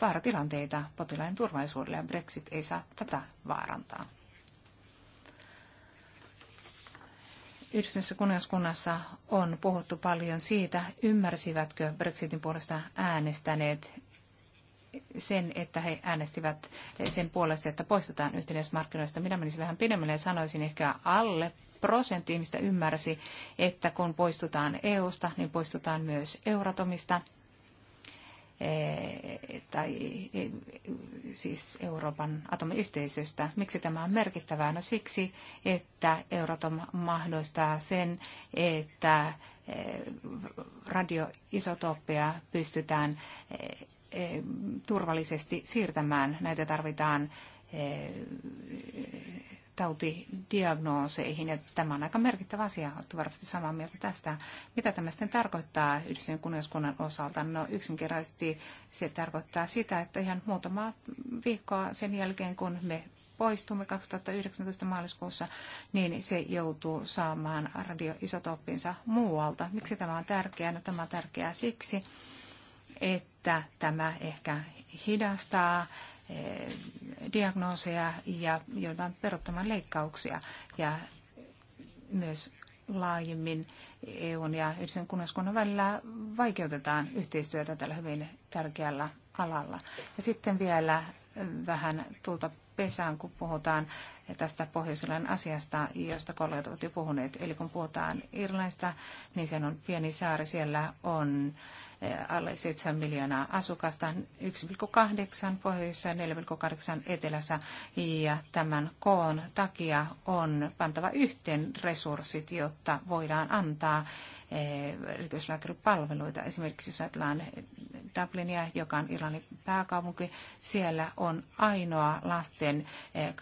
S1: vaaratilanteita potilaiden turvallisuudelle ja Brexit ei saa tätä vaarantaa. Yhdistyneessä kuningaskunnassa on puhuttu paljon siitä, ymmärsivätkö Brexitin puolesta äänestäneet sen, että he äänestivät sen puolesta, että poistetaan yhtenäismarkkinoista. Minä menisin vähän pidemmälle ja sanoisin ehkä alle prosentti ihmistä ymmärsi, että kun poistutaan EUsta, niin poistutaan myös Euratomista – Eh, tai eh, siis Euroopan atomiyhteisöstä. Miksi tämä on merkittävää? No siksi, että Euroatom mahdollistaa sen, että eh, radioisotooppeja pystytään turvallisesti siirtämään. Näitä tarvitaan tautidiagnooseihin, ja tämä on aika merkittävä asia, olette varmasti samaa mieltä tästä. Mitä tämä sitten tarkoittaa yhdistyneen kuningaskunnan osalta? No yksinkertaisesti se tarkoittaa sitä, että ihan muutama viikkoa sen jälkeen, kun me poistumme 2019 maaliskuussa, niin se joutuu saamaan radioisotooppinsa muualta. Miksi tämä on tärkeää? No, tämä on tärkeää siksi, että tämä ehkä hidastaa Eh, diagnooseja ja joudutaan peruttamaan leikkauksia. Ja myös laajemmin EUn ja yhdistön kunnaskunnan välillä vaikeutetaan yhteistyötä tällä hyvin tärkeällä alalla. Ja sitten vielä vähän tuolta pesään, kun puhutaan tästä pohjois asiasta, josta kollegat ovat jo puhuneet. Eli kun puhutaan Irlannista, niin sen on pieni saari. Siellä on eh, alle 7 miljoonaa asukasta, 1,8 pohjoisessa ja 4,8 etelässä. Ja tämän koon takia on pantava yhteen resurssit, jotta voidaan antaa eh, erikoislääkäripalveluita. Esimerkiksi jos ajatellaan Dublinia, joka on Irlannin pääkaupunki. Siellä on ainoa lasten eh,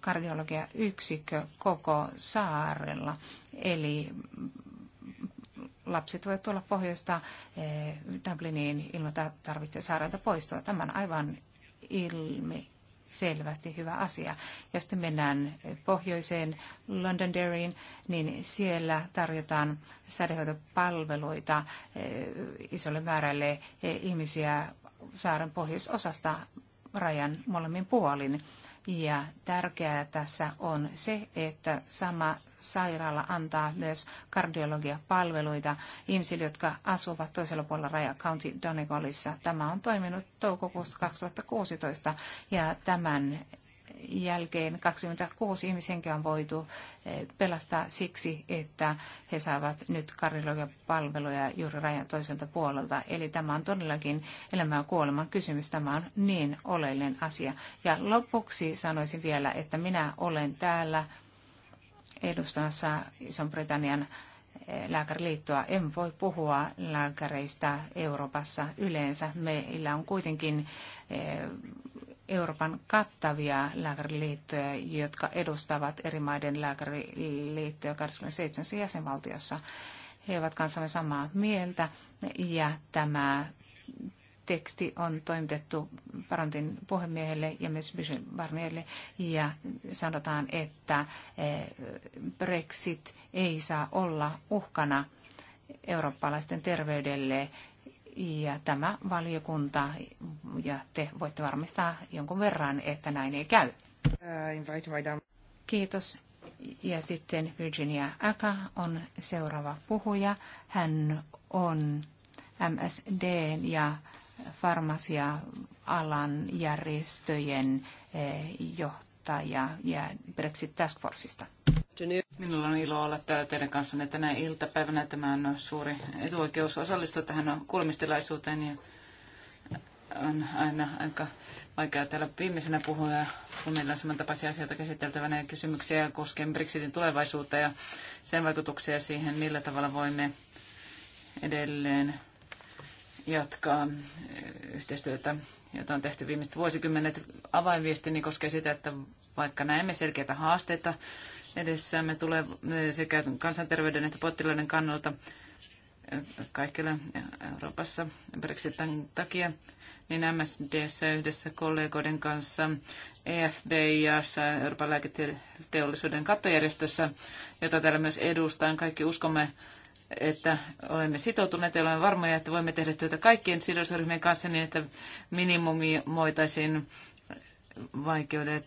S1: kardiologia yksikkö koko saarella. Eli lapset voivat tulla pohjoista eh, Dubliniin ilman tarvitse saarelta poistua. Tämä on aivan ilmi selvästi hyvä asia. Ja sitten mennään pohjoiseen Londonderryin, niin siellä tarjotaan sädehoitopalveluita eh, isolle määrälle eh, ihmisiä saaren pohjoisosasta rajan molemmin puolin. Ja tärkeää tässä on se, että sama sairaala antaa myös kardiologiapalveluita ihmisille, jotka asuvat toisella puolella raja County Donegalissa. Tämä on toiminut toukokuusta 2016 ja tämän jälkeen 26 ihmishenkeä on voitu eh, pelastaa siksi, että he saavat nyt palveluja juuri rajan toiselta puolelta. Eli tämä on todellakin elämän ja kuoleman kysymys. Tämä on niin oleellinen asia. Ja lopuksi sanoisin vielä, että minä olen täällä edustamassa Ison-Britannian eh, lääkäriliittoa. En voi puhua lääkäreistä Euroopassa yleensä. Meillä on kuitenkin eh, Euroopan kattavia lääkäriliittoja, jotka edustavat eri maiden lääkäriliittoja 27 jäsenvaltiossa. He ovat kanssamme samaa mieltä ja tämä teksti on toimitettu Parantin puhemiehelle ja myös Michel ja sanotaan, että eh, Brexit ei saa olla uhkana eurooppalaisten terveydelle ja tämä valiokunta, ja te voitte varmistaa jonkun verran, että näin ei käy. Uh, Kiitos. Ja sitten Virginia Aka on seuraava puhuja. Hän on MSD ja farmasia-alan järjestöjen eh, johtaja ja Brexit Task Forceista.
S3: Minulla on ilo olla täällä teidän kanssanne tänä iltapäivänä. Tämä on suuri etuoikeus osallistua tähän kuulemistilaisuuteen ja on aina aika vaikea täällä viimeisenä puhua, kun meillä on samantapaisia asioita käsiteltävänä ja kysymyksiä koskien Brexitin tulevaisuutta ja sen vaikutuksia siihen, millä tavalla voimme edelleen jatkaa eh, yhteistyötä, jota on tehty viimeiset vuosikymmenet. Avainviestini koskee sitä, että vaikka näemme selkeitä haasteita edessämme tulee sekä kansanterveyden että potilaiden kannalta kaikille Euroopassa Brexitin takia, niin MSDS yhdessä kollegoiden kanssa EFB ja Euroopan lääketeollisuuden kattojärjestössä, jota täällä myös edustaan. Kaikki uskomme, että olemme sitoutuneet ja olemme varmoja, että voimme tehdä työtä kaikkien sidosryhmien kanssa niin, että minimoitaisiin vaikeudet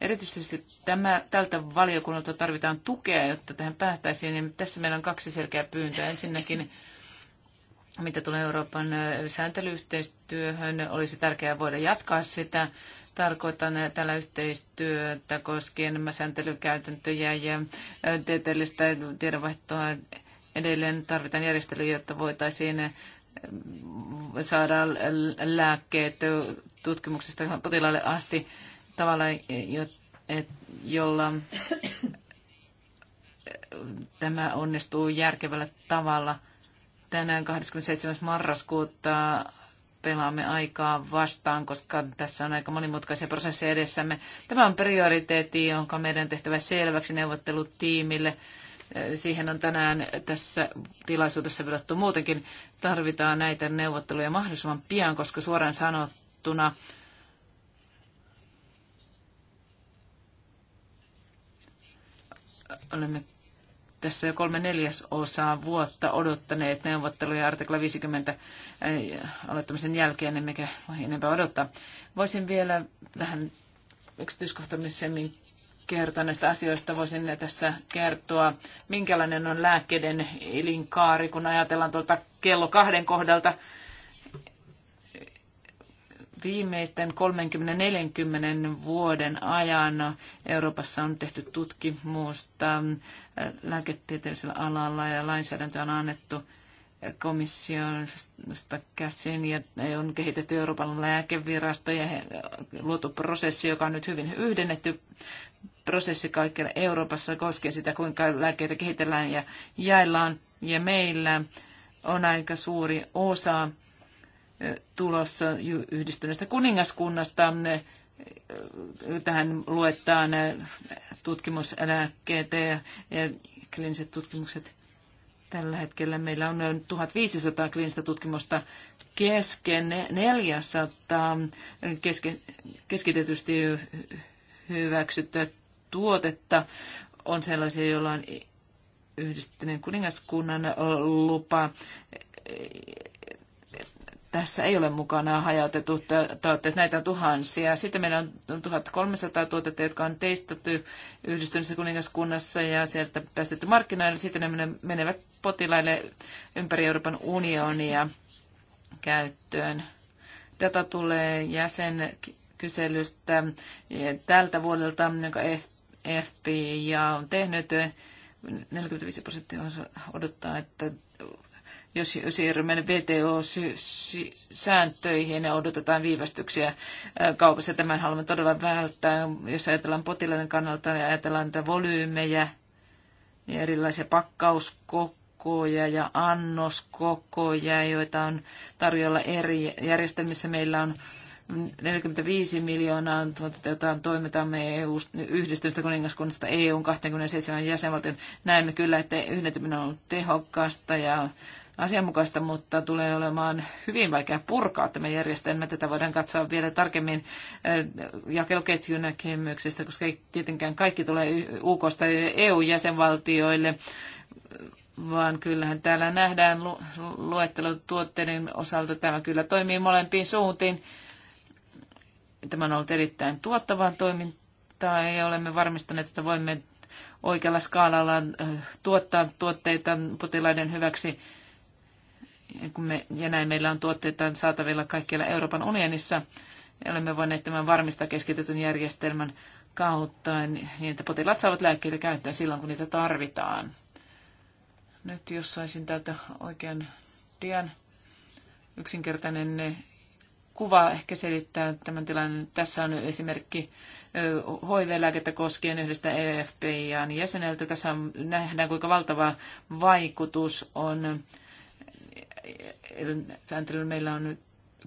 S3: Erityisesti tämä, tältä valiokunnalta tarvitaan tukea, jotta tähän päästäisiin. Niin tässä meillä on kaksi selkeää pyyntöä. Ensinnäkin, mitä tulee Euroopan sääntelyyhteistyöhön, olisi tärkeää voida jatkaa sitä. Tarkoitan tällä yhteistyötä koskien nämä sääntelykäytäntöjä ja tieteellistä tiedonvaihtoa edelleen tarvitaan järjestelyjä, jotta voitaisiin saada lääkkeet tutkimuksesta potilaalle asti tavalla, jolla tämä onnistuu järkevällä tavalla. Tänään 27. marraskuuta pelaamme aikaa vastaan, koska tässä on aika monimutkaisia prosesseja edessämme. Tämä on prioriteetti, jonka meidän tehtävä selväksi neuvottelutiimille. Siihen on tänään tässä tilaisuudessa vedottu muutenkin. Tarvitaan näitä neuvotteluja mahdollisimman pian, koska suoraan sanottuna Olemme tässä jo kolme neljäs osaa vuotta odottaneet neuvotteluja artikla 50 eh, aloittamisen jälkeen, emmekä niin voi enempää odottaa. Voisin vielä vähän yksityiskohtaisemmin kertoa näistä asioista. Voisin tässä kertoa, minkälainen on lääkkeiden elinkaari, kun ajatellaan tuolta kello kahden kohdalta viimeisten 30-40 vuoden ajan Euroopassa on tehty tutkimusta äh, lääketieteellisellä alalla ja lainsäädäntö on annettu komissiosta käsin ja on kehitetty Euroopan lääkevirasto ja luotu prosessi, joka on nyt hyvin yhdennetty prosessi kaikkialla Euroopassa koskee sitä, kuinka lääkkeitä kehitellään ja jaillaan. Ja meillä on aika suuri osa tulossa yhdistyneestä kuningaskunnasta. Tähän luetaan tutkimuseläkkeet ja kliiniset tutkimukset. Tällä hetkellä meillä on noin 1500 kliinistä tutkimusta kesken, 400 keske, keskitetysti hyväksyttyä tuotetta on sellaisia, joilla on yhdistyneen kuningaskunnan lupa tässä ei ole mukana hajautetut tuotteet, näitä on tuhansia. Sitten meillä on 1300 tuotetta, jotka on testattu yhdistyneessä kuningaskunnassa ja sieltä päästetty markkinoille. Sitten ne menevät potilaille ympäri Euroopan unionia käyttöön. Data tulee jäsenkyselystä tältä vuodelta, jonka FBI on tehnyt. 45 prosenttia odottaa, että jos siirrymme VTO-sääntöihin ja odotetaan viivästyksiä kaupassa. Tämän haluamme todella välttää, jos ajatellaan potilaiden kannalta ja ajatellaan niitä volyymejä ja erilaisia pakkauskokoja ja annoskokoja, joita on tarjolla eri järjestelmissä. Meillä on 45 miljoonaa toteutetaan toimitamme EU, yhdistystä kuningaskunnasta EUn 27 jäsenvaltion. Näemme kyllä, että yhdentyminen on ollut tehokkaasta ja asianmukaista, mutta tulee olemaan hyvin vaikea purkaa tämä järjestelmä. Tätä voidaan katsoa vielä tarkemmin eh, jakeluketjun näkemyksestä, koska ei tietenkään kaikki tulee UK- EU-jäsenvaltioille, vaan kyllähän täällä nähdään lu- tuotteiden osalta. Tämä kyllä toimii molempiin suuntiin. Tämä on ollut erittäin tuottavaa toimintaa ja olemme varmistaneet, että voimme oikealla skaalalla eh, tuottaa tuotteita potilaiden hyväksi kun me, ja näin meillä on tuotteita saatavilla kaikkialla Euroopan unionissa. Ja olemme voineet tämän varmistaa keskitetyn järjestelmän kautta, niin että potilaat saavat lääkkeitä käyttää silloin, kun niitä tarvitaan. Nyt jos saisin täältä oikean dian, yksinkertainen kuva ehkä selittää tämän tilanne. Tässä on esimerkki HIV-lääkettä koskien yhdestä EFPIan jäseneltä. Tässä nähdään, kuinka valtava vaikutus on sääntelyllä meillä on nyt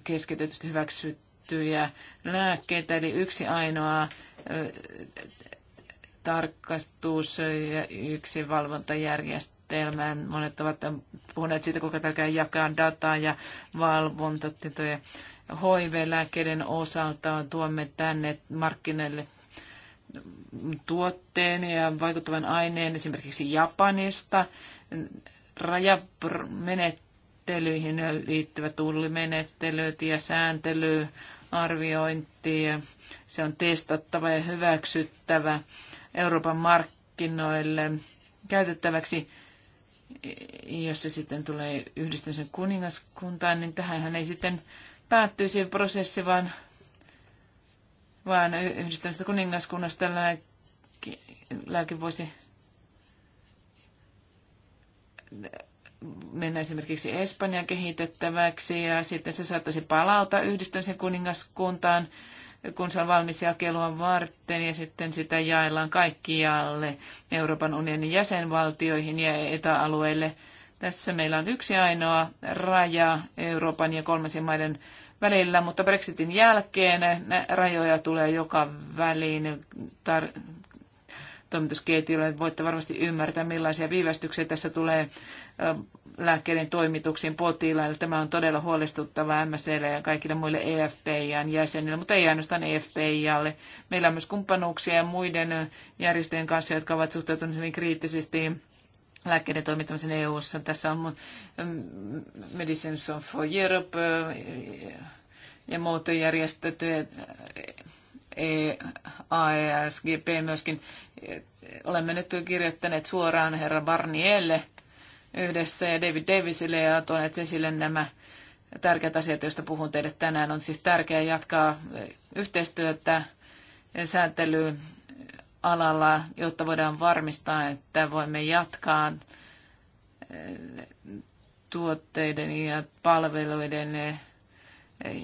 S3: keskitetysti hyväksyttyjä lääkkeitä, eli yksi ainoa tarkastus ja yksi valvontajärjestelmä. Monet ovat puhuneet siitä, kuinka tämä jakaa dataa ja valvontatietoja. HIV-lääkkeiden osalta tuomme tänne markkinoille tuotteen ja vaikuttavan aineen esimerkiksi Japanista rajamenettely menettelyihin liittyvä tullimenettelyt ja sääntely, arviointi. Se on testattava ja hyväksyttävä Euroopan markkinoille käytettäväksi jos se sitten tulee yhdistymisen kuningaskuntaan, niin tähän ei sitten päättyisi prosessi, vaan, vaan yhdistämisestä kuningaskunnasta tällainen lääke voisi mennä esimerkiksi Espanjan kehitettäväksi ja sitten se saattaisi palauta sen kuningaskuntaan, kun se on valmis jakelua varten ja sitten sitä jaellaan kaikkialle Euroopan unionin jäsenvaltioihin ja etäalueille. Tässä meillä on yksi ainoa raja Euroopan ja kolmansien maiden välillä, mutta Brexitin jälkeen rajoja tulee joka väliin. Tar- toimitusketjulle. Voitte varmasti ymmärtää, millaisia viivästyksiä tässä tulee lääkkeiden toimituksiin potilaille. Tämä on todella huolestuttavaa MSL ja kaikille muille EFPIan jäsenille, mutta ei ainoastaan EFPIalle. Meillä on myös kumppanuuksia muiden järjestöjen kanssa, jotka ovat suhtautuneet hyvin kriittisesti lääkkeiden toimittamisen EU-ssa. Tässä on mm, Medicines for Europe ja muut järjestöt, e AESGP myöskin Olemme nyt kirjoittaneet suoraan herra Barnielle yhdessä ja David Davisille ja tuoneet esille nämä tärkeät asiat, joista puhun teille tänään. On siis tärkeää jatkaa yhteistyötä sääntelyalalla, jotta voidaan varmistaa, että voimme jatkaa tuotteiden ja palveluiden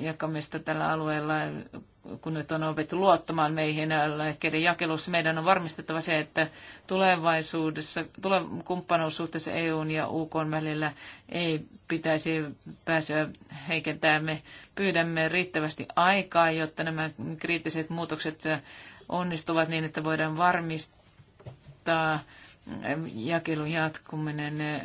S3: jakamista tällä alueella, kun nyt on opettu luottamaan meihin lääkkeiden jakelussa. Meidän on varmistettava se, että tulevaisuudessa, tule, kumppanuussuhteessa EUn ja UK välillä ei pitäisi pääsyä heikentää. Me pyydämme riittävästi aikaa, jotta nämä kriittiset muutokset onnistuvat niin, että voidaan varmistaa jakelun jatkuminen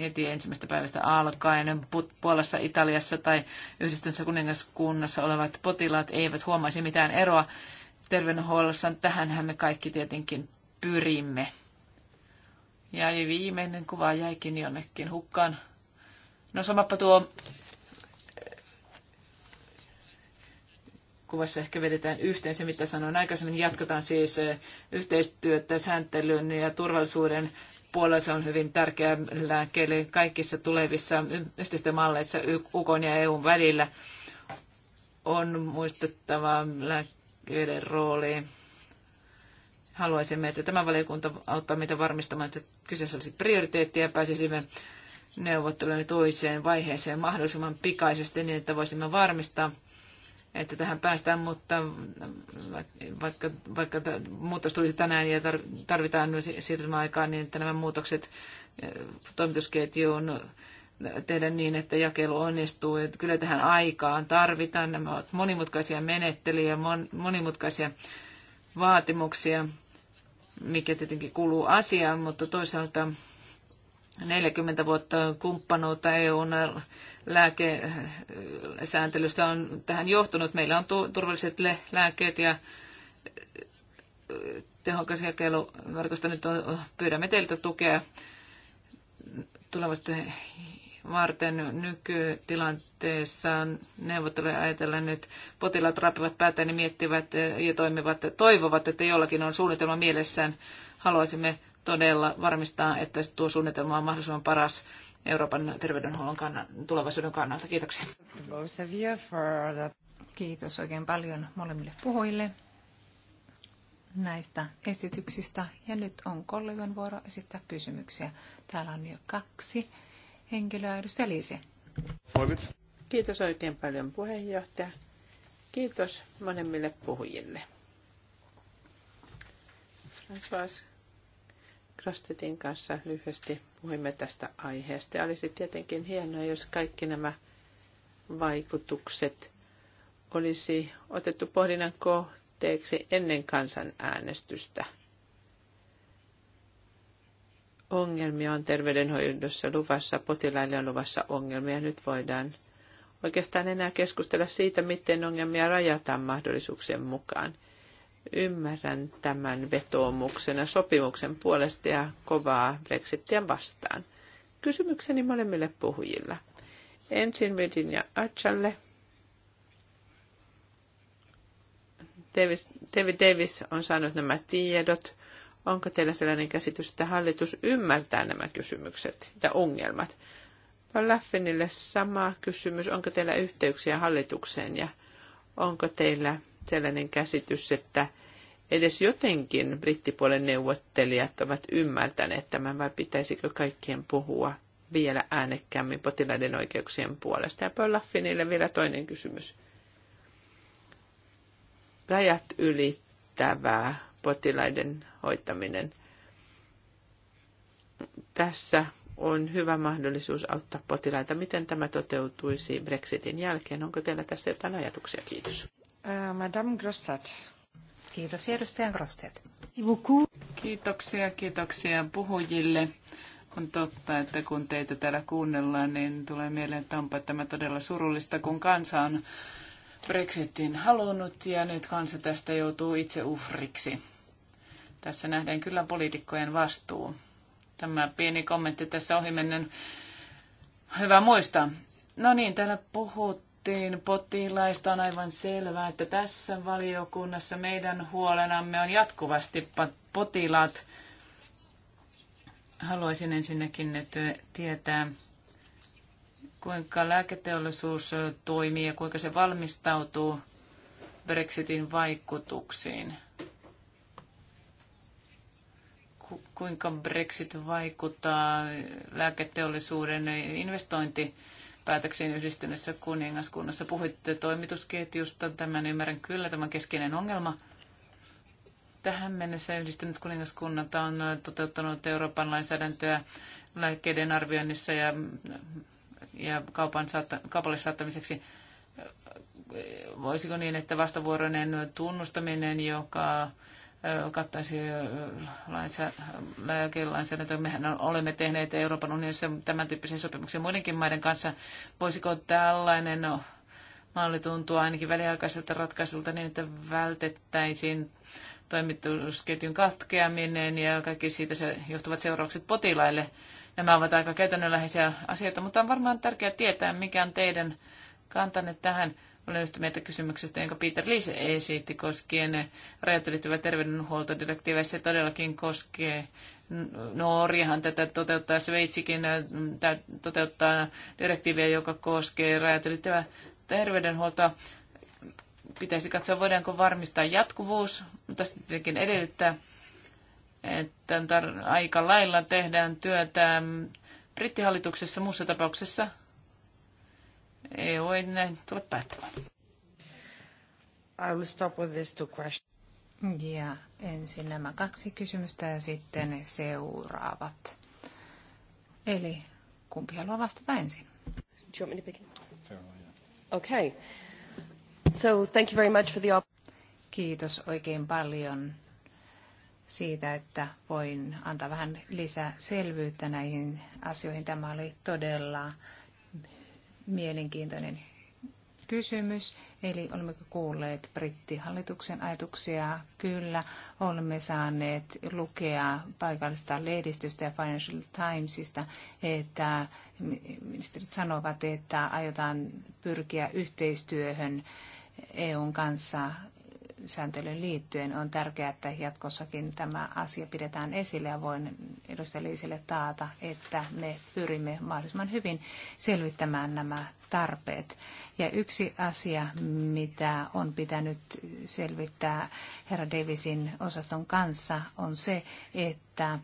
S3: heti ensimmäistä päivästä alkaen Puolassa, Italiassa tai yhdistyneessä kuningaskunnassa olevat potilaat eivät huomaisi mitään eroa terveydenhuollossa. Tähänhän me kaikki tietenkin pyrimme. Ja viimeinen kuva jäikin jonnekin hukkaan. No samappa tuo kuvassa ehkä vedetään yhteen se, mitä sanoin aikaisemmin. Jatketaan siis yhteistyötä sääntelyn ja turvallisuuden puolella se on hyvin tärkeä lääke, kaikissa tulevissa yhteistyömalleissa UK ja EUn välillä on muistettava lääkkeiden rooli. Haluaisimme, että tämä valiokunta auttaa meitä varmistamaan, että kyseessä olisi prioriteetti ja pääsisimme neuvottelujen toiseen vaiheeseen mahdollisimman pikaisesti niin, että voisimme varmistaa, että tähän päästään, mutta vaikka, vaikka muutos tulisi tänään ja tarvitaan siirtymäaikaa, niin että nämä muutokset toimitusketjuun tehdä niin, että jakelu onnistuu. Että kyllä tähän aikaan tarvitaan. Nämä ovat monimutkaisia menettelyjä, monimutkaisia vaatimuksia, mikä tietenkin kuuluu asiaan, mutta toisaalta 40 vuotta kumppanuutta EUn lääkesääntelystä on tähän johtunut. Meillä on turvalliset lääkkeet ja tehokas jakeluverkosto. Nyt pyydämme teiltä tukea tulevasta varten nykytilanteessa neuvotteluja ajatellen nyt potilaat rapivat päätään ja miettivät ja toimivat, toivovat, että jollakin on suunnitelma mielessään. Haluaisimme todella varmistaa, että tuo suunnitelma on mahdollisimman paras Euroopan terveydenhuollon kannan, tulevaisuuden kannalta. Kiitoksia.
S1: Kiitos oikein paljon molemmille puhujille näistä esityksistä. Ja nyt on kollegan vuoro esittää kysymyksiä. Täällä on jo kaksi henkilöä. Edustaja Liisi. Kiitos oikein paljon puheenjohtaja. Kiitos
S2: molemmille puhujille. François Grostetin kanssa lyhyesti puhuimme tästä aiheesta. Ja olisi tietenkin hienoa, jos kaikki nämä vaikutukset olisi otettu pohdinnan kohteeksi ennen kansanäänestystä. Ongelmia on terveydenhoidossa luvassa, potilaille on luvassa ongelmia. Nyt voidaan oikeastaan enää keskustella siitä, miten ongelmia rajataan mahdollisuuksien mukaan – Ymmärrän tämän vetoomuksena sopimuksen puolesta ja kovaa Brexitia vastaan. Kysymykseni molemmille puhujilla. Ensin ja Achalle. Davis, David Davis on saanut nämä tiedot. Onko teillä sellainen käsitys, että hallitus ymmärtää nämä kysymykset ja ongelmat? No, Laffinille sama kysymys. Onko teillä yhteyksiä hallitukseen ja onko teillä sellainen käsitys, että edes jotenkin brittipuolen neuvottelijat ovat ymmärtäneet tämän, vai pitäisikö kaikkien puhua vielä äänekkäämmin potilaiden oikeuksien puolesta? Ja Paul vielä toinen kysymys. Rajat ylittävää potilaiden hoitaminen. Tässä on hyvä mahdollisuus auttaa potilaita. Miten tämä toteutuisi Brexitin jälkeen? Onko teillä tässä jotain ajatuksia? Kiitos.
S1: Äh, Madame Grostat. Kiitos edustajan Grostet. Kiitoksia,
S3: kiitoksia puhujille. On totta, että kun teitä täällä kuunnellaan, niin tulee mieleen, että onpa tämä todella surullista, kun kansa on Brexitin halunnut ja nyt kansa tästä joutuu itse uhriksi. Tässä nähdään kyllä poliitikkojen vastuu. Tämä pieni kommentti tässä ohimennen. Hyvä muistaa. No niin, täällä puhut puhuttiin potilaista, on aivan selvää, että tässä valiokunnassa meidän huolenamme on jatkuvasti potilaat. Haluaisin ensinnäkin tietää, kuinka lääketeollisuus toimii ja kuinka se valmistautuu Brexitin vaikutuksiin. Kuinka Brexit vaikuttaa lääketeollisuuden investointi- päätöksiin yhdistyneessä kuningaskunnassa. Puhuitte toimitusketjusta, tämän ymmärrän kyllä, tämä on keskeinen ongelma. Tähän mennessä yhdistynyt kuningaskunnat on toteuttanut Euroopan lainsäädäntöä lääkkeiden arvioinnissa ja, ja kaupan saatta, kaupalle saattamiseksi. Voisiko niin, että vastavuoroinen tunnustaminen, joka kattaisi lainsä, Mehän olemme tehneet Euroopan unionissa tämän tyyppisen sopimuksen muidenkin maiden kanssa. Voisiko tällainen no, malli tuntua ainakin väliaikaiselta ratkaisulta niin, että vältettäisiin toimitusketjun katkeaminen ja kaikki siitä se johtuvat seuraukset potilaille. Nämä ovat aika käytännönläheisiä asioita, mutta on varmaan tärkeää tietää, mikä on teidän kantanne tähän. Olen yhtä mieltä kysymyksestä, jonka Peter Liese esitti koskien rajat ylittävää Se todellakin koskee Norjahan tätä toteuttaa, Sveitsikin äh, toteuttaa direktiiviä, joka koskee rajat ylittävää terveydenhuoltoa. Pitäisi katsoa, voidaanko varmistaa jatkuvuus, mutta sitten tietenkin edellyttää, että aika lailla tehdään työtä brittihallituksessa muussa tapauksessa EU ei näin päättämään. I will
S1: stop with these two questions. Ja ensin nämä kaksi kysymystä ja sitten seuraavat. Eli kumpi haluaa vastata ensin? Do you want me to begin? Okay. So thank you very much for the Kiitos oikein paljon siitä, että voin antaa vähän lisää selvyyttä näihin asioihin. Tämä oli todella mielenkiintoinen kysymys, eli olemmeko kuulleet brittihallituksen ajatuksia? Kyllä, olemme saaneet lukea paikallista lehdistöstä ja Financial Timesista, että ministerit sanovat, että aiotaan pyrkiä yhteistyöhön EUn kanssa sääntelyyn liittyen on tärkeää, että jatkossakin tämä asia pidetään esille ja voin edustaja Liisille taata, että me pyrimme mahdollisimman hyvin selvittämään nämä tarpeet. Ja yksi asia, mitä on pitänyt selvittää herra Davisin osaston kanssa, on se, että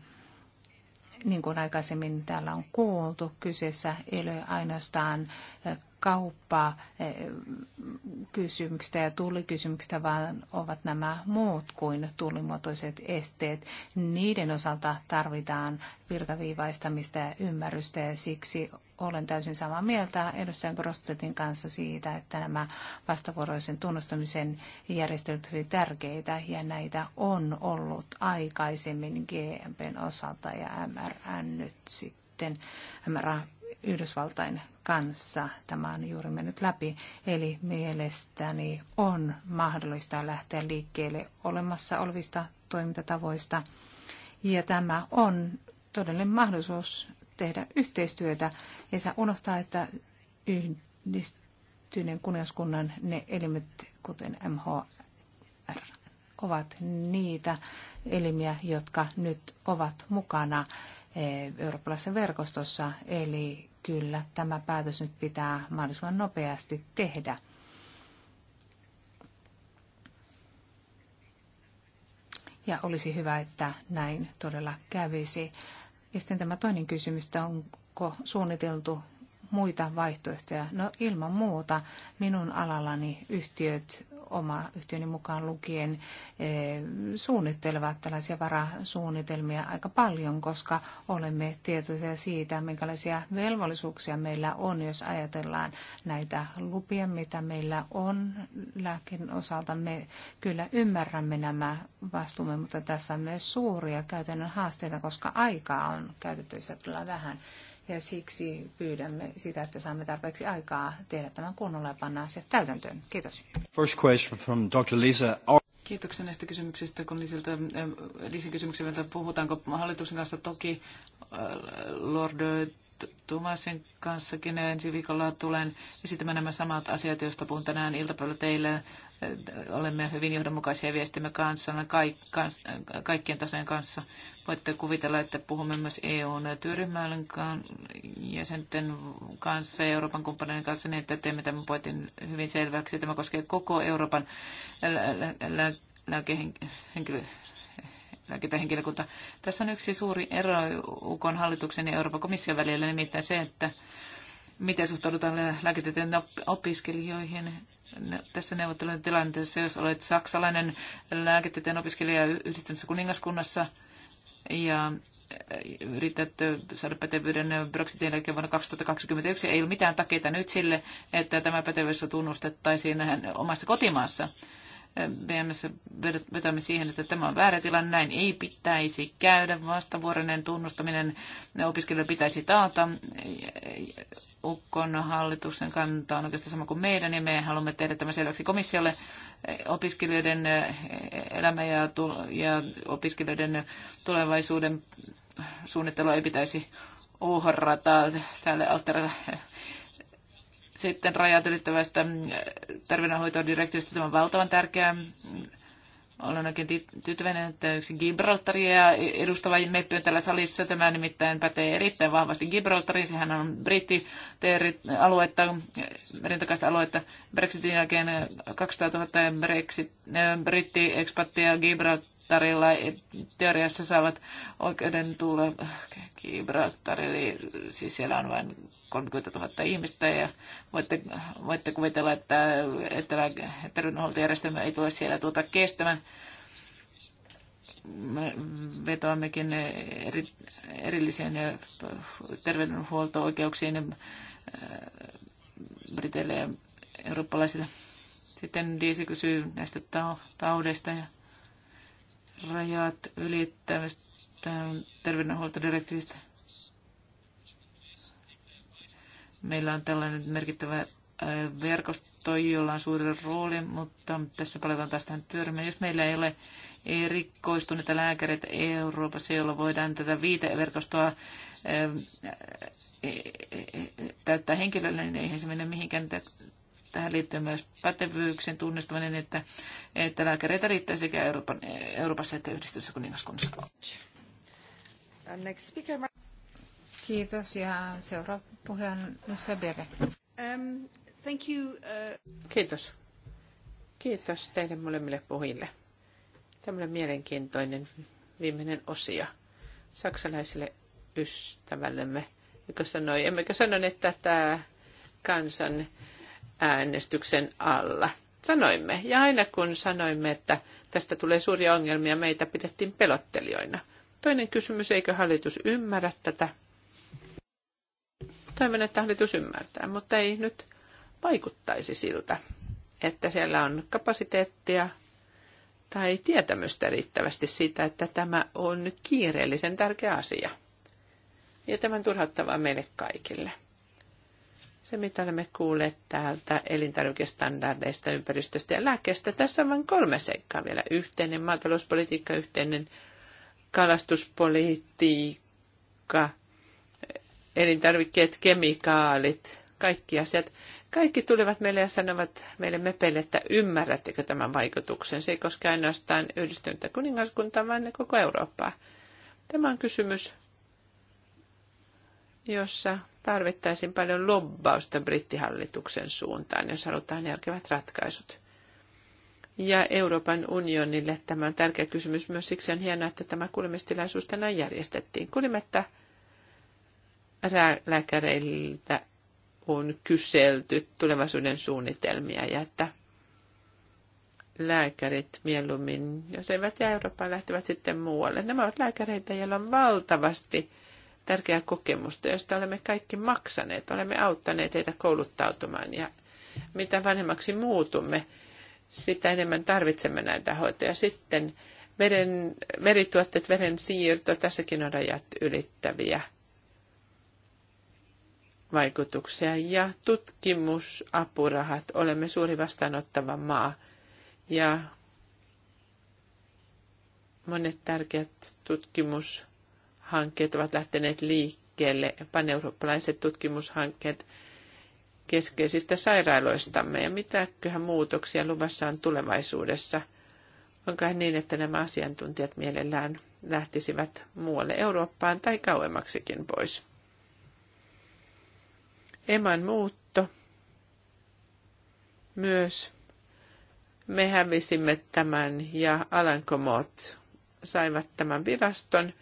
S1: niin kuin aikaisemmin täällä on kuultu, kyseessä ei ole ainoastaan kauppaa eh, kysymyksistä ja tullikysymyksistä, vaan ovat nämä muut kuin tullimuotoiset esteet. Niiden osalta tarvitaan virtaviivaistamista ja ymmärrystä ja siksi olen täysin samaa mieltä edustajan Grostetin kanssa siitä, että nämä vastavuoroisen tunnustamisen järjestelyt ovat hyvin tärkeitä ja näitä on ollut aikaisemmin GMPn osalta ja MRN nyt sitten, MRA Yhdysvaltain kanssa. Tämä on juuri mennyt läpi. Eli mielestäni on mahdollista lähteä liikkeelle olemassa olevista toimintatavoista. Ja tämä on todellinen mahdollisuus tehdä yhteistyötä. Ei saa unohtaa, että yhdistyneen kuningaskunnan ne elimet, kuten MHR, ovat niitä elimiä, jotka nyt ovat mukana eh, eurooppalaisessa verkostossa, eli kyllä tämä päätös nyt pitää mahdollisimman nopeasti tehdä. Ja olisi hyvä, että näin todella kävisi. Ja sitten tämä toinen kysymys, että onko suunniteltu muita vaihtoehtoja? No ilman muuta minun alallani yhtiöt oma yhtiöni mukaan lukien eh, suunnittelevat tällaisia varasuunnitelmia aika paljon, koska olemme tietoisia siitä, minkälaisia velvollisuuksia meillä on, jos ajatellaan näitä lupia, mitä meillä on lääkin osalta. Me kyllä ymmärrämme nämä vastuumme, mutta tässä on myös suuria käytännön haasteita, koska aikaa on käytettävissä kyllä vähän ja siksi pyydämme sitä, että saamme tarpeeksi aikaa tehdä tämän kunnolla ja panna asiat täytäntöön. Kiitos. First question from Dr. Lisa. Kiitoksia näistä kysymyksistä, kun Lisiltä, äh, Lisin kysymyksiä puhutaanko hallituksen
S3: kanssa. Toki äh, Lord äh, Tuomasen kanssakin ensi viikolla tulen esittämään nämä samat asiat, joista puhun tänään iltapäivällä teille. Äh, olemme hyvin johdonmukaisia viestimme kanssa, kaikkien tasojen kanssa. Voitte kuvitella, että puhumme myös EUn työryhmän jäsenten kanssa ja Euroopan kumppanien kanssa, niin että teemme tämän poitin hyvin selväksi. Tämä koskee koko Euroopan lääkehenkilöä. Lä- lä- lä- lääkintähenkilökunta. Tässä on yksi suuri ero UK hallituksen ja Euroopan komission välillä, nimittäin se, että miten suhtaudutaan lääketieteen opiskelijoihin tässä neuvottelujen tilanteessa, jos olet saksalainen lääketieteen opiskelija yhdistyneessä kuningaskunnassa ja eh, yrität eh, saada pätevyyden eh, Brexitin jälkeen vuonna 2021. Ei ole mitään takeita nyt sille, että tämä pätevyys tunnustettaisiin omassa kotimaassa. BMS vetämme siihen, että tämä on väärä tilanne, näin ei pitäisi käydä. Vastavuoroinen tunnustaminen opiskelijoille pitäisi taata. Ukkon hallituksen kanta on oikeastaan sama kuin meidän, ja me haluamme tehdä tämä selväksi komissiolle. Opiskelijoiden elämä ja, ja opiskelijoiden tulevaisuuden suunnittelu ei pitäisi uhrata tälle alttarille sitten rajat ylittävästä mm, terveydenhoitodirektiivistä tämä on valtavan tärkeää. Olen oikein tyytyväinen, että yksi Gibraltaria edustava meppi on täällä salissa. Tämä nimittäin pätee erittäin vahvasti Gibraltariin. Sehän on britti-aluetta, merintakaista aluetta. Brexitin jälkeen 200 000 Brexit, äh, britti-ekspattia Gibraltarilla teoriassa saavat oikeuden tulla Gibraltarille. Siis siellä on vain 30 000 ihmistä ja voitte, voitte kuvitella, että, että terveydenhuoltojärjestelmä ei tule siellä tuota kestämään. Me vetoammekin eri, erillisiin terveydenhuolto-oikeuksiin äh, Briteille ja eurooppalaisille. Sitten Diisi kysyy näistä taudeista ja rajat ylittävistä terveydenhuoltodirektiivistä. Meillä on tällainen merkittävä verkosto, jolla on suuri rooli, mutta tässä palataan taas tähän työryhmään. Jos meillä ei ole erikoistuneita lääkäreitä Euroopassa, jolla voidaan tätä viiteverkostoa e, e, e, täyttää henkilölle, niin eihän se mene mihinkään. Tähän liittyy myös pätevyyksen tunnistaminen, että, että lääkäreitä riittää sekä Euroopan, Euroopassa että yhdistyssä kuningaskunnassa.
S1: Next speaker. Kiitos ja seuraava puheenjohtaja Bere. Um, thank you, uh...
S2: Kiitos. Kiitos teille molemmille puhujille. Tämmöinen mielenkiintoinen viimeinen osio saksalaiselle ystävällemme, joka sanoi, emmekö että tämä kansan äänestyksen alla. Sanoimme, ja aina kun sanoimme, että tästä tulee suuria ongelmia, meitä pidettiin pelottelijoina. Toinen kysymys, eikö hallitus ymmärrä tätä? Toivon, että hallitus ymmärtää, mutta ei nyt vaikuttaisi siltä, että siellä on kapasiteettia tai tietämystä riittävästi siitä, että tämä on kiireellisen tärkeä asia. Ja tämän turhattavaa meille kaikille. Se, mitä olemme kuulleet täältä elintarvikestandardeista, ympäristöstä ja lääkkeestä, tässä on vain kolme seikkaa vielä. Yhteinen maatalouspolitiikka, yhteinen kalastuspolitiikka – elintarvikkeet, kemikaalit, kaikki asiat. Kaikki tulivat meille ja sanovat meille mepeille, että ymmärrättekö tämän vaikutuksen. Se ei koske ainoastaan yhdistynyttä kuningaskuntaa, vaan koko Eurooppaa. Tämä on kysymys, jossa tarvittaisiin paljon lobbausta brittihallituksen suuntaan, jos halutaan järkevät ratkaisut. Ja Euroopan unionille tämä on tärkeä kysymys myös siksi on hienoa, että tämä kuulemistilaisuus tänään järjestettiin. Kuulimme, että lääkäreiltä on kyselty tulevaisuuden suunnitelmia ja että lääkärit mieluummin, jos eivät jää Eurooppaan, lähtevät sitten muualle. Nämä ovat lääkäreitä, joilla on valtavasti tärkeää kokemusta, josta olemme kaikki maksaneet. Olemme auttaneet heitä kouluttautumaan ja mitä vanhemmaksi muutumme, sitä enemmän tarvitsemme näitä hoitoja. Sitten veren, verituotteet, veren siirto, tässäkin on rajat ylittäviä vaikutuksia ja tutkimusapurahat. Olemme suuri vastaanottava maa ja monet tärkeät tutkimushankkeet ovat lähteneet liikkeelle, paneurooppalaiset tutkimushankkeet keskeisistä sairaaloistamme ja mitäköhän muutoksia luvassa on tulevaisuudessa. Onkohan niin, että nämä asiantuntijat mielellään lähtisivät muualle Eurooppaan tai kauemmaksikin pois? Eman muutto myös. Me hävisimme tämän ja Alankomot saivat tämän viraston.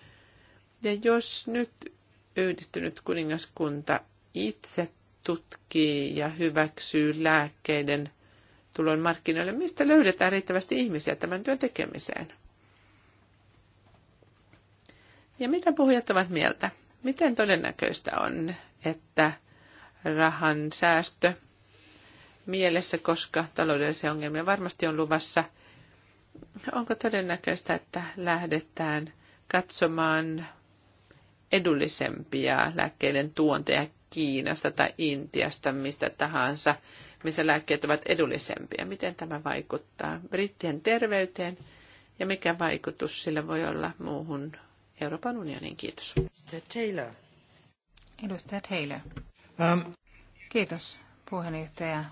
S2: Ja jos nyt yhdistynyt kuningaskunta itse tutkii ja hyväksyy lääkkeiden tulon markkinoille, mistä löydetään riittävästi ihmisiä tämän työn tekemiseen? Ja mitä puhujat ovat mieltä? Miten todennäköistä on, että rahan säästö mielessä, koska taloudellisia ongelmia varmasti on luvassa. Onko todennäköistä, että lähdetään katsomaan edullisempia lääkkeiden tuonteja Kiinasta tai Intiasta, mistä tahansa, missä lääkkeet ovat edullisempia? Miten tämä vaikuttaa brittien terveyteen ja mikä vaikutus sillä voi olla muuhun Euroopan unionin?
S1: Kiitos. Mr. Taylor. Edustaja Taylor. Um. Kiitos puheenjohtaja.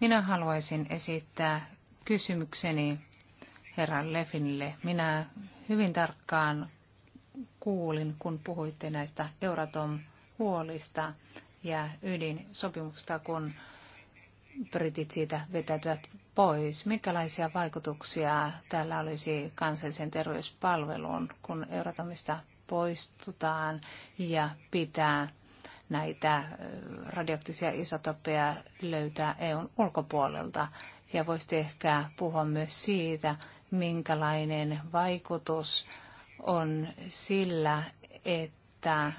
S1: Minä haluaisin esittää kysymykseni herra Lefinille. Minä hyvin tarkkaan kuulin, kun puhuitte näistä Euratom-huolista ja ydinsopimuksesta, kun britit siitä vetäytyvät pois. Mikälaisia vaikutuksia täällä olisi kansallisen terveyspalveluun, kun Euratomista poistutaan ja pitää näitä radioaktiivisia isotopeja löytää EUn ulkopuolelta. Ja voisitte ehkä puhua myös siitä, minkälainen vaikutus on sillä, että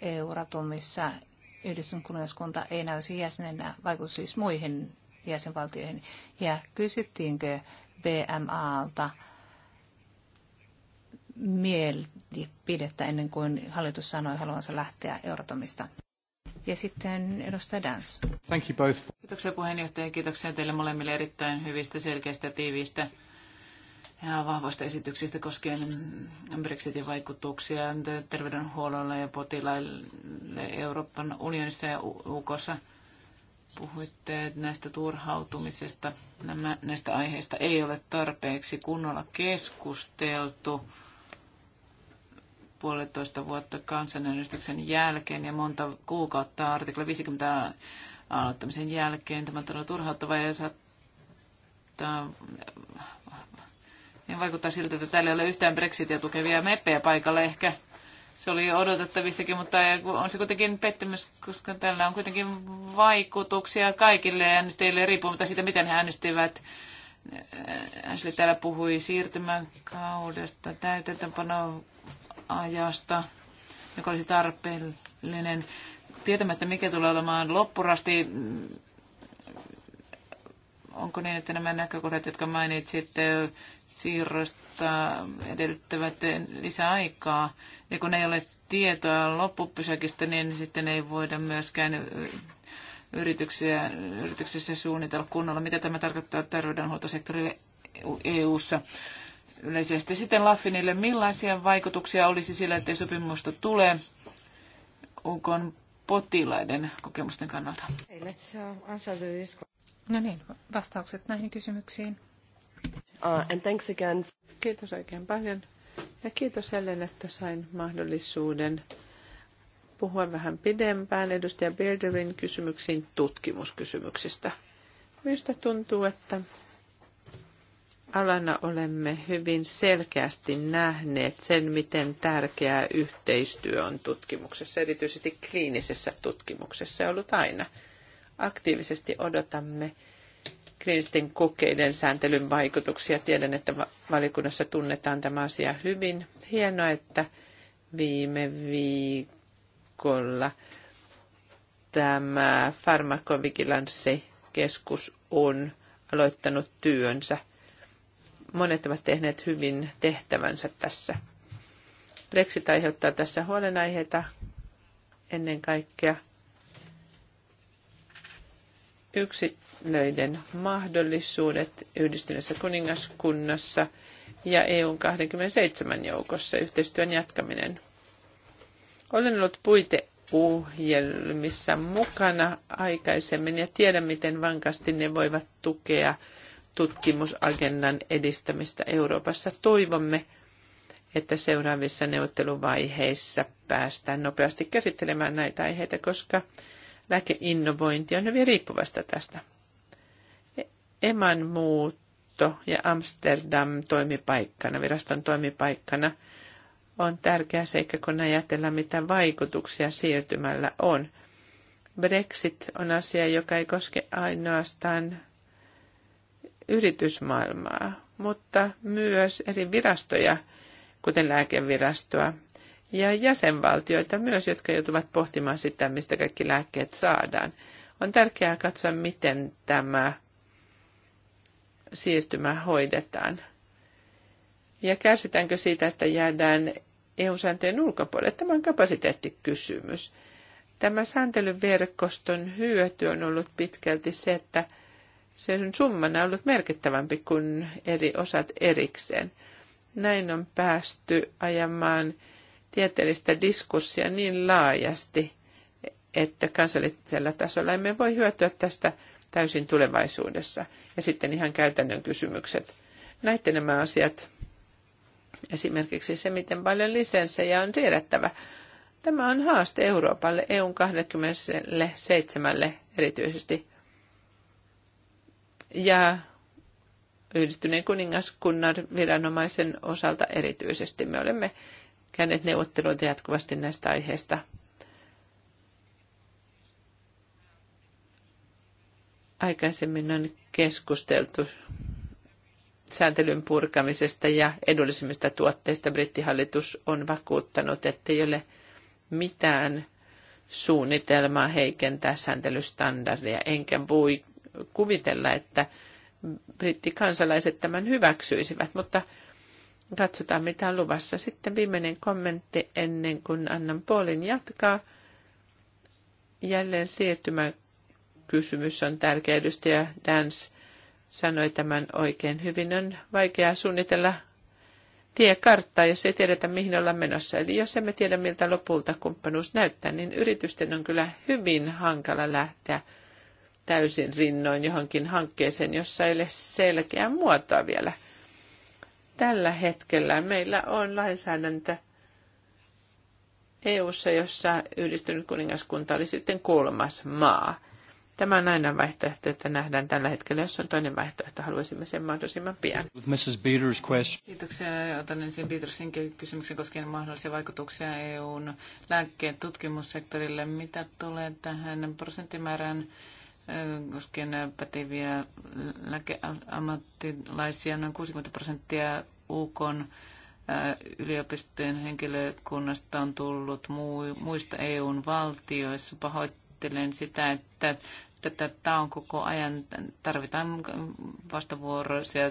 S1: Euratomissa yhdistynyt kuningaskunta ei näysi jäsenenä, vaikutus siis muihin jäsenvaltioihin. Ja kysyttiinkö BMAlta mielipidettä ennen kuin hallitus sanoi haluansa lähteä Euratomista? Ja sitten edustaja Dans. Thank you both.
S3: Kiitoksia puheenjohtaja. Kiitoksia teille molemmille erittäin hyvistä, selkeistä, tiiviistä ja vahvoista esityksistä koskien Brexitin vaikutuksia terveydenhuollolle ja potilaille Euroopan unionissa ja UKssa. Puhuitte näistä turhautumisesta. Nämä, näistä aiheista ei ole tarpeeksi kunnolla keskusteltu puolitoista vuotta kansanäänestyksen jälkeen ja monta kuukautta artikla 50 aloittamisen jälkeen. Tämä on todella turhauttava ja saattaa niin vaikuttaa siltä, että täällä ei ole yhtään Brexitia tukevia meppejä paikalla ehkä. Se oli odotettavissakin, mutta on se kuitenkin pettymys, koska tällä on kuitenkin vaikutuksia kaikille äänestäjille riippumatta siitä, miten he äänestivät. Ashley täällä puhui siirtymäkaudesta täytäntöpano ajasta, joka olisi tarpeellinen, tietämättä mikä tulee olemaan loppurasti. Onko niin, että nämä näkökohdat, jotka mainitsit siirroista, edellyttävät lisäaikaa? Ja kun ei ole tietoa loppupysäkistä, niin sitten ei voida myöskään yrityksiä, yrityksissä suunnitella kunnolla, mitä tämä tarkoittaa terveydenhuoltosektorille EU-ssa. eu ssa yleisesti sitten Laffinille, millaisia vaikutuksia olisi sillä, että sopimusta tulee UK potilaiden kokemusten kannalta?
S1: No niin, vastaukset näihin kysymyksiin.
S2: Uh, and thanks again. Kiitos oikein paljon. Ja kiitos jälleen, että sain mahdollisuuden puhua vähän pidempään edustaja Bilderin kysymyksiin tutkimuskysymyksistä. Minusta tuntuu, että alana olemme hyvin selkeästi nähneet sen, miten tärkeää yhteistyö on tutkimuksessa, erityisesti kliinisessä tutkimuksessa ollut aina. Aktiivisesti odotamme kliinisten kokeiden sääntelyn vaikutuksia. Tiedän, että valikunnassa tunnetaan tämä asia hyvin. Hienoa, että viime viikolla tämä farmakovigilanssikeskus on aloittanut työnsä – monet ovat tehneet hyvin tehtävänsä tässä. Brexit aiheuttaa tässä huolenaiheita ennen kaikkea yksilöiden mahdollisuudet yhdistyneessä kuningaskunnassa ja EUn 27 joukossa yhteistyön jatkaminen. Olen ollut puiteohjelmissa mukana aikaisemmin ja tiedän, miten vankasti ne voivat tukea tutkimusagendan edistämistä Euroopassa. Toivomme, että seuraavissa neuvotteluvaiheissa päästään nopeasti käsittelemään näitä aiheita, koska lääkeinnovointi on hyvin riippuvasta tästä. Eman muutto ja Amsterdam toimipaikkana, viraston toimipaikkana, on tärkeä seikka, kun ajatellaan, mitä vaikutuksia siirtymällä on. Brexit on asia, joka ei koske ainoastaan yritysmaailmaa, mutta myös eri virastoja, kuten lääkevirastoa, ja jäsenvaltioita myös, jotka joutuvat pohtimaan sitä, mistä kaikki lääkkeet saadaan. On tärkeää katsoa, miten tämä siirtymä hoidetaan. Ja kärsitäänkö siitä, että jäädään EU-sääntöjen ulkopuolelle? Tämä on kapasiteettikysymys. Tämä sääntelyverkoston hyöty on ollut pitkälti se, että sen summana ollut merkittävämpi kuin eri osat erikseen. Näin on päästy ajamaan tieteellistä diskurssia niin laajasti, että kansallisella tasolla emme voi hyötyä tästä täysin tulevaisuudessa. Ja sitten ihan käytännön kysymykset. Näitte nämä asiat, esimerkiksi se, miten paljon lisenssejä on siirrettävä. Tämä on haaste Euroopalle, EUn 27 erityisesti ja yhdistyneen kuningaskunnan viranomaisen osalta erityisesti. Me olemme käyneet neuvotteluita jatkuvasti näistä aiheista. Aikaisemmin on keskusteltu sääntelyn purkamisesta ja edullisimmista tuotteista. Brittihallitus on vakuuttanut, ei ole mitään suunnitelmaa heikentää sääntelystandardia, enkä voi kuvitella, että brittikansalaiset tämän hyväksyisivät, mutta katsotaan mitä on luvassa. Sitten viimeinen kommentti ennen kuin annan puolin jatkaa. Jälleen kysymys on tärkeä. Edustaja Dance sanoi tämän oikein hyvin. On vaikea suunnitella tiekarttaa, jos ei tiedetä, mihin ollaan menossa. Eli jos emme tiedä, miltä lopulta kumppanuus näyttää, niin yritysten on kyllä hyvin hankala lähteä – täysin rinnoin johonkin hankkeeseen, jossa ei ole selkeää muotoa vielä. Tällä hetkellä meillä on lainsäädäntö EU:ssa, jossa yhdistynyt kuningaskunta oli sitten kolmas maa. Tämä on aina vaihtoehto, että nähdään tällä hetkellä. Jos on toinen vaihtoehto, haluaisimme sen mahdollisimman pian.
S3: Mrs. question.
S2: Kiitoksia. Otan ensin Petersin kysymyksen
S3: koskien mahdollisia
S2: vaikutuksia
S3: EUn lääkkeen tutkimussektorille. Mitä tulee tähän prosenttimäärään? koskien päteviä lääkeammattilaisia. Noin 60 prosenttia UK yliopistojen henkilökunnasta on tullut muista EUn valtioissa. Pahoittelen sitä, että tätä tämä on koko ajan, tarvitaan vastavuoroisia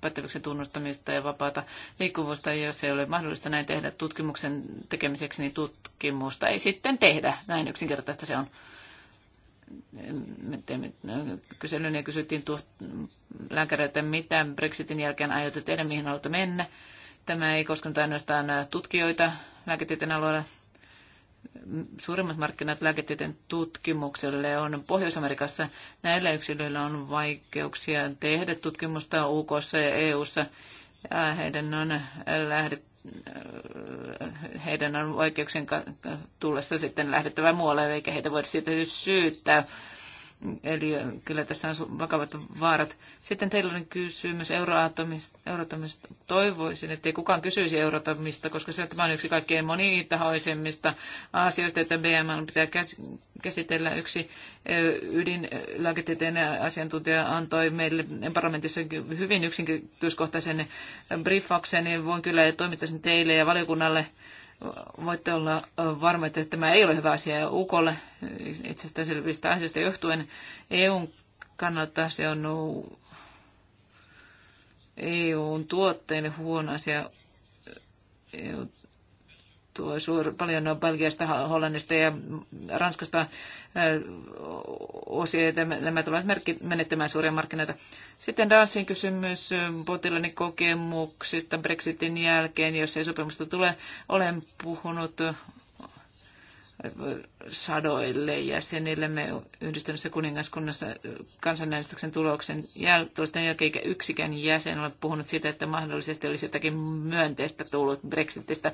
S3: pätevyyksien tunnustamista ja vapaata liikkuvuutta, jos ei ole mahdollista näin tehdä tutkimuksen tekemiseksi, niin tutkimusta ei sitten tehdä. Näin yksinkertaista se on me äh, kyselyn ja kysyttiin länkäreiltä, mitä Brexitin jälkeen aiotte tehdä, mihin haluatte mennä. Tämä ei koskenut ainoastaan äh, tutkijoita lääketieteen alueella. Suurimmat markkinat lääketieteen tutkimukselle on Pohjois-Amerikassa. Näillä yksilöillä on vaikeuksia tehdä tutkimusta UK ja EUssa. Ja heidän on lähdetty heidän on oikeuksien tullessa sitten lähdettävä muualle, eikä heitä voida siitä syyttää. Eli kyllä tässä on vakavat vaarat. Sitten Taylorin kysymys euroatomista. euroatomista. Toivoisin, että ei kukaan kysyisi euroatomista, koska se tämä on yksi kaikkein monitahoisemmista asioista, että BM pitää käsitellä. Yksi ydinlääketieteen asiantuntija antoi meille parlamentissa hyvin yksinkertaiskohtaisen briefauksen, niin voin kyllä toimittaa sen teille ja valiokunnalle voitte olla varma, että tämä ei ole hyvä asia UKlle selvistä asioista johtuen. EUn kannalta se on EUn tuotteille huono asia. E- tuo suur, paljon on Belgiasta, Hollannista ja Ranskasta osia, että nämä tulevat merkki, menettämään suuria markkinoita. Sitten Dansin kysymys potilaiden kokemuksista Brexitin jälkeen, jos ei sopimusta tule. Olen puhunut sadoille me yhdistyneessä kuningaskunnassa kansanäänestyksen tuloksen jäl- toisten jälkeen eikä yksikään jäsen ole puhunut siitä, että mahdollisesti olisi jotakin myönteistä tullut Brexitistä.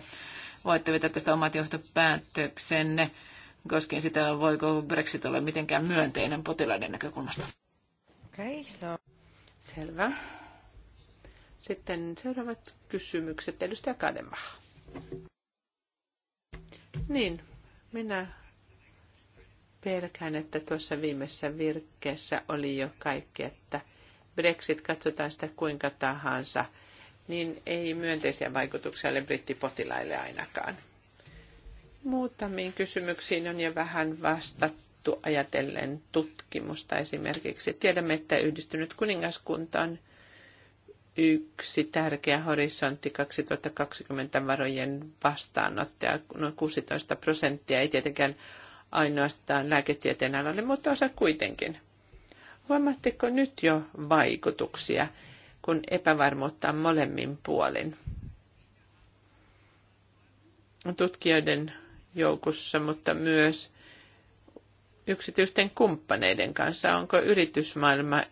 S3: Voitte vetää tästä omat johtopäätöksenne koskien sitä, voiko Brexit olla mitenkään myönteinen potilaiden näkökulmasta.
S2: Okei, okay, so. selvä. Sitten seuraavat kysymykset. Edustaja Kadema. Niin, minä pelkään, että tuossa viimeisessä virkkeessä oli jo kaikki, että Brexit katsotaan sitä kuinka tahansa, niin ei myönteisiä vaikutuksia ole brittipotilaille ainakaan. Muutamiin kysymyksiin on jo vähän vastattu ajatellen tutkimusta esimerkiksi. Tiedämme, että yhdistynyt kuningaskunta on yksi tärkeä horisontti 2020 varojen vastaanottaja, noin 16 prosenttia, ei tietenkään ainoastaan lääketieteen alalle, mutta osa kuitenkin. Huomaatteko nyt jo vaikutuksia, kun epävarmuutta on molemmin puolin? Tutkijoiden joukossa, mutta myös yksityisten kumppaneiden kanssa? Onko yritysmaailma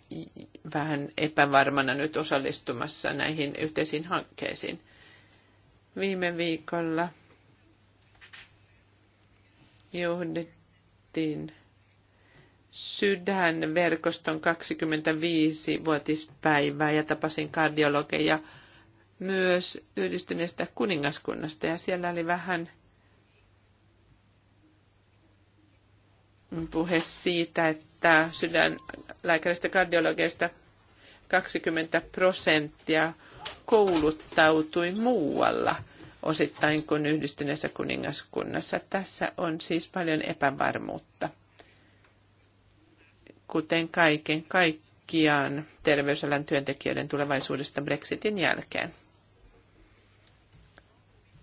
S2: vähän epävarmana nyt osallistumassa näihin yhteisiin hankkeisiin? Viime viikolla johdettiin sydänverkoston 25-vuotispäivää ja tapasin kardiologeja myös yhdistyneestä kuningaskunnasta ja siellä oli vähän puhe siitä, että sydänlääkäristä kardiologeista 20 prosenttia kouluttautui muualla osittain kuin yhdistyneessä kuningaskunnassa. Tässä on siis paljon epävarmuutta. Kuten kaiken kaikkiaan terveysalan työntekijöiden tulevaisuudesta Brexitin jälkeen.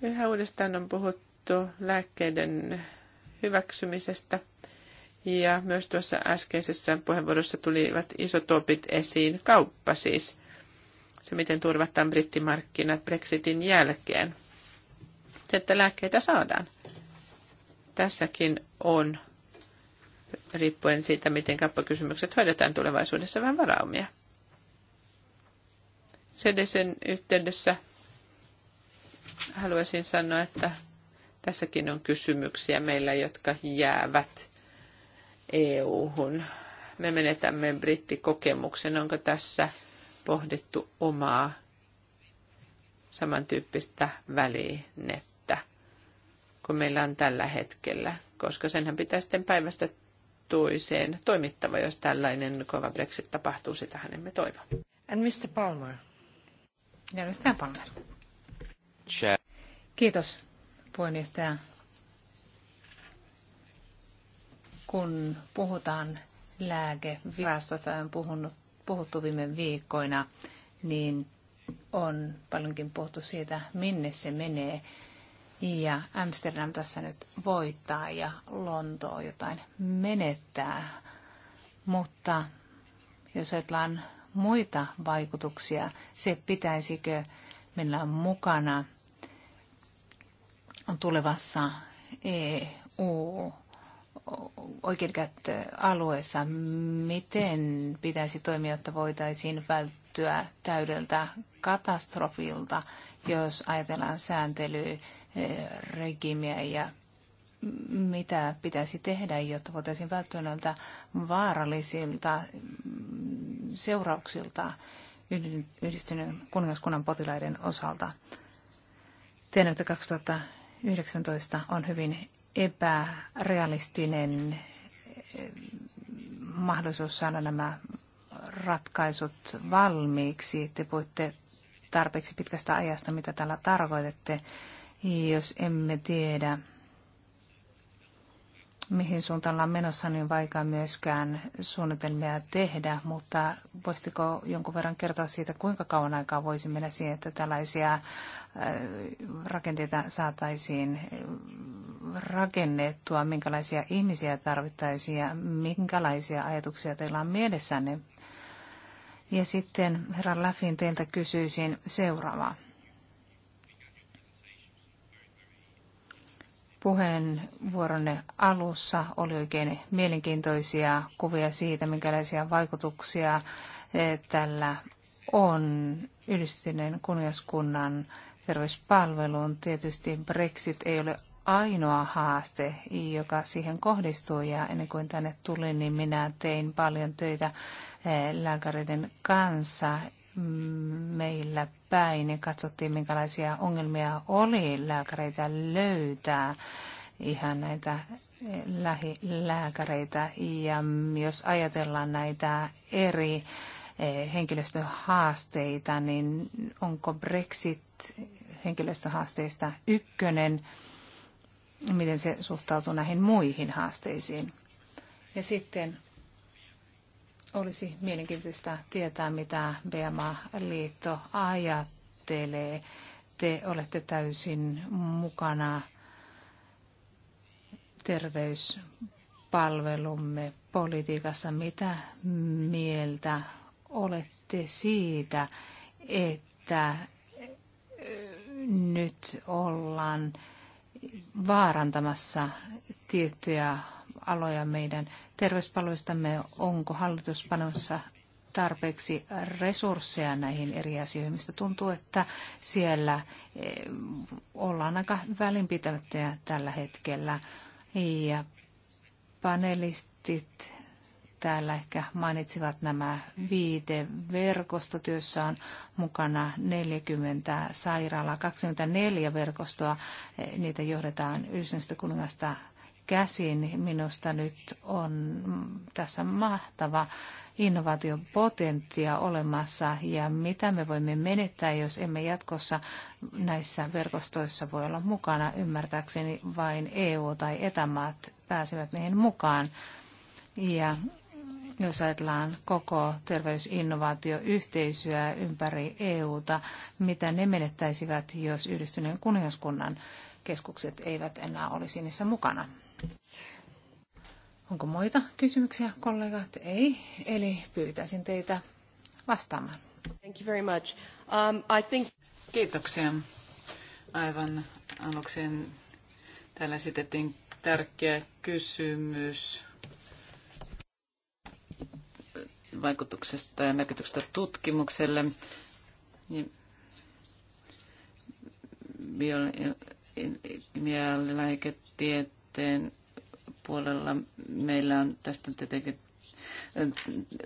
S2: Yhä uudestaan on puhuttu lääkkeiden hyväksymisestä – ja myös tuossa äskeisessä puheenvuorossa tulivat isotopit esiin, kauppa siis, se miten turvataan brittimarkkinat Brexitin jälkeen. Se, että lääkkeitä saadaan. Tässäkin on, riippuen siitä, miten kauppakysymykset hoidetaan tulevaisuudessa, vähän varaumia. sen yhteydessä haluaisin sanoa, että tässäkin on kysymyksiä meillä, jotka jäävät EU-hun. Me menetämme brittikokemuksen. Onko tässä pohdittu omaa samantyyppistä välinettä kuin meillä on tällä hetkellä? Koska senhän pitää sitten päivästä toiseen toimittava, jos tällainen kova Brexit tapahtuu. Sitähän emme toivo.
S1: And Mr. Palmer. Ja Mr. Palmer. Chair. Kiitos puheenjohtaja kun puhutaan lääkevirastosta, on puhunut, puhuttu viime viikkoina, niin on paljonkin puhuttu siitä, minne se menee. Ja Amsterdam tässä nyt voittaa ja Lontoo jotain menettää. Mutta jos ajatellaan muita vaikutuksia, se pitäisikö mennä mukana tulevassa EU oikeudenkäyttöalueessa, miten pitäisi toimia, jotta voitaisiin välttyä täydeltä katastrofilta, jos ajatellaan sääntelyregimiä ja mitä pitäisi tehdä, jotta voitaisiin välttyä näiltä vaarallisilta seurauksilta yhdistyneen kuningaskunnan potilaiden osalta. Tiedän, että 2019 on hyvin epärealistinen eh, mahdollisuus saada nämä ratkaisut valmiiksi. Te puhutte tarpeeksi pitkästä ajasta, mitä tällä tarkoitatte, jos emme tiedä, mihin suuntaan ollaan menossa, niin vaikea myöskään suunnitelmia tehdä, mutta voisitko jonkun verran kertoa siitä, kuinka kauan aikaa voisi mennä siihen, että tällaisia äh, rakenteita saataisiin äh, rakennettua, minkälaisia ihmisiä tarvittaisiin ja minkälaisia ajatuksia teillä on mielessänne. Ja sitten herra Läfin teiltä kysyisin seuraavaa. puheenvuoronne alussa oli oikein mielenkiintoisia kuvia siitä, minkälaisia vaikutuksia eh, tällä on yhdistyneen kuningaskunnan terveyspalveluun. Tietysti Brexit ei ole ainoa haaste, joka siihen kohdistuu. Ja ennen kuin tänne tulin, niin minä tein paljon töitä eh, lääkäreiden kanssa meillä päin ja katsottiin, minkälaisia ongelmia oli lääkäreitä löytää ihan näitä lähilääkäreitä. Ja jos ajatellaan näitä eri eh, henkilöstöhaasteita, niin onko Brexit henkilöstöhaasteista ykkönen? Miten se suhtautuu näihin muihin haasteisiin? Ja sitten olisi mielenkiintoista tietää, mitä BMA-liitto ajattelee. Te olette täysin mukana terveyspalvelumme politiikassa. Mitä mieltä olette siitä, että eh, nyt ollaan vaarantamassa tiettyjä aloja meidän terveyspalveluistamme. Onko hallitus panossa tarpeeksi resursseja näihin eri asioihin, mistä tuntuu, että siellä eh, ollaan aika välinpitämättä tällä hetkellä. Ja panelistit täällä ehkä mainitsivat nämä viiteverkostot, joissa on mukana 40 sairaalaa, 24 verkostoa. Eh, niitä johdetaan Yhdistyneestä kuningasta käsin. Minusta nyt on tässä mahtava innovaatiopotentia olemassa ja mitä me voimme menettää, jos emme jatkossa näissä verkostoissa voi olla mukana. Ymmärtääkseni vain EU tai etämaat pääsevät niihin mukaan. Ja jos ajatellaan koko terveysinnovaatioyhteisöä ympäri EUta, mitä ne menettäisivät, jos yhdistyneen kuningaskunnan keskukset eivät enää olisi niissä mukana. Onko muita kysymyksiä, kollegat? Ei. Eli pyytäisin teitä vastaamaan.
S2: Thank you very much.
S3: Um, I think... Kiitoksia. Aivan aluksi täällä esitettiin tärkeä kysymys vaikutuksesta ja merkityksestä tutkimukselle. Biolääketieteen liikenteen puolella meillä on tästä tietenkin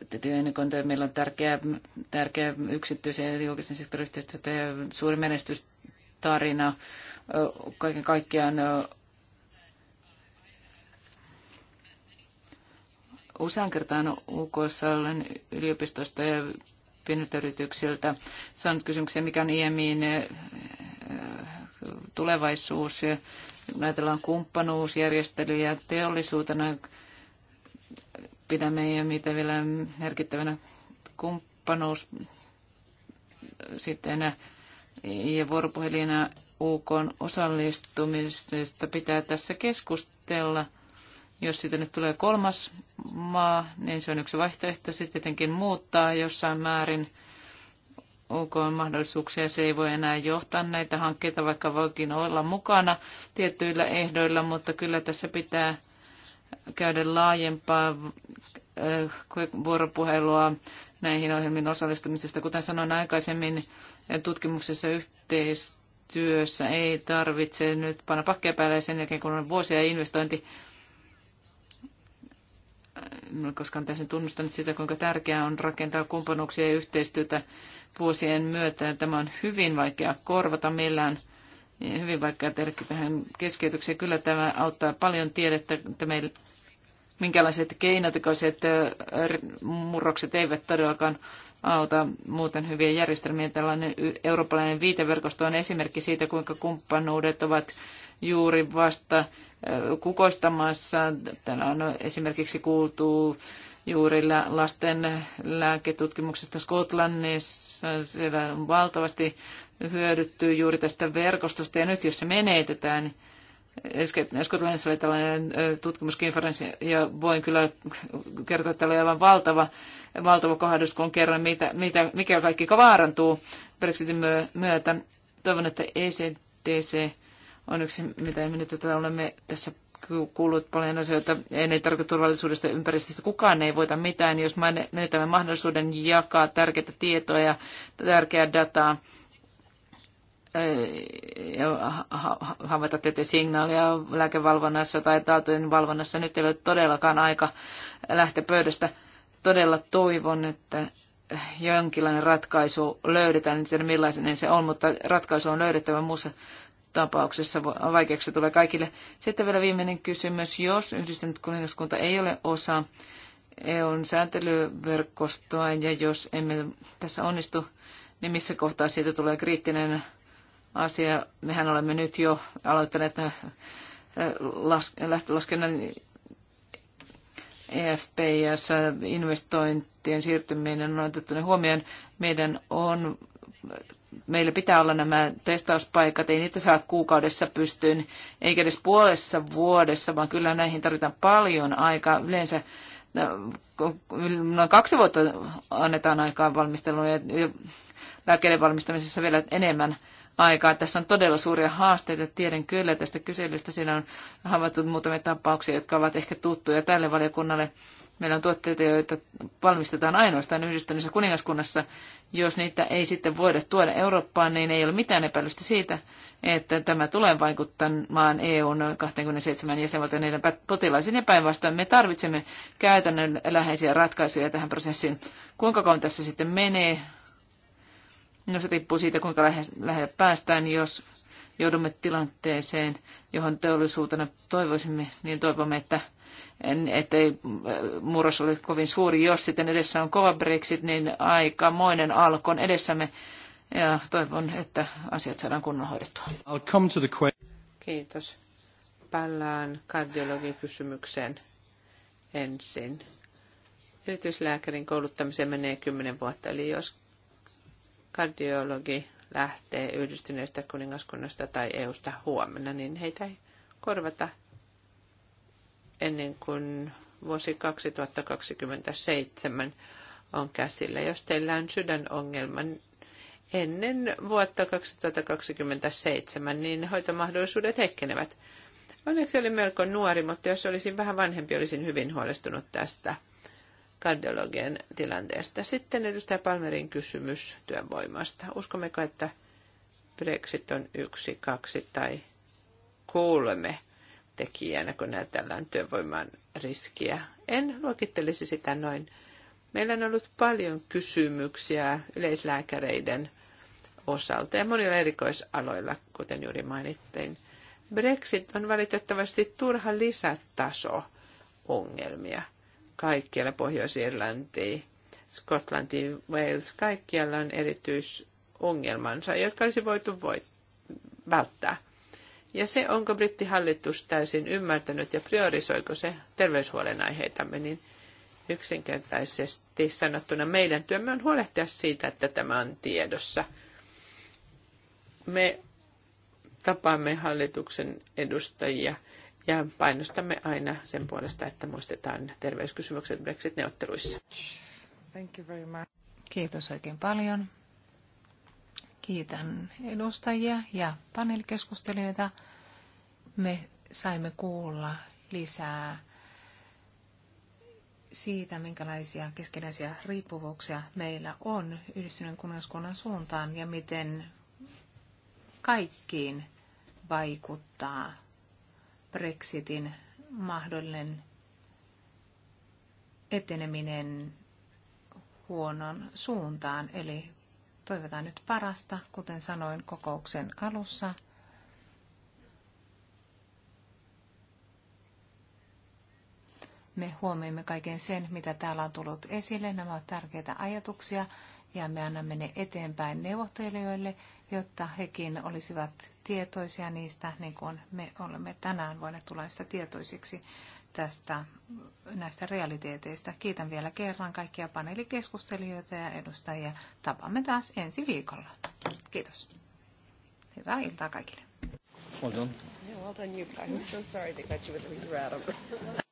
S3: Tietenkin meillä on tärkeä, tärkeä yksityisen ja julkisen sektorin yhteistyötä ja suuri menestystarina kaiken kaikkiaan usean kertaan UKssa olen yliopistosta ja pienet yrityksiltä saanut kysymyksiä, mikä on IEMin tulevaisuus kun ajatellaan kumppanuusjärjestelyjä teollisuutena, pidämme ja mitä vielä merkittävänä kumppanuus sitten ja vuoropuhelina UK osallistumisesta pitää tässä keskustella. Jos siitä nyt tulee kolmas maa, niin se on yksi vaihtoehto. Sitten tietenkin muuttaa jossain määrin UK on mahdollisuuksia. Se ei voi enää johtaa näitä hankkeita, vaikka voikin olla mukana tiettyillä ehdoilla, mutta kyllä tässä pitää käydä laajempaa äh, vuoropuhelua näihin ohjelmiin osallistumisesta. Kuten sanoin aikaisemmin, tutkimuksessa yhteistyössä ei tarvitse nyt panna pakkeja päälle sen jälkeen, kun on vuosia investointi en ole koskaan täysin tunnustanut sitä, kuinka tärkeää on rakentaa kumppanuuksia ja yhteistyötä vuosien myötä. Tämä on hyvin vaikea korvata millään hyvin vaikea tehdä tähän keskeytykseen. Kyllä tämä auttaa paljon tiedettä, että meillä minkälaiset keinotekoiset äh, murrokset eivät todellakaan auta muuten hyviä järjestelmiä. Tällainen eurooppalainen viiteverkosto on esimerkki siitä, kuinka kumppanuudet ovat juuri vasta kukoistamassa. Täällä on esimerkiksi kuultu juuri lasten lääketutkimuksesta Skotlannissa. Siellä on valtavasti hyödytty juuri tästä verkostosta ja nyt jos se menetetään, niin Skotlannissa oli tällainen tutkimuskonferenssi ja voin kyllä kertoa, että oli aivan valtava, valtava kohdus, kun kerran mitä, mitä, mikä kaikki vaarantuu Brexitin myötä. Toivon, että ECDC on yksi, mitä me nyt olemme tässä kuullut paljon asioita, ei tarkoita turvallisuudesta ja ympäristöstä. Kukaan ei voita mitään, jos menetämme mahdollisuuden jakaa tärkeitä tietoja ja tärkeää dataa havaita tiettyjä signaalia lääkevalvonnassa tai taatojen valvonnassa. Nyt ei ole todellakaan aika lähteä pöydästä. Todella toivon, että jonkinlainen ratkaisu löydetään. En tiedä millaisen se on, mutta ratkaisu on löydettävä muussa tapauksessa vaikeaksi tulee kaikille. Sitten vielä viimeinen kysymys. Jos yhdistynyt kuningaskunta ei ole osa EUn sääntelyverkostoa ja jos emme tässä onnistu, niin missä kohtaa siitä tulee kriittinen asia. Mehän olemme nyt jo aloittaneet äh, lähtölaskennan EFPS-investointien siirtyminen on otettu ne huomioon. Meidän on, meillä pitää olla nämä testauspaikat, ei niitä saa kuukaudessa pystyyn, eikä edes puolessa vuodessa, vaan kyllä näihin tarvitaan paljon aikaa. Yleensä no, noin kaksi vuotta annetaan aikaa valmisteluun ja lääkkeiden valmistamisessa vielä enemmän aikaa. Tässä on todella suuria haasteita. Tiedän kyllä tästä kyselystä. Siinä on havaittu muutamia tapauksia, jotka ovat ehkä tuttuja tälle valiokunnalle. Meillä on tuotteita, joita valmistetaan ainoastaan yhdistyneessä kuningaskunnassa. Jos niitä ei sitten voida tuoda Eurooppaan, niin ei ole mitään epäilystä siitä, että tämä tulee vaikuttamaan EUn 27 jäsenvaltion niiden potilaisiin ja päinvastoin. Me tarvitsemme käytännön läheisiä ratkaisuja tähän prosessiin. Kuinka kauan tässä sitten menee? No se riippuu siitä, kuinka lähellä päästään. Jos joudumme tilanteeseen, johon teollisuutena toivoisimme, niin toivomme, että ettei äh, murros ole kovin suuri. Jos sitten edessä on kova Brexit, niin aikamoinen alkon edessämme. Ja toivon, että asiat saadaan kunnon hoidettua.
S2: I'll come to the Kiitos. kardiologikysymykseen ensin. Erityislääkärin kouluttamiseen menee 10 vuotta, eli jos kardiologi lähtee yhdistyneestä kuningaskunnasta tai EUsta huomenna, niin heitä ei korvata ennen kuin vuosi 2027 on käsillä. Jos teillä on sydänongelma ennen vuotta 2027, niin hoitomahdollisuudet heikkenevät. Onneksi oli melko nuori, mutta jos olisin vähän vanhempi, olisin hyvin huolestunut tästä kardiologien tilanteesta. Sitten edustaja Palmerin kysymys työvoimasta. Uskommeko, että Brexit on yksi, kaksi tai kolme tekijänä, kun näytellään työvoiman riskiä? En luokittelisi sitä noin. Meillä on ollut paljon kysymyksiä yleislääkäreiden osalta ja monilla erikoisaloilla, kuten juuri mainittiin. Brexit on valitettavasti turha lisätaso ongelmia – kaikkialla Pohjois-Irlantiin, Skotlantiin, Wales, kaikkialla on erityisongelmansa, jotka olisi voitu voit välttää. Ja se, onko brittihallitus täysin ymmärtänyt ja priorisoiko se aiheitamme, niin yksinkertaisesti sanottuna meidän työmme on huolehtia siitä, että tämä on tiedossa. Me tapaamme hallituksen edustajia – ja painostamme aina sen puolesta, että muistetaan terveyskysymykset Brexit-neuvotteluissa.
S1: Kiitos oikein paljon. Kiitän edustajia ja paneelikeskustelijoita. Me saimme kuulla lisää siitä, minkälaisia keskinäisiä riippuvuuksia meillä on yhdistyneen kuningaskunnan suuntaan ja miten kaikkiin vaikuttaa Brexitin mahdollinen eteneminen huonon suuntaan. Eli toivotaan nyt parasta, kuten sanoin kokouksen alussa. Me huomioimme kaiken sen, mitä täällä on tullut esille. Nämä ovat tärkeitä ajatuksia ja me annamme ne eteenpäin neuvottelijoille jotta hekin olisivat tietoisia niistä, niin kuin me olemme tänään voineet tulla sitä tietoisiksi tästä, näistä realiteeteista. Kiitän vielä kerran kaikkia paneelikeskustelijoita ja edustajia. Tapaamme taas ensi viikolla. Kiitos. Hyvää iltaa kaikille. Well done. Yeah, well done you I'm so sorry they got you with the reader